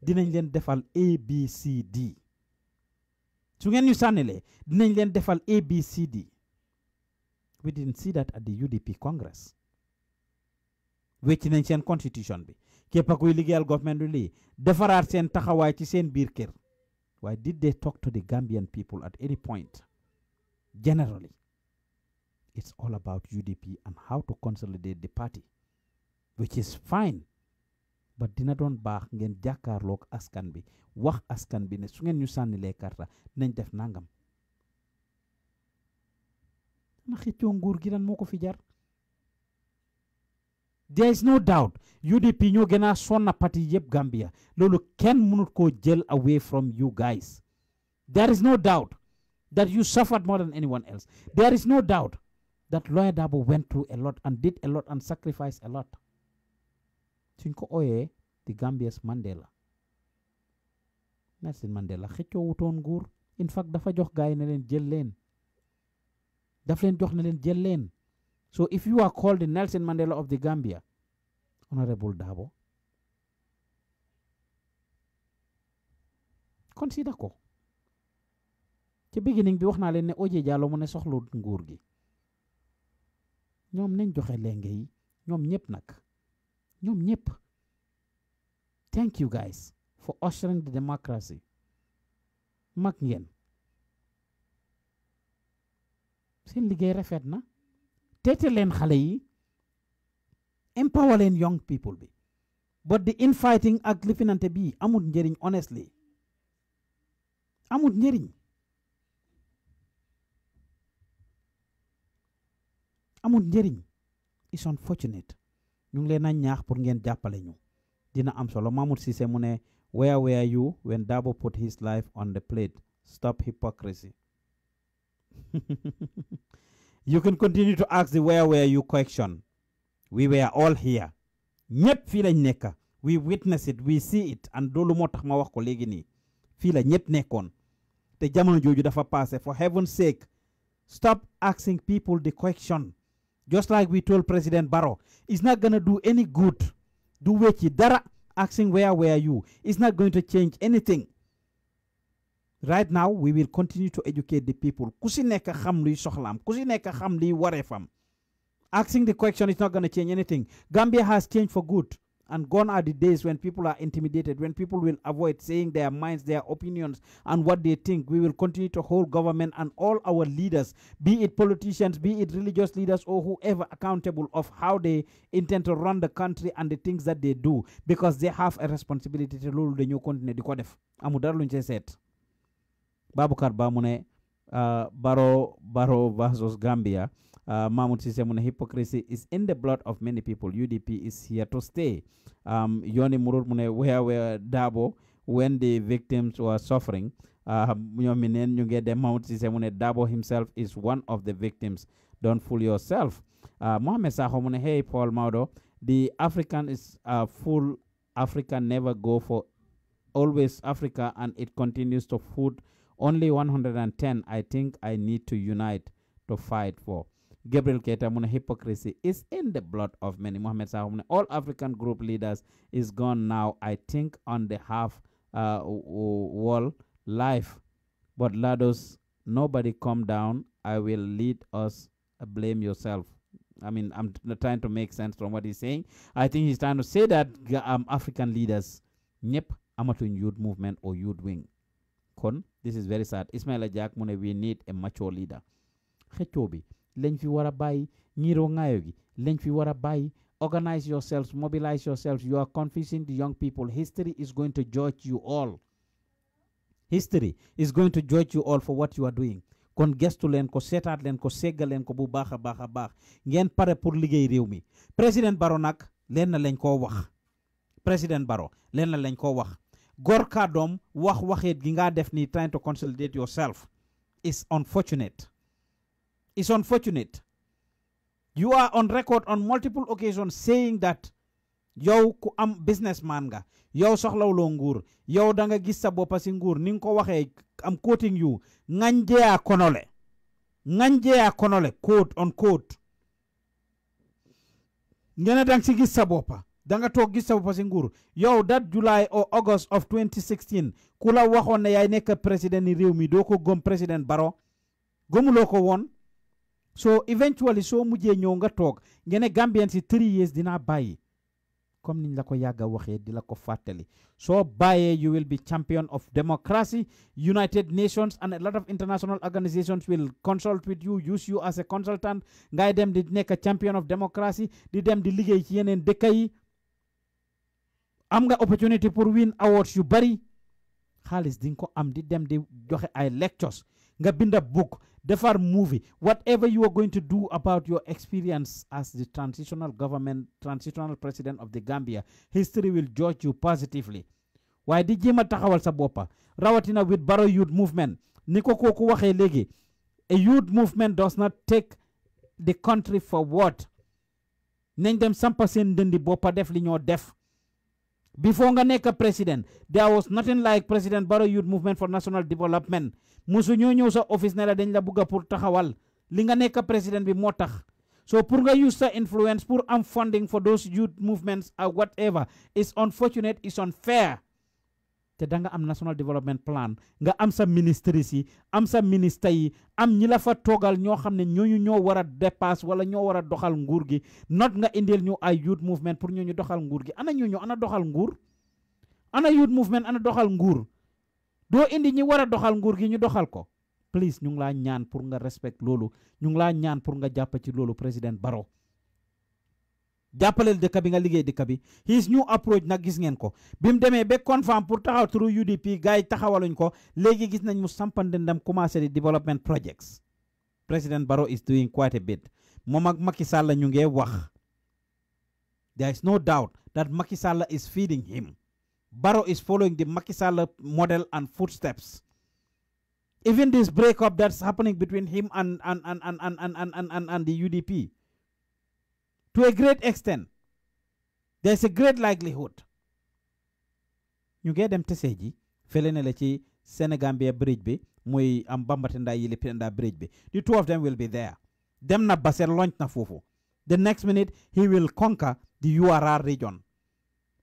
dinañ leen defal ABCD su ngeen ñu sànnilee dinañ leen defal ABCD we didn't see that at the UDP wecc nañ seen constitution bi képp kuy liggéeyal government du lii defaraat seen taxawaay ci seen biir kër waaye did they talk to the Gambian people at any point generally it's all about UDP and how to consolidate the party which is fine but dina doon baax ngeen jàkkaarloog askan bi wax askan bi ne su ngeen ñu sànnilee karta nañ def nangam na xëccoo nguur gi lan moo ko fi jar there is no doubt UDP ñoo gën a sonna parti yëpp Gambia loolu ken mënut ko jël away from you guys there is no doubt that you suffered more than anyone else there is no doubt that Lawyer Dabo went through a lot and did a lot and sacrificed a lot suñ ko the Gambia's Mandela Nelson Mandela xëccoo wutoon nguur in fact dafa jox gaay ne leen jël leen daf leen jox ne leen jël So if you are called the Nelson Mandela of the Gambia, Honorable Dabo, consider ko. ci beginning bi wax naa leen ne OJ Jallow mu ne soxlu nguur gi ñoom nañ joxe lenge ñoom ñëpp nag ñoom ñëpp thank you guys for ushering democracy mag ngeen seen liggéey rafet na teete leen xale yi empower leen young people bi but the infighting ak lifinante bii amul njëriñ honestly amul njëriñ amul njëriñ it's unfortunate ñu ngi leen a ñaax pour ngeen jàppale ñu dina am solo Mamud Cissé mu ne where were you when Dabo put his life on the plate stop hypocrisy you can continue to ask the where were you question we were all here ñëpp fii lañ nekk we witness it we see it and loolu moo tax ma wax ko léegi nii fii la ñëpp nekkoon te jamono jooju dafa passé for heaven's sake stop asking people the question just like we told President Barrow it's not gonna do any good Do wechi dara asking where were you it's not going to change anything right now we will continue to educate the people Kusi si xam luy soxlaam ku si xam asking the question is not going to change anything gambia has changed for good and gone are the days when people are intimidated when people will avoid saying their minds their opinions and what they think we will continue to hold government and all our leaders be it politicians be it religious leaders or whoever accountable of how they intend to run the country and the things that they do because they have a responsibility to rule the new continent the amudar said Babukar Bamune uh, Baro Baro versus Gambia. Uh, Mahmoud hypocrisy is in the blood of many people. UDP is here to stay. Um, Yoni Mururmune, where were Dabo when the victims were suffering? Uh, you get the Mahmoud Dabo himself is one of the victims. Don't fool yourself. Uh, Mohamed Sahomune, hey, Paul Maudo, the African is uh, full. Africa never go for always Africa, and it continues to food only 110 I think I need to unite to fight for. Gabriel Keta mune hypocrisy is in the blood of many. Muhammad Sahumune, all African group leaders is gone now, I think, on the half uh, wall life. But Lados, nobody come down. I will lead us. Uh, blame yourself. I mean, I'm trying to make sense from what he's saying. I think he's trying to say that um, African leaders, nyep, amatu youth movement or youth wing. Kon, this is very sad Ismaila Jack mu we need a mature leader xëccoo bi lañ fi wara a bàyyi ñiiroo ŋaayoo gi lañ fi wara a bàyyi organize yourselves mobilize yourselves you are confusing the young people history is going to judge you all history is going to judge you all for what you are doing kon gestu leen ko seetaat leen ko seggal leen ko bu baax a baax ngeen pare pour liggéey réew mi président Barrow nag leen lañ koo wax président Baro leen na lañ koo wax gorkadom wax waxeet gi nga def ni trying to consolidate yourself is unfortunate is unfortunate you are on record on multiple occasions saying that yow ku am businessman nga yow lo nguur yow da nga gis sa bop ci nguur ni ko waxe am quoting you jea konole jea konole quote on quote ngene dang ci gis sa danga tok gis sa bopp nguur yow dat July o August of 2016 kula la ne yaay nek president ni rew mi doko ko president baro Barrow gëmuloo won. so eventually so mujjee ñow nga tok ngene Gambien si three years dina bayyi comme niñ la ko yaga a dila ko fatali so bàyyee you will be champion of democracy United Nations and a lot of international organizations will consult with you use you as a consultant ngay dem di nek champion of democracy di dem di liggéey ci yenen dëkk yi am nga opportunity pour win awards yu bari xaalis di nga ko am di dem di joxe ay lectures nga binda book defar movie whatever you are going to do about your experience as the transitional government transitional president of the Gambia history will judge you positively waaye di jéem a taxawal sa boppa rawatina with baro youth movement ni ko kooku waxee léegi a youth movement does not take the country forward nañ dem sampa seen ndëndi boppa def li ñoo def before nga nekk président there was nothing like President baro Youth Movement for National Development musu ñëw sa office ne la dañ la bugg a pour taxawal li nga président bi moo so pour nga use sa influence pour am funding for those youth movements or whatever is unfortunate is unfair te da nga am national development plan nga am sa ministries si, am sa ministre yi am ñi la fa togal ño xamne ne ñooñu ñoo wara dépasse wala ño wara doxal nguur gi not nga indil ñu ay youth movement pour nyu doxal nguur gi ana nyu ana doxal nguur ana youth movement ana doxal nguur do indi ñi wara doxal nguur gi ñu doxal ko please ñu ngi pur ñaan pour nga respect lolu ñu ngi pur ñaan pour nga japp ci lolu president Barrow jàppaleel dëkk bi nga liggéey dëkk bi his new approach nag gis ngeen ko bi mu demee ba pour taxaw UDP gars yi taxawaluñ ko léegi gis nañ mu sampande ndam commencé di development projects President baro is doing quite a bit moom ak Macky Sall ñu ngee wax there is no doubt that Macky Sall is feeding him baro is following the Macky Sall model and footsteps even this breakup that's happening between him and and and and and and and and the UDP to a great extent. There's a great likelihood. You get them to ji fele ne la Senegambia bridge bi muy am bambatinda bridge bi the two of them will be there Them na basel launch na fufu. the next minute he will conquer the URR region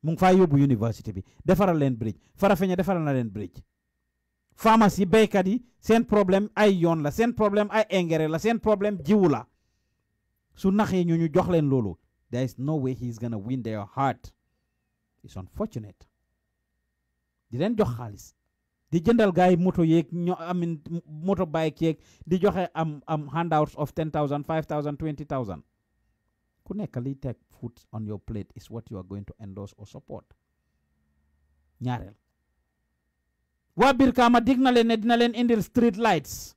mu university bi defaral bridge Farafenya defaral bridge Pharmacy, yi béykat yi seen problème ay la seen problème ay la seen problème jiwu la su naxee ñu ñu jox leen loolu there is no way he's gonna win their heart it's unfortunate di leen jox xaalis di jëndal gaay moto yeeg ño amin moto bike yeeg di joxe am am handouts of ten thousand five thousand twenty thousand ku nekk liy teg food on your plate is what you are going to endorse or support ñaareel waa Brikama dig na leen ne dina leen indil street lights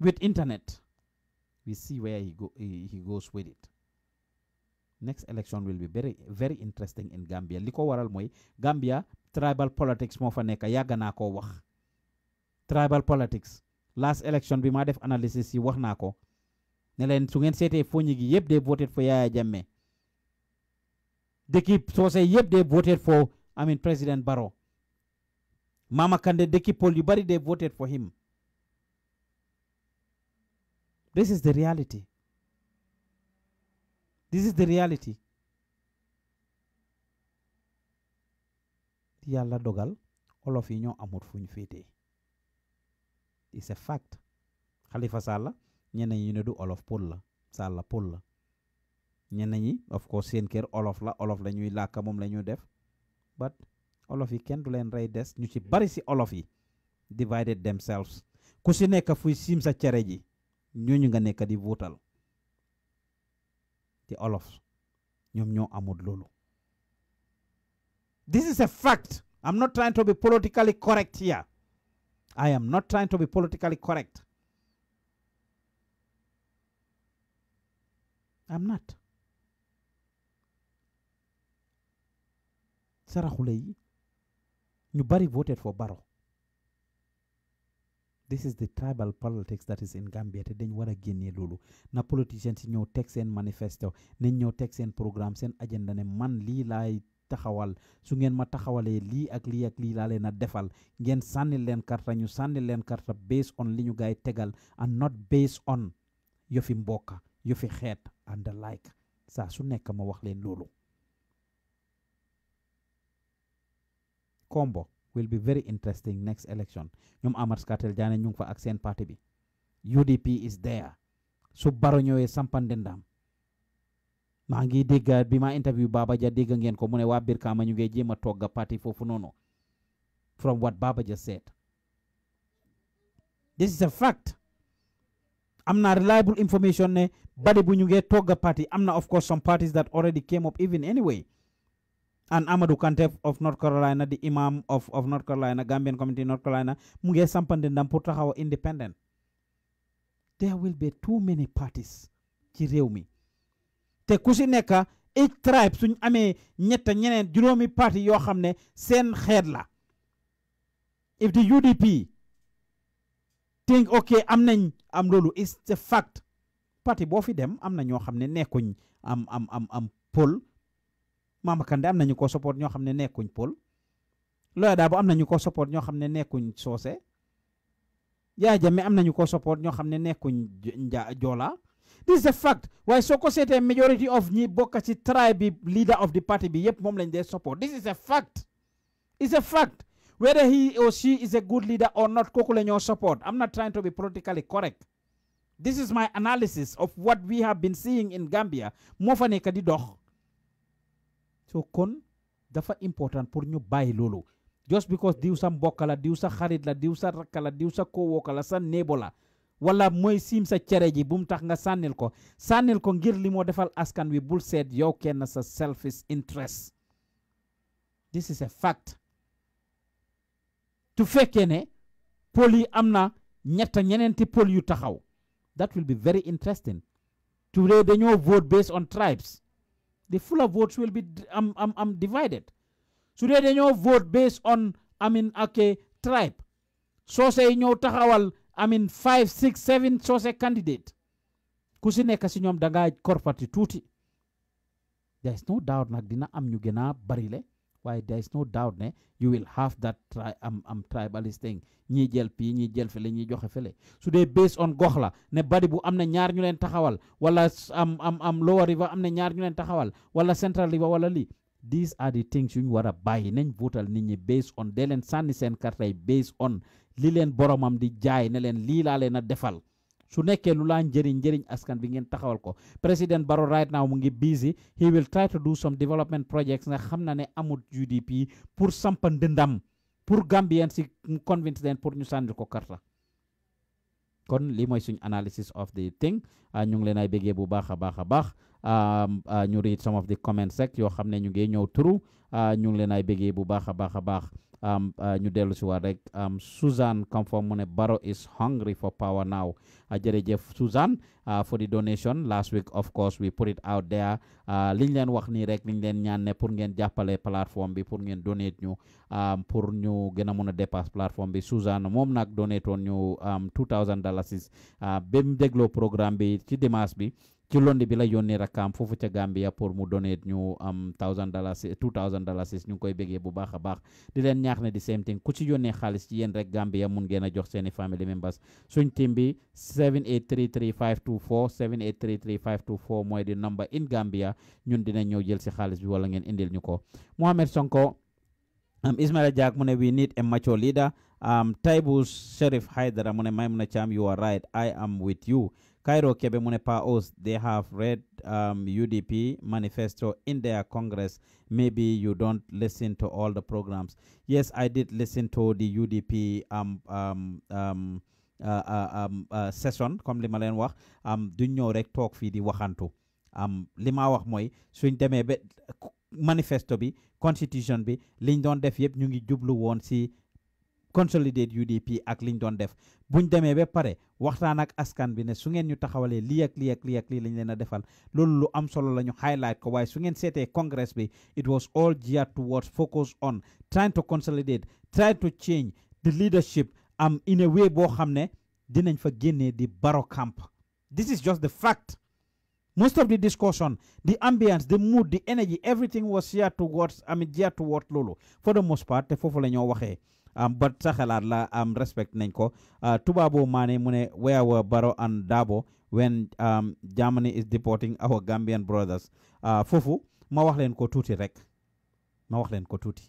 with internet we see where he, go, he, he goes with it next election will be very interesting in Gambia li ko waral mooy Gambia tribal politics moo fa nekk yàgg naa koo wax tribal politics last election bi ma def analysis yi wax naa ko ne leen su ngeen seetee foñi gi yëpp dee voted fo Yaya Jammeh dëkki soose yëpp dee voted for I mean président Barrow Mama dëkki poll yu bari dee voted for him This is the reality. This is the reality. Yalla dogal olof yi ñoo amut fuñ fété. it's a fact Khalifa Sala ñeneen ñu ne du olof pël la Sala pël la ñi of course seen kër olof la olof la ñuy làkk moom la def but olof yi kenn du leen ray Nyuci, ñu ci bari si olof yi divided themselves ku ci nekk fuy sim sa ciéré ji ñooñu nga nekk di wuutal te olof ñoom ñoo loolu this is a fact i'm not trying to be politically correct here i am not trying to be politically correct i'm not saraxule yi ñu bari voted for Baro. this is the tribal politics that is in Gambia te dañ war a génnee loolu na politicians si ñëw teg seen manifesto nañ ñëw teg seen programme seen agenda ne man lii laay taxawal su ngeen ma taxawalee lii ak lii ak lii laa leen a defal ngeen sànni leen karta ñu sànni leen karta based on li ñu gaay tegal and not based on yofi mbokka yofi xeet and the like saa su nekk ma wax leen loolu kombo will be very interesting next election ñoom Amath Scatel Jaane ñu ngi fa ak seen parti bi UDP is there su baro ñëwee sampandendam maa ngi dégg bi ma interview Baba Jah dégg ngeen ko mu ne waa Brikama ñu ngi jéem a togga parti foofu noonu from what Baba Jah said this is a fact am na reliable information ne bari bu ñu ngi togga parti am na of course some parties that already came up even anyway and Amadou Kante of North Carolina di imam of of North Carolina Gambian community North Carolina mu ngi sampandi ndam pour taxaw independent there will be too many parties ci réew mi te ku si nekk each tribe suñ amee ñetta ñeneen juróomi parti yoo xam ne seen xeet la if the UDP think ok am nañ am loolu is the fact parti boo fi dem am na ñoo xam ne nekkuñ am am am am pôle Mama Kandeh am nañu ko support ñoo xam ne nekkuñ Pël Lawyer Darboe am nañu ko support ñoo xam ne nekkuñ Soose Yaya Jammeh am nañu ko support ñoo xam nekkuñ this is a fact Why so? ko seetee majority of ñi bokk ci tribe leader of the party bi yëpp moom lañ dee support this is a fact it's a fact whether he or she is a good leader or not kooku la support I'm not trying to be politically correct this is my analysis of what we have been seeing in Gambia fa di dox so kon dafa important pour ñu bàyyi loolu just because diw sa mbokk la diw sa xarit la diw sa rakk la diw sa kowooka la sa néebo la walla mooy siim sa cere ji bu mu tax nga sànnil ko sànnil ko ngir li moo defal askan wi bul seet yow kenn sa selfish interest this is a fact tu fekkee ne pol yi am na ñetta ñeneenti pol yu taxaw that will be very interesting today dañoo vote based on tribes the fuller votes will be am am am divided su dee dañoo vote based on amin ak tribe soose yi ñëw taxawal amin five six seven soose candidate ku si nekk si ñoom da ngaa korpati tuuti there no doubt nag dina am ñu gën a bari le waaye there is no doubt ne you will have that tri am am tribalist thing ñii jël pii ñii jël fële ñii joxe fële su dee based on gox la ne bari bu am na ñaar ñu leen taxawal wala am am am am na ñaar ñu leen taxawal wala central river wala lii these are the things yu ñu war a bàyyi nañ votal nit ñi based on dee leen sànni seen kartay based on li leen boromam di jaay ne leen lii laa leen a defal su nekké lu lañ jëriñ jëriñ askan bi ngeen taxawal ko président baro right now mu ngi busy he will try to do some development projects nga xamna na ne amul UDP pour sampan dendam pour Gambien si convince den pour ñu sandi ko karta kon li moy suñ analysis of the thing ah, ñu ngi leen ay bu baaxa baaxa baax um ñu read some of the comments sec Yo xam ñu ngi ñëw turu ah, ñu ngi leen ay bu baaxa baaxa baax baax Eh, ñu dellu si rek Susan Kamfo mu ne Barrow is hungry for power now ah, jërëjëf Susan ah, for the donation last week of course we put it out there ah, liñ leen wax nii rek liñ leen ñaan ne pour ngeen jàppale plateforme bi pour ngeen donate ñu pour ñu gën a mën a dépasse plateforme bi Susan moom nag donate woon ñu 2000 dollars ba mu dégloo programme bi ci dimanche bi ci londi bi la yónnee rakkaam foofu ca Gambia pour mu donate ñu am thousand dollars two thousand dollars ñu ngi koy béggee bu baax a baax di leen ñaax ne di same thing ku ci yónnee xaalis ci yéen rek Gambia mun ngeen a jox seeni family members suñ team bi 7833524 7833524 mooy di number in Gambia ñun dinañ ñëw jël si xaalis bi wala ngeen indil ñu ko Mohamed Sonko am Ismaila Jack mu ne we need a mature leader um, Taibu Sheriff Haidara mu ne Maimuna Cham you are right I am with you Cairo, Kebe Munepa they have read um, UDP manifesto in their Congress. Maybe you don't listen to all the programs. Yes, I did listen to the UDP um, um, um, uh, uh, um, uh, session, comme li ma leen wax am um, duñ rek di waxantu am um, lima ma wax mooy manifesto bi constitution bi liñ doon def ngi jublu won si consolidate UDP ak liñ doon def buñ demee ba pare waxtaan ak askan bi ne su ngeen ñu taxawalee lii ak lii ak lii ak lii lañ leen defal loolu lu am solo la ñu highlight ko waaye su ngeen sété congress bi it was all geared towards focus on trying to consolidate try to change the leadership am um, in a way boo xam dinañ fa génnee di Barrow camp this is just the fact most of the discussion the ambience the mood the energy everything was geared towards I mean geared towards loolu for the most part te foofu la ñoo um, ba sa xalaat la am um, respect nañ ko uh, tubaabu maane mu ne where were Barrow and dabo when um, Germany is deporting our Gambian brothers uh, foofu ma wax leen ko tuuti rek ma wax leen ko tuuti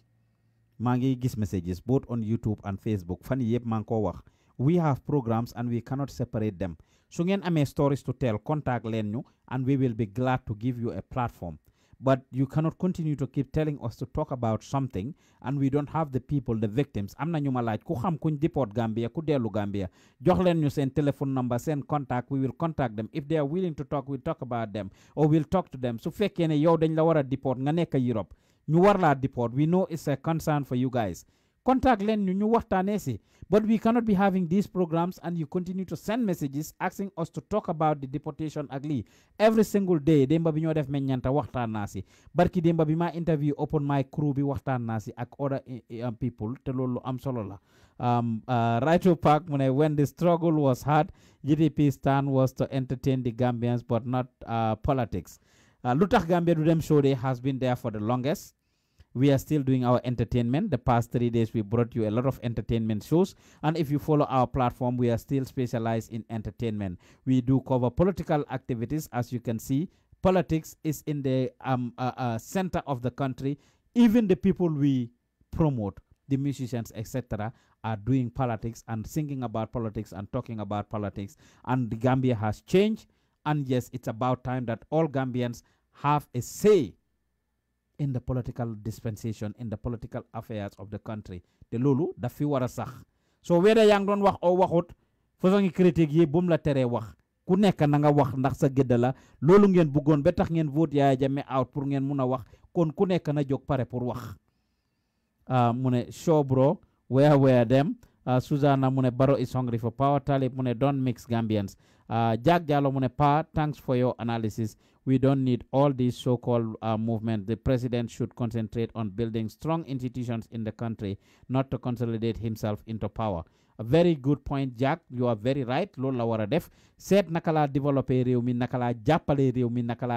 maa ngi gis messages both on YouTube and Facebook fan yëpp maa ngi koo wax we have programs and we cannot separate them su ngeen amee stories to tell contact leen ñu and we will be glad to give you a platform but you cannot continue to keep telling us to talk about something and we don't have the people, the victims. am na ñu ma laaj ku xam kuñ deport Gambia ku dellu Gambia jox leen ñu téléphone number send contact we will contact them if they are willing to talk we'll talk about them or we'll talk to them su fekkee ne yow dañ la war deport nga Europe ñu war laa deport we know it's a concern for you guys contact len ñu ñu si but we cannot be having these programs and you continue to send messages asking us to talk about the deportation ugly every single day demba bi ñoo def meññanta waxtaan naa si barki demba bi maa interview open my crew bi waxtaan nasi. si ak other eh, eh, um, people te am solo la um, uh, Raito Park, when, the struggle was hard, GDP stand was to entertain the Gambians but not uh, politics. Uh, Lutah Gambia Rudem Show Day has been there for the longest we are still doing our entertainment. The past three days, we brought you a lot of entertainment shows. And if you follow our platform, we are still specialized in entertainment. We do cover political activities, as you can see. Politics is in the um, uh, uh, center of the country. Even the people we promote, the musicians, etc., are doing politics and singing about politics and talking about politics. And the Gambia has changed. And yes, it's about time that all Gambians have a say in the political dispensation in the political affairs of the country te loolu daf fi war a sax soo weede yaa ngi doon wax oo waxut façon critique yi bu mu la teree wax ku nekk na nga wax ndax sa gédda la loolu ngeen bëggoon ba tax ngeen vote Yahya Jammeh out pour ngeen mun a wax kon ku nekk na jog pare pour wax ah, mu ne show bro where dem ah, Susanna mu ne Barrow is hungry for power Talib mu ne don't mix Gambians ah, Jack Jallow mu ne Pa thanks for your analysis We don't need all these so-called uh, movements. The president should concentrate on building strong institutions in the country, not to consolidate himself into power. A very good point, Jack. You are very right. Lola Waradef said, "Nakala def seet naka laa développer réew mi naka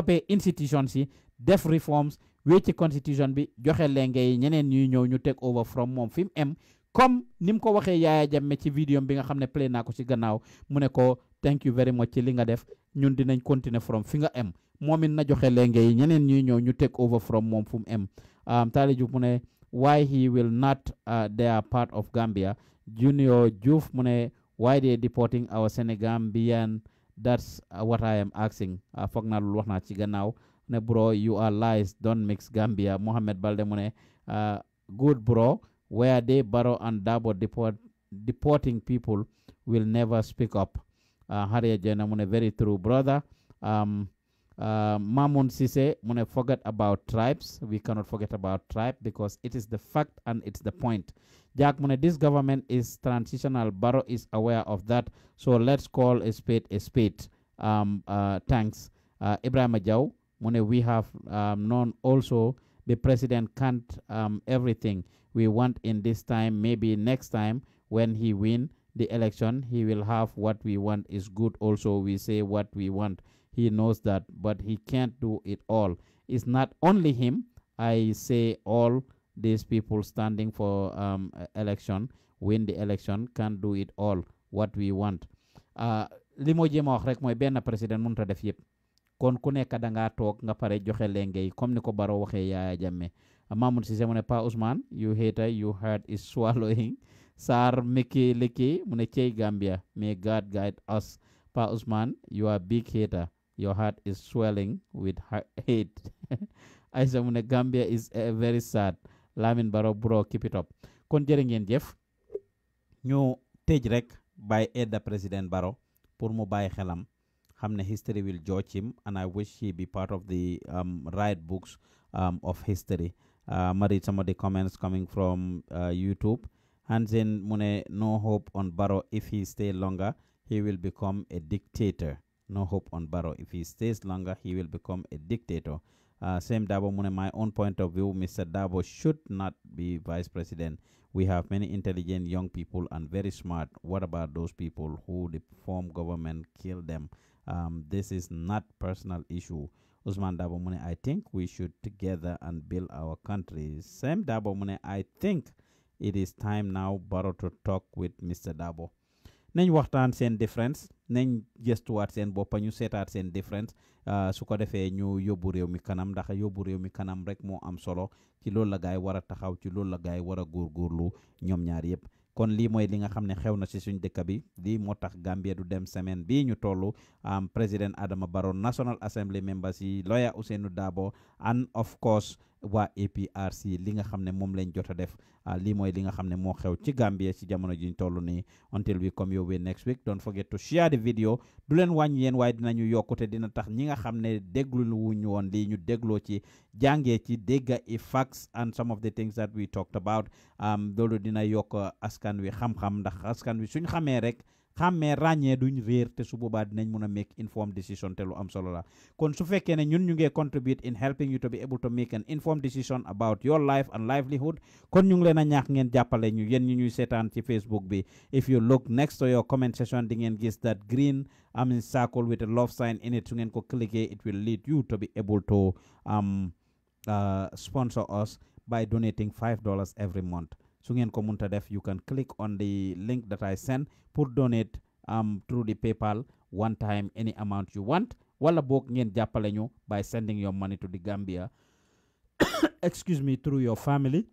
laa institutions def reforms wecci constitution bi joxe lenge yi ñeneen ñuy take over from moom fi mu em comme ni ko waxee Yaya Jammeh ci vidéo bi nga xam play naa ko ci gannaaw mu ne ko thank you very much ci li nga def ñun dinañ continuer from fi nga em moom it na joxe lenge yi ñeneen ñuy ñëw ñu take over from moom fu mu em um, Taale mu ne why he will not they uh, are part of Gambia Junior Juuf mu ne why they deporting our Senegambian that's uh, what I am asking uh, foog na loolu wax naa ci gannaaw ne bro you are lies don't mix Gambia Mohammed Balde mu ne good bro where they borrow and double deport deporting people will never speak up Ah, Harriet Jena mu ne very true brother um, Sise uh, mu ne forget about tribes we cannot forget about tribe because it is the fact and it's the point Jack mu ne this government is transitional Barrow is aware of that so let's call a spade um, uh, thanks uh, Ibrahima Jaw mu ne we have um, known also the president can't um, everything we want in this time maybe next time when he win the election, he will have what we want is good. Also, we say what we want. He knows that, but he can't do it all. It's not only him. I say all these people standing for um, election, win the election, can't do it all. What we want. Ah, li ma jéem a wax rek président mënut kon ku nekk da ngaa toog nga pare joxe lengey comme ni ko Barrow waxee Yaya Jammeh Mamoud Ceesay mu ne Pa Ousmane you hater you heart is swallowing Sar Meke Leke mu ne Chey Gambia, may God guide us. Pa Usman, you big hater. Your heart is swelling with hate. Aisha mu ne Gambia is very sad. Lamin Baro bro keep kon jërë ngeen jef ñu tëj rek by Edda President Barrow pour mu bàyyi xelam xam ne history will judge him and I wish he be part of the um, books um, of history. Uh, Marie, some comments coming from uh, YouTube. Hansen Mune, no hope on Barrow if he stay longer, he will become a dictator. No hope on Barrow. If he stays longer, he will become a dictator. Uh, same Dabo Mune, my own point of view, Mr. Dabo should not be vice president. We have many intelligent young people and very smart. What about those people who the form government kill them? Um, this is not personal issue. Usman Dabo Mune, I think we should together and build our country. Same Dabo Mune, I think it is time now Barrow to talk with Mr Dabo nañ waxtaan seen différence nañ gëstuwaat seen boppa ñu seetaat seen différence ah, su ko defee ñu yóbbu réew mi kanam ndax yóbbu réew mi kanam rek moo am solo ci loolu la gaay war a taxaw ci loolu la gaay war a góorgóorlu ñoom ñaar yëpp kon lii mooy li nga xam ne xew na si suñ dëkk bi lii moo tax Gambia du dem semaine bii ñu toll am président Adama Barrow National Assembly members yi lawyer seenu Darboe and of course waa APRC li nga xam ne moom lañ jot a def ah, lii mooy li nga xam ne moo xew ci Gambia ci jamono jiñ toll nii until we come your way next week don't forget to share the video du leen wàññi yeen waaye dinañu yokkute dina tax ñi nga xam ne déglu déglul wuñu woon lii ñu dégloo ci jàngee ci dégga i facts and some of the things that we talked about um, loolu dina yokk askan wi xam-xam ndax askan wi suñ xamee rek xàmmee ràññee duñ réer te su boobaa dinañ mun make informed decision te lu am solo la kon su fekkee ne ñun ñu ngee contribute in helping you to be able to make an informed decision about your life and livelihood kon ñu ngi leen ñaax ngeen jàppale ñu yéen ñuy seetaan ci Facebook bi if you look next to your comment section di ngeen gis that green am circle with a love sign in it su ngeen ko cliquer it will lead you to be able to um, uh, sponsor us by donating five dollars every month su ngeen ko munta def you can click on the link that I send pour donate um, through the PayPal one time any amount you want wala boog ngeen jàppale ñu by sending your money to the Gambia excuse me through your family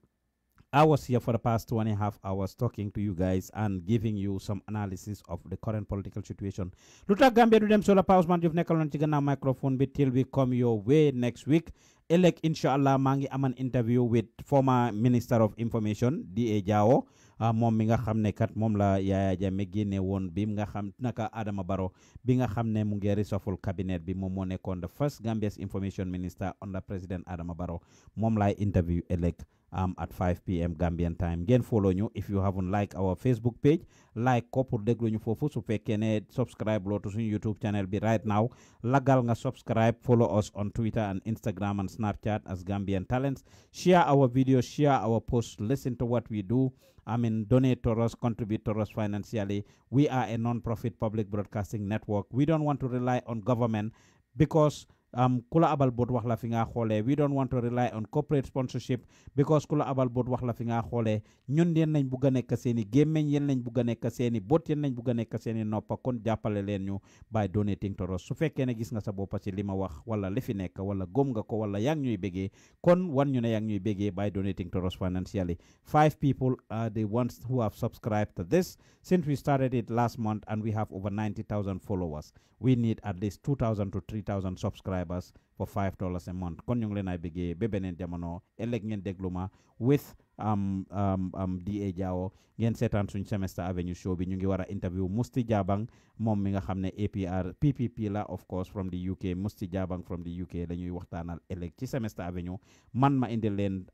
I was here for the past two and a half hours talking to you guys and giving you some analysis of the current political situation. Luta Gambia to them solar man you've neckal on microphone bit till we come your way next week. ëllëg incha allah maa ngi aman interview with former minister of information DA Jawo ah, moom mi nga xam ne kat moom la Yaya Jammeh génne woon bi nga xam naka Adama baro bi nga xam ne mu ngi reshuffle cabinet bi moom moo nekkoon the first Gambia's information minister under président Adama Barrow moom laay interview ëllëg um, at 5 p.m. Gambian time. Again, follow you if you haven't liked our Facebook page. Like ko pour déglu ñu foofu su fekkee ne subscribe to our YouTube channel be right now lagal nga subscribe follow us on Twitter and Instagram and Snapchat as Gambian Talents. Share our videos, share our posts, listen to what we do. I mean, donate to us, contribute to us financially. We are a non-profit public broadcasting network. We don't want to rely on government because um, kula abal bot wax la fi nga xoolee we don't want to rely on corporate sponsorship because kula abal bot wax la fi nga xoolee ñun yeen nañ bugg a nekk seen i gémmeñ yeen nañ bugg a nekk seen i bot yeen nañ bugg a nekk seen i noppa kon jàppale leen ñu by donating to us su fekkee ne gis nga sa boppa ci li ma wax wala li fi nekk wala góom nga ko wala yaa ngi ñuy bégee kon wan ñu ne yaa ngi ñuy bégee by donating to us financially five people are the ones who have subscribed to this since we started it last month and we have over 90,000 followers we need at least 2,000 to 3,000 subscribers subscribers for five dollars a month kon ñu ngi leen ay bëggee ba beneen jamono ëllëg ngeen déglu ma with am um, am um, um, DA Jawo ngeen seetaan suñ Semester Avenue show bi ñu ngi war a interview Musti Jabang moom mi nga xam ne APR PPP la of course from the UK Musti Jabang from the UK la ñuy waxtaanal ëllëg ci Semester Avenue man ma indi leen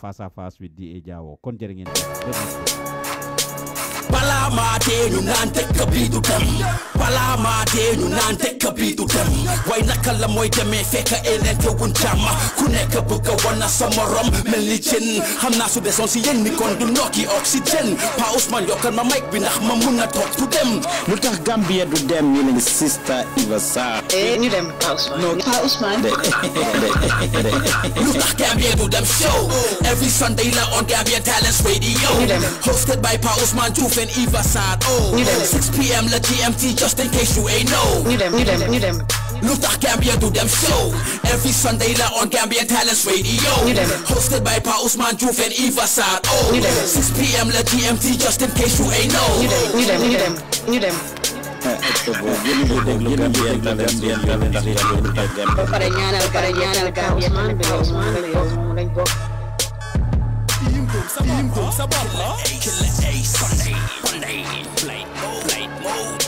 fasa à face with DA Jawo kon jërë balaa maa ñu naan tekk bi du kalama de nunan te dem wai moi de me feka elen te buka wana si yen mi kondu noki oxygen pa usman ma mic talk to gambia du dem yelen eh dem pa usman pa usman gambia du dem show every sunday la on gambia talents radio hosted by pa usman and ivasa oh 6 p.m. la gmt just just in case you ain't know. Knew them, knew them, knew them. Luther Gambia do them show Every Sunday night on Gambia Talents Radio Hosted by Pa Usman Juf and Eva Sad Oh 6pm let TMT. just in case you ain't know New them, new them, new them Para ñaanal, Gambia Pa Usman, Pa Usman lañ bokk Ilim ko sa baba Killer A Sunday, Sunday